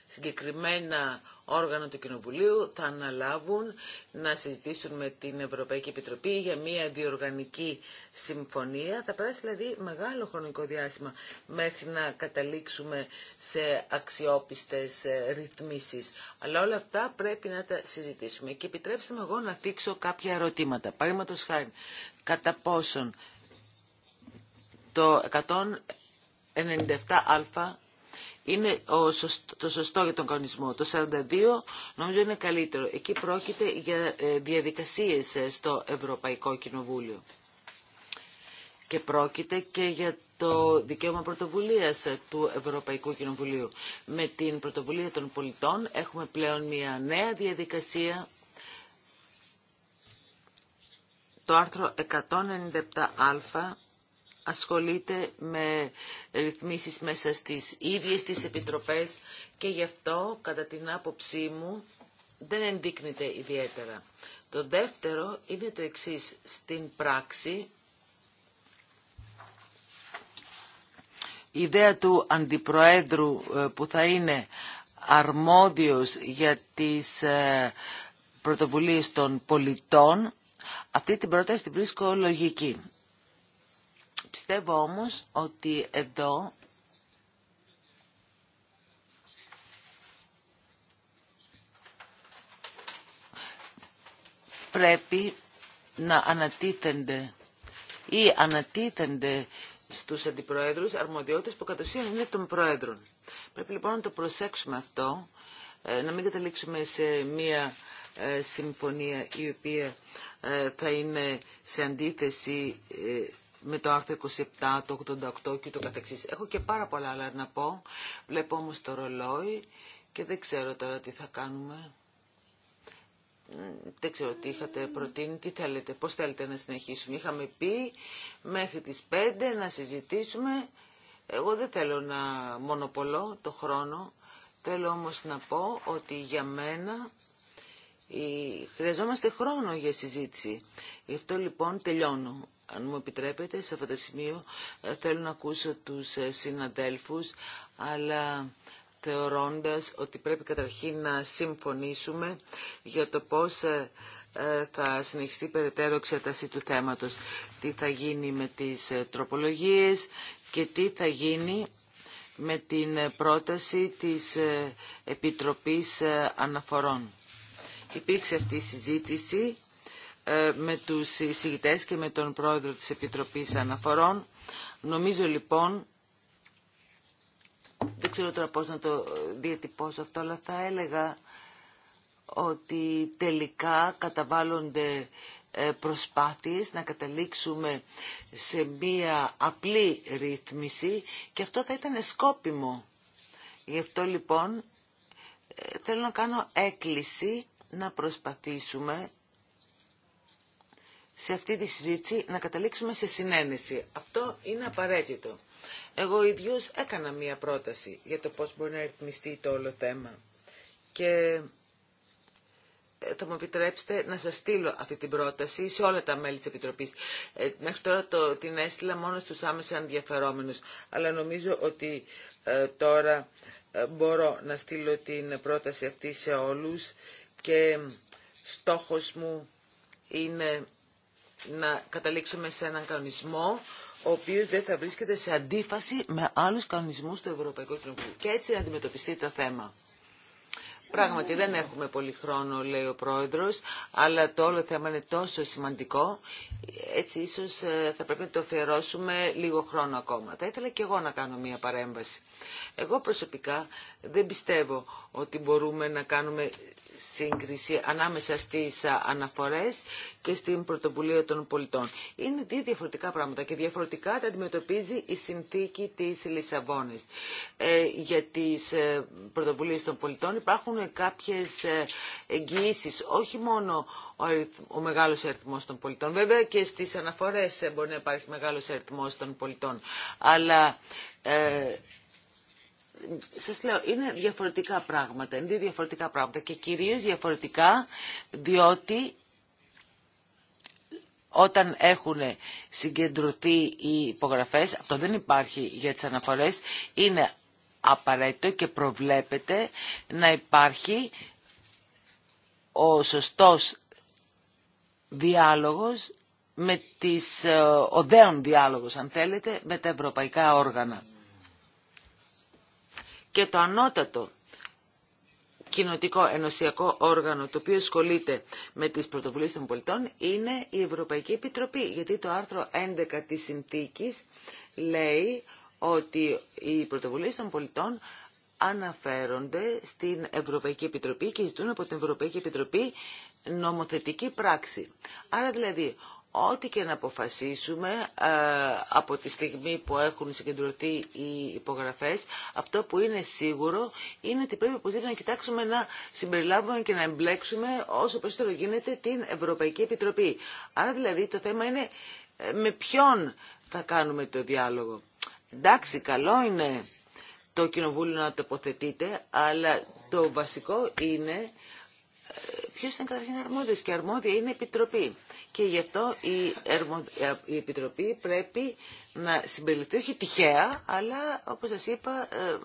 Speaker 2: Συγκεκριμένα Όργανα του Κοινοβουλίου θα αναλάβουν να συζητήσουν με την Ευρωπαϊκή Επιτροπή για μια διοργανική συμφωνία. Θα περάσει δηλαδή μεγάλο χρονικό διάστημα μέχρι να καταλήξουμε σε αξιόπιστες ε, ρυθμίσεις. Αλλά όλα αυτά πρέπει να τα συζητήσουμε. Και επιτρέψτε με εγώ να δείξω κάποια ερωτήματα. Παραδείγματο χάρη, κατά πόσον το 197α είναι το σωστό για τον κανονισμό. Το 42 νομίζω είναι καλύτερο. Εκεί πρόκειται για ε, διαδικασίες ε, στο Ευρωπαϊκό Κοινοβούλιο. Και πρόκειται και για το δικαίωμα πρωτοβουλίας ε, του Ευρωπαϊκού Κοινοβουλίου. Με την πρωτοβουλία των πολιτών έχουμε πλέον μια νέα διαδικασία το άρθρο 197α ασχολείται με ρυθμίσεις μέσα στις ίδιες τις επιτροπές και γι' αυτό, κατά την άποψή μου, δεν ενδείκνεται ιδιαίτερα. Το δεύτερο είναι το εξής. Στην πράξη, η ιδέα του αντιπροέδρου ε, που θα είναι αρμόδιος για τις ε, πρωτοβουλίες των πολιτών, αυτή την πρόταση την βρίσκω λογική. Πιστεύω όμως ότι εδώ πρέπει να ανατίθενται ή ανατίθενται στους αντιπροέδρους αρμοδιότητες που κατ' ουσίαν είναι των προέδρων. Πρέπει λοιπόν να το προσέξουμε αυτό, ε, να μην καταλήξουμε σε μία ε, συμφωνία η οποία ε, θα είναι σε αντίθεση με το άρθρο 27, το 88 και το καθεξής. Έχω και πάρα πολλά άλλα να πω. Βλέπω όμως το ρολόι και δεν ξέρω τώρα τι θα κάνουμε. Δεν ξέρω τι είχατε προτείνει, τι θέλετε, πώς θέλετε να συνεχίσουμε. Είχαμε πει μέχρι τις 5 να συζητήσουμε. Εγώ δεν θέλω να μονοπολώ το χρόνο. Θέλω όμως να πω ότι για μένα χρειαζόμαστε χρόνο για συζήτηση. Γι' αυτό λοιπόν τελειώνω αν μου επιτρέπετε, σε αυτό το σημείο ε, θέλω να ακούσω τους ε, συναδέλφους, αλλά θεωρώντας ότι πρέπει καταρχήν να συμφωνήσουμε για το πώς ε, θα συνεχιστεί περαιτέρω εξέταση του θέματος. Τι θα γίνει με τις τροπολογίες και τι θα γίνει με την πρόταση της Επιτροπής Αναφορών. Υπήρξε αυτή η συζήτηση ε, με τους εισηγητές και με τον πρόεδρο της Επιτροπής Αναφορών. Νομίζω λοιπόν, δεν ξέρω τώρα πώς να το διατυπώσω αυτό, αλλά θα έλεγα ότι τελικά καταβάλλονται ε, προσπάθειες να καταλήξουμε σε μία απλή ρύθμιση και αυτό θα ήταν σκόπιμο. Γι' αυτό λοιπόν ε, θέλω να κάνω έκκληση να προσπαθήσουμε σε αυτή τη συζήτηση να καταλήξουμε σε συνένεση. Αυτό είναι απαραίτητο. Εγώ ίδιος έκανα μία πρόταση για το πώς μπορεί να ρυθμιστεί το όλο θέμα. Και ε, θα μου επιτρέψετε να σας στείλω αυτή την πρόταση σε όλα τα μέλη της Επιτροπής. Ε, μέχρι τώρα το, την έστειλα μόνο στους άμεσα ενδιαφερόμενους, αλλά νομίζω ότι ε, τώρα μπορώ να στείλω την πρόταση αυτή σε όλους και στόχος μου είναι να καταλήξουμε σε έναν κανονισμό ο οποίος δεν θα βρίσκεται σε αντίφαση με άλλους κανονισμούς του Ευρωπαϊκού Κοινοβουλίου. Και έτσι να αντιμετωπιστεί το θέμα. Πράγματι δεν έχουμε πολύ χρόνο, λέει ο Πρόεδρος, αλλά το όλο θέμα είναι τόσο σημαντικό, έτσι ίσως ε, θα πρέπει να το αφιερώσουμε λίγο χρόνο ακόμα. Θα ήθελα και εγώ να κάνω μία παρέμβαση. Εγώ προσωπικά δεν πιστεύω ότι μπορούμε να κάνουμε σύγκριση ανάμεσα στις αναφορές και στην πρωτοβουλία των πολιτών. Είναι δύο διαφορετικά πράγματα και διαφορετικά τα αντιμετωπίζει η συνθήκη της Λισαβόνης. Ε, για τις ε, πρωτοβουλίες των πολιτών υπάρχουν κάποιες ε, εγγυήσει, όχι μόνο ο, ο μεγάλος αριθμός των πολιτών. Βέβαια και στις αναφορές μπορεί να υπάρχει μεγάλος αριθμό των πολιτών. Αλλά σας λέω, είναι διαφορετικά πράγματα, είναι διαφορετικά πράγματα και κυρίως διαφορετικά διότι όταν έχουν συγκεντρωθεί οι υπογραφές, αυτό δεν υπάρχει για τις αναφορές, είναι απαραίτητο και προβλέπεται να υπάρχει ο σωστός διάλογος με τις, ε, ο δέον διάλογος αν θέλετε, με τα ευρωπαϊκά όργανα και το ανώτατο κοινοτικό ενωσιακό όργανο το οποίο ασχολείται με τις πρωτοβουλίες των πολιτών είναι η Ευρωπαϊκή Επιτροπή. Γιατί το άρθρο 11 της συνθήκης λέει ότι οι πρωτοβουλίες των πολιτών αναφέρονται στην Ευρωπαϊκή Επιτροπή και ζητούν από την Ευρωπαϊκή Επιτροπή νομοθετική πράξη. Άρα δηλαδή Ό,τι και να αποφασίσουμε ε, από τη στιγμή που έχουν συγκεντρωθεί οι υπογραφές, αυτό που είναι σίγουρο είναι ότι πρέπει οπωσδήποτε να κοιτάξουμε να συμπεριλάβουμε και να εμπλέξουμε όσο περισσότερο γίνεται την Ευρωπαϊκή Επιτροπή. Άρα δηλαδή το θέμα είναι ε, με ποιον θα κάνουμε το διάλογο. Εντάξει, καλό είναι το Κοινοβούλιο να τοποθετείται, αλλά το βασικό είναι ε, ποιος είναι καταρχήν αρμόδιος και αρμόδια είναι η Επιτροπή και γι' αυτό η Επιτροπή πρέπει να συμπεριληφθεί όχι τυχαία, αλλά όπως σας είπα ε,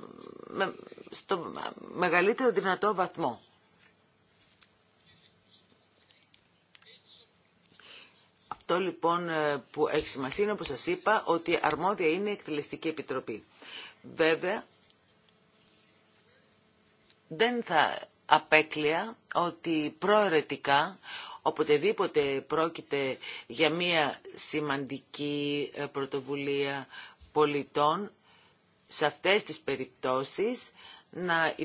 Speaker 2: στο μεγαλύτερο δυνατό βαθμό. Αυτό λοιπόν ε, που έχει σημασία είναι όπως σας είπα ότι αρμόδια είναι η Εκτελεστική Επιτροπή. Βέβαια δεν θα απέκλεια ότι προαιρετικά Οποτεδήποτε πρόκειται για μια σημαντική ε, πρωτοβουλία πολιτών, σε αυτές τις περιπτώσεις να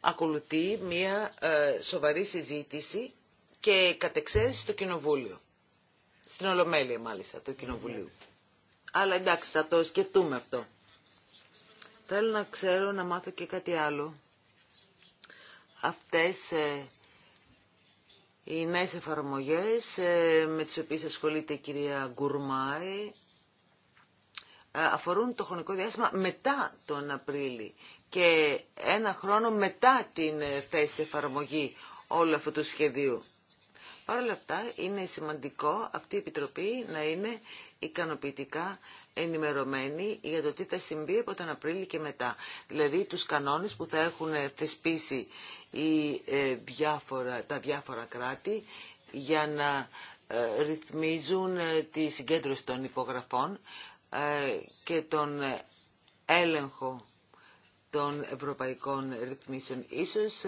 Speaker 2: ακολουθεί μια ε, σοβαρή συζήτηση και κατεξαίρεση στο Κοινοβούλιο. Στην Ολομέλεια μάλιστα το Κοινοβουλίου. Ναι. Αλλά εντάξει θα το σκεφτούμε αυτό. Θέλω να ξέρω να μάθω και κάτι άλλο. Αυτές ε, οι νέες εφαρμογές ε, με τις οποίες ασχολείται η κυρία Γκουρμάη ε, αφορούν το χρονικό διάστημα μετά τον Απρίλη και ένα χρόνο μετά την ε, θέση εφαρμογή όλου αυτού του σχεδίου. Παρ' όλα αυτά είναι σημαντικό αυτή η Επιτροπή να είναι ικανοποιητικά ενημερωμένη για το τι θα συμβεί από τον Απρίλιο και μετά. Δηλαδή τους κανόνες που θα έχουν θεσπίσει οι, ε, τα διάφορα κράτη για να ε, ρυθμίζουν ε, τη συγκέντρωση των υπογραφών και τον έλεγχο των ευρωπαϊκών ρυθμίσεων. Ίσως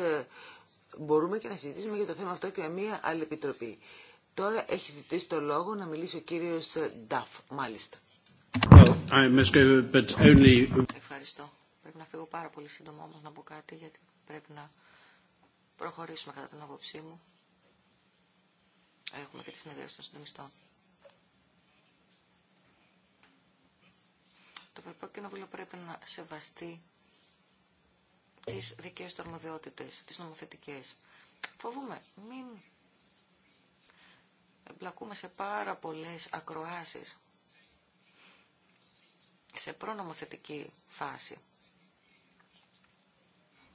Speaker 2: μπορούμε και να συζητήσουμε για το θέμα αυτό και με μία άλλη επιτροπή. Τώρα έχει ζητήσει το λόγο να
Speaker 3: μιλήσει ο κύριος Νταφ, μάλιστα. Ευχαριστώ. Πρέπει να φύγω πάρα πολύ σύντομα όμως να πω κάτι γιατί πρέπει να προχωρήσουμε κατά την άποψή μου. Έχουμε και τη συνεδρία των συντονιστών. Το Ευρωπαϊκό Κοινοβούλιο πρέπει να σεβαστεί τις δικές του αρμοδιότητες, τις νομοθετικές. Φοβούμε, μην εμπλακούμε σε πάρα πολλές ακροάσεις, σε προνομοθετική φάση,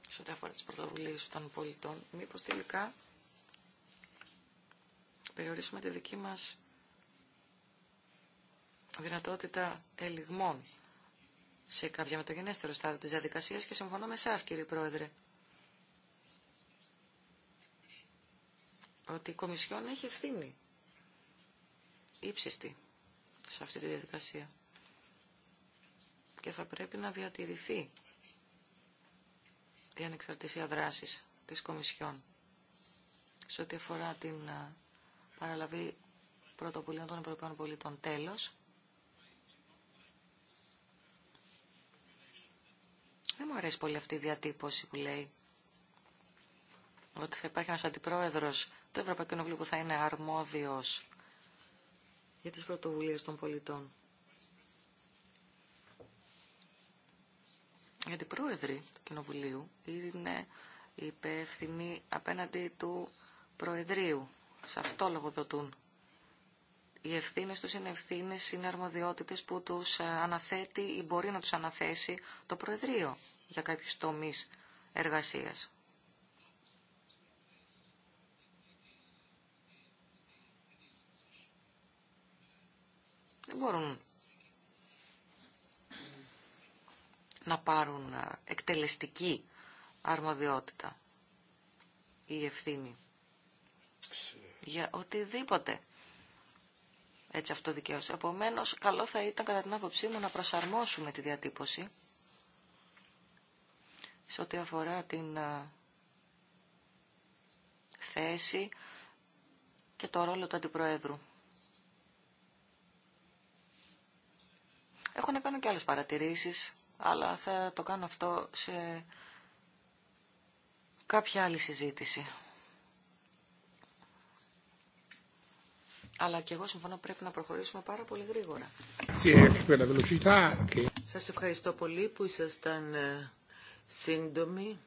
Speaker 3: σε ό,τι αφορά τις πρωτοβουλίες των πολιτών, μήπως τελικά περιορίσουμε τη δική μας δυνατότητα ελιγμών σε κάποια μεταγενέστερο στάδιο της διαδικασίας και συμφωνώ με εσάς κύριε Πρόεδρε. Ότι η Κομισιόν έχει ευθύνη ύψιστη σε αυτή τη διαδικασία και θα πρέπει να διατηρηθεί η ανεξαρτησία δράσης της Κομισιόν σε ό,τι αφορά την ε, παραλαβή πρωτοβουλίων των Ευρωπαίων Πολιτών. Τέλος, Δεν μου αρέσει πολύ αυτή η διατύπωση που λέει ότι θα υπάρχει ένας αντιπρόεδρος του Ευρωπαϊκού Κοινοβουλίου που θα είναι αρμόδιος για τις πρωτοβουλίες των πολιτών. Γιατί οι πρόεδροι του Κοινοβουλίου είναι υπεύθυνοι απέναντι του Προεδρίου. Σε αυτό λογοδοτούν. Οι ευθύνες τους είναι ευθύνες, είναι αρμοδιότητες που τους ε, αναθέτει ή μπορεί να τους αναθέσει το Προεδρείο για κάποιους τομείς εργασίας. Δεν μπορούν να πάρουν ε, εκτελεστική αρμοδιότητα ή ευθύνη για οτιδήποτε έτσι αυτό αυτοδικαίωση. Επομένω, καλό θα ήταν κατά την άποψή μου να προσαρμόσουμε τη διατύπωση σε ό,τι αφορά την ε, θέση και το ρόλο του Αντιπροέδρου. Έχω να κάνω και άλλες παρατηρήσεις, αλλά θα το κάνω αυτό σε κάποια άλλη συζήτηση. Αλλά και εγώ συμφωνώ πρέπει να προχωρήσουμε πάρα πολύ γρήγορα. Σας ευχαριστώ πολύ που
Speaker 2: ήσασταν ε, σύντομοι.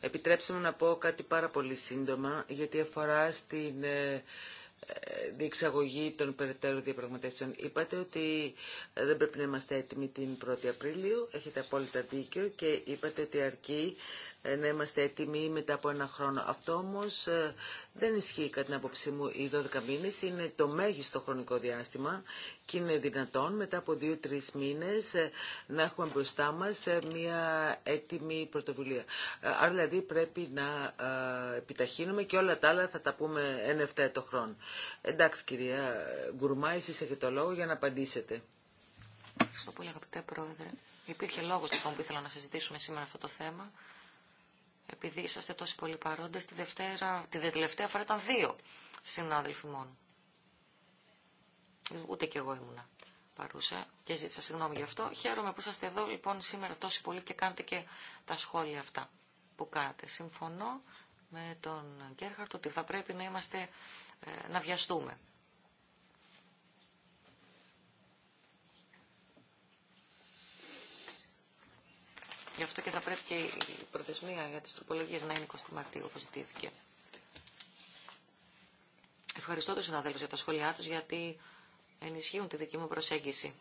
Speaker 2: Επιτρέψτε μου να πω κάτι πάρα πολύ σύντομα, γιατί αφορά στην ε, ε, διεξαγωγή των περαιτέρω διαπραγματεύσεων. Είπατε ότι δεν πρέπει να είμαστε έτοιμοι την 1η Απριλίου, έχετε απόλυτα δίκιο και είπατε ότι αρκεί ε, να είμαστε έτοιμοι μετά από ένα χρόνο. Αυτό όμως ε, δεν ισχύει κατά την άποψή μου. Οι 12 μήνες είναι το μέγιστο χρονικό διάστημα και είναι δυνατόν μετά από 2-3 μήνες ε, να έχουμε μπροστά μας μια έτοιμη πρωτοβουλία. Άρα δηλαδή πρέπει να επιταχύνουμε και όλα τα άλλα θα τα πούμε εν το χρόνο. Εντάξει κυρία Γκουρμά, εσείς έχετε το λόγο για να απαντήσετε.
Speaker 3: Ευχαριστώ πολύ αγαπητέ Πρόεδρε. Υπήρχε λόγος λοιπόν που ήθελα να συζητήσουμε σήμερα αυτό το θέμα επειδή είσαστε τόσοι πολλοί παρόντε, τη, Δευτέρα, τη τελευταία φορά ήταν δύο συνάδελφοι μόνο. Ούτε κι εγώ ήμουνα παρούσα και ζήτησα συγγνώμη γι' αυτό. Χαίρομαι που είσαστε εδώ λοιπόν σήμερα τόσοι πολύ και κάνετε και τα σχόλια αυτά που κάνετε. Συμφωνώ με τον Γκέρχαρτ ότι θα πρέπει να είμαστε, ε, να βιαστούμε Γι' αυτό και θα πρέπει και η προθεσμία για τις τροπολογίες να είναι 20 Μαρτίου, όπως ζητήθηκε. Ευχαριστώ τους συναδέλφους για τα σχόλιά τους, γιατί ενισχύουν τη δική μου προσέγγιση.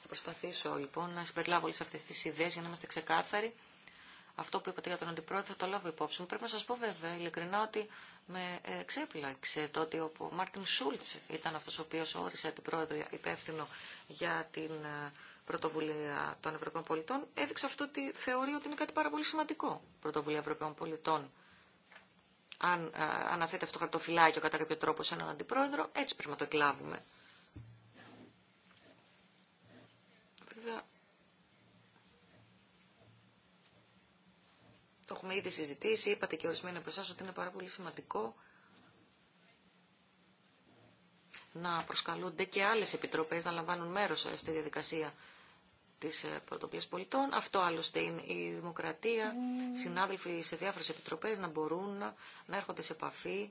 Speaker 3: Θα προσπαθήσω λοιπόν να συμπεριλάβω όλες αυτές τις ιδέες για να είμαστε ξεκάθαροι αυτό που είπατε για τον αντιπρόεδρο θα το λάβω υπόψη μου. Πρέπει να σα πω βέβαια ειλικρινά ότι με ε, ξέπλαξε το ότι ο Μάρτιν Σούλτ ήταν αυτό ο οποίο όρισε αντιπρόεδρο υπεύθυνο για την ε, πρωτοβουλία των Ευρωπαίων Πολιτών. Έδειξε αυτό ότι θεωρεί ότι είναι κάτι πάρα πολύ σημαντικό πρωτοβουλία Ευρωπαίων Πολιτών. Αν ε, αναθέτει αυτό το χαρτοφυλάκιο κατά κάποιο τρόπο σε έναν αντιπρόεδρο, έτσι πρέπει να το εκλάβουμε. Το έχουμε ήδη συζητήσει, είπατε και ορισμένοι από εσάς ότι είναι πάρα πολύ σημαντικό να προσκαλούνται και άλλες επιτροπές να λαμβάνουν μέρος στη διαδικασία της ε, πρωτοπλίας πολιτών. Αυτό άλλωστε είναι η δημοκρατία, συνάδελφοι σε διάφορες επιτροπές να μπορούν να έρχονται σε επαφή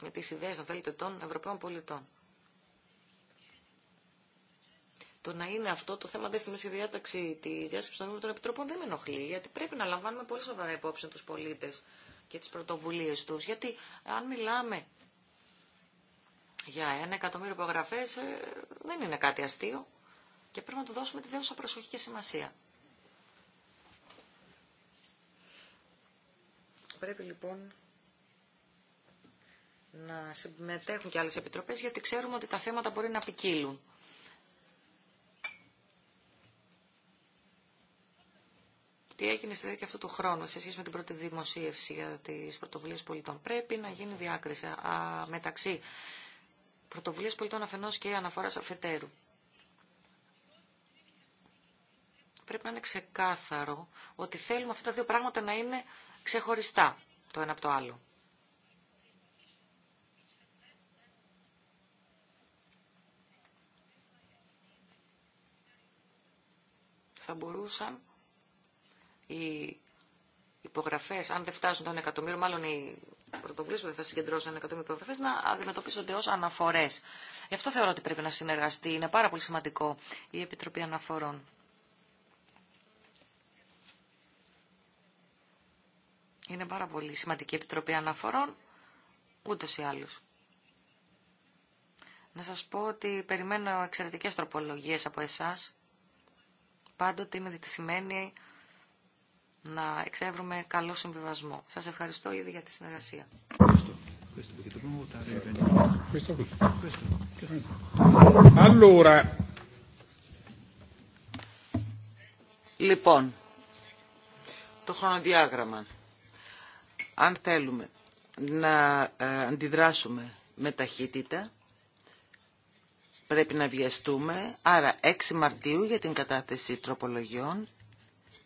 Speaker 3: με τις ιδέες, αν θέλετε, των Ευρωπαίων πολιτών το να είναι αυτό το θέμα δεν στη διάταξη τη διάσκεψη των των επιτροπών δεν με ενοχλεί, γιατί πρέπει να λαμβάνουμε πολύ σοβαρά υπόψη του πολίτε και τι πρωτοβουλίε του. Γιατί αν μιλάμε για ένα εκατομμύριο υπογραφέ, ε, δεν είναι κάτι αστείο και πρέπει να του δώσουμε τη δέουσα προσοχή και σημασία. Πρέπει λοιπόν να συμμετέχουν και άλλες επιτροπές γιατί ξέρουμε ότι τα θέματα μπορεί να ποικίλουν. τι έγινε στη διάρκεια αυτού του χρόνου σε σχέση με την πρώτη δημοσίευση για τι πρωτοβουλίε πολιτών. Πρέπει να γίνει διάκριση μεταξύ πρωτοβουλίες πολιτών αφενός και αναφοράς αφετέρου. Πρέπει να είναι ξεκάθαρο ότι θέλουμε αυτά τα δύο πράγματα να είναι ξεχωριστά το ένα από το άλλο. Θα μπορούσαν οι υπογραφέ, αν δεν φτάσουν τον εκατομμύριο, μάλλον οι πρωτοβουλίε που δεν θα συγκεντρώσουν ένα εκατομμύριο υπογραφέ, να αντιμετωπίζονται ω αναφορέ. Γι' αυτό θεωρώ ότι πρέπει να συνεργαστεί. Είναι πάρα πολύ σημαντικό η Επιτροπή Αναφορών. Είναι πάρα πολύ σημαντική η Επιτροπή Αναφορών, ούτω ή άλλω. Να σας πω ότι περιμένω εξαιρετικές τροπολογίες από εσάς. Πάντοτε είμαι διτεθειμένη να εξεύρουμε καλό συμβιβασμό. Σας ευχαριστώ ήδη για τη συνεργασία.
Speaker 2: Λοιπόν, το χρονοδιάγραμμα. Αν θέλουμε να ε, αντιδράσουμε με ταχύτητα, πρέπει να βιαστούμε. Άρα 6 Μαρτίου για την κατάθεση τροπολογιών,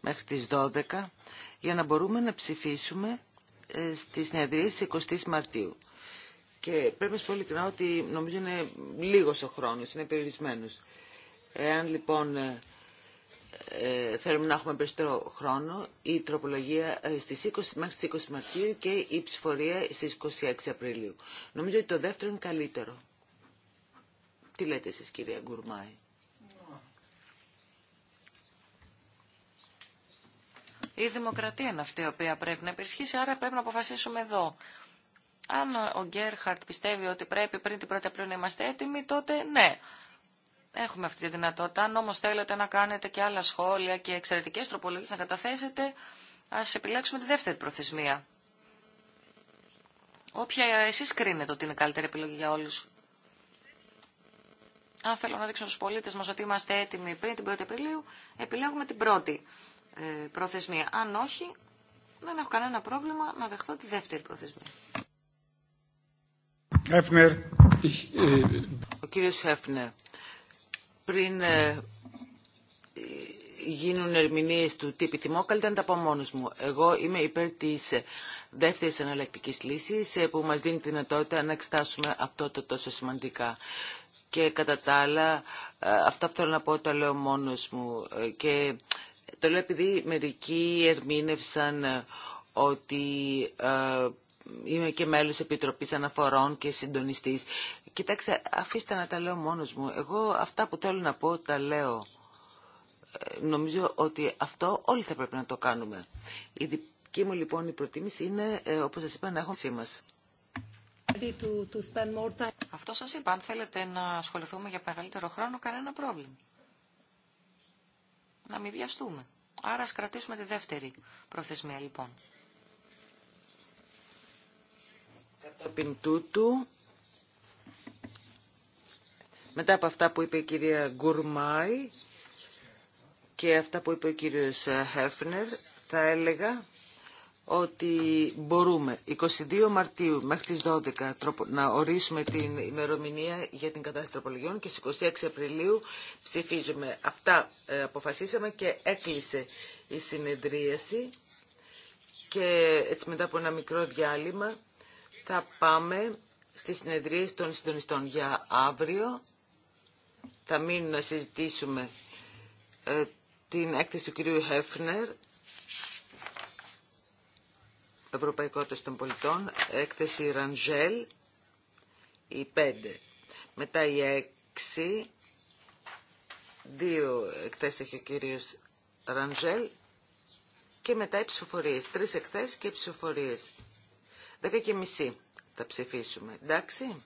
Speaker 2: μέχρι τις 12 για να μπορούμε να ψηφίσουμε ε, στις συνεδρία τη 20 Μαρτίου. Και πρέπει να σου πω ειλικρινά ότι νομίζω είναι λίγος ο χρόνος, είναι περιορισμένος. Εάν λοιπόν ε, ε, θέλουμε να έχουμε περισσότερο χρόνο, η τροπολογία στις 20, μέχρι τις 20 Μαρτίου και η ψηφορία στις 26 Απριλίου. Νομίζω ότι το δεύτερο είναι καλύτερο. Τι λέτε εσείς κυρία Γκουρμάη.
Speaker 3: Η δημοκρατία είναι αυτή η οποία πρέπει να επισχύσει, άρα πρέπει να αποφασίσουμε εδώ. Αν ο Γκέρχαρτ πιστεύει ότι πρέπει πριν την 1η Απριλίου να είμαστε έτοιμοι, τότε ναι. Έχουμε αυτή τη δυνατότητα. Αν όμω θέλετε να κάνετε και άλλα σχόλια και εξαιρετικέ τροπολογίε να καταθέσετε, α επιλέξουμε τη δεύτερη προθεσμία. Όποια εσεί κρίνετε ότι είναι η καλύτερη επιλογή για όλου. Αν θέλω να δείξω στου πολίτε μα ότι είμαστε έτοιμοι πριν την 1η Απριλίου, επιλέγουμε την πρώτη. Ε, προθεσμία. Αν όχι, δεν έχω κανένα πρόβλημα να δεχθώ τη δεύτερη προθεσμία.
Speaker 1: Έφνερ.
Speaker 2: Ο κύριος Έφνερ, πριν ε, γίνουν ερμηνείε του τι επιθυμώ, καλύτερα να τα πω μόνο μου. Εγώ είμαι υπέρ τη ε, δεύτερη εναλλακτική λύση που μα δίνει τη δυνατότητα να εξετάσουμε αυτό το τόσο σημαντικά. Και κατά τα άλλα, αυτά που θέλω να πω τα λέω μόνο μου. Και το λέω επειδή μερικοί ερμήνευσαν ε, ότι ε, είμαι και μέλος Επιτροπής Αναφορών και συντονιστής. Κοιτάξτε, αφήστε να τα λέω μόνος μου. Εγώ αυτά που θέλω να πω τα λέω. Ε, νομίζω ότι αυτό όλοι θα πρέπει να το κάνουμε. Η δική μου λοιπόν η προτίμηση είναι, όπως σας είπα, να έχω σήμα.
Speaker 3: Αυτό σας είπα, αν θέλετε να ασχοληθούμε για μεγαλύτερο χρόνο, κανένα πρόβλημα να μην βιαστούμε. Άρα ας κρατήσουμε τη δεύτερη προθεσμία λοιπόν.
Speaker 2: Κατόπιν τούτου, μετά από αυτά που είπε η κυρία Γκουρμάη και αυτά που είπε ο κύριος Χέφνερ, θα έλεγα ότι μπορούμε 22 Μαρτίου μέχρι τις 12 να ορίσουμε την ημερομηνία για την κατάσταση τροπολογιών και στις 26 Απριλίου ψηφίζουμε. Αυτά ε, αποφασίσαμε και έκλεισε η συνεδρίαση και έτσι μετά από ένα μικρό διάλειμμα θα πάμε στη συνεδρίαση των συντονιστών για αύριο. Θα μείνουμε να συζητήσουμε ε, την έκθεση του κυρίου Χέφνερ Ευρωπαϊκότητας των Πολιτών, έκθεση Ραντζέλ, η 5. Μετά η 6, δύο εκθέσεις έχει ο κύριος Ραντζέλ και μετά οι ψηφοφορίες. Τρεις εκθέσεις και οι ψηφοφορίες. Δέκα και μισή θα ψηφίσουμε. Εντάξει.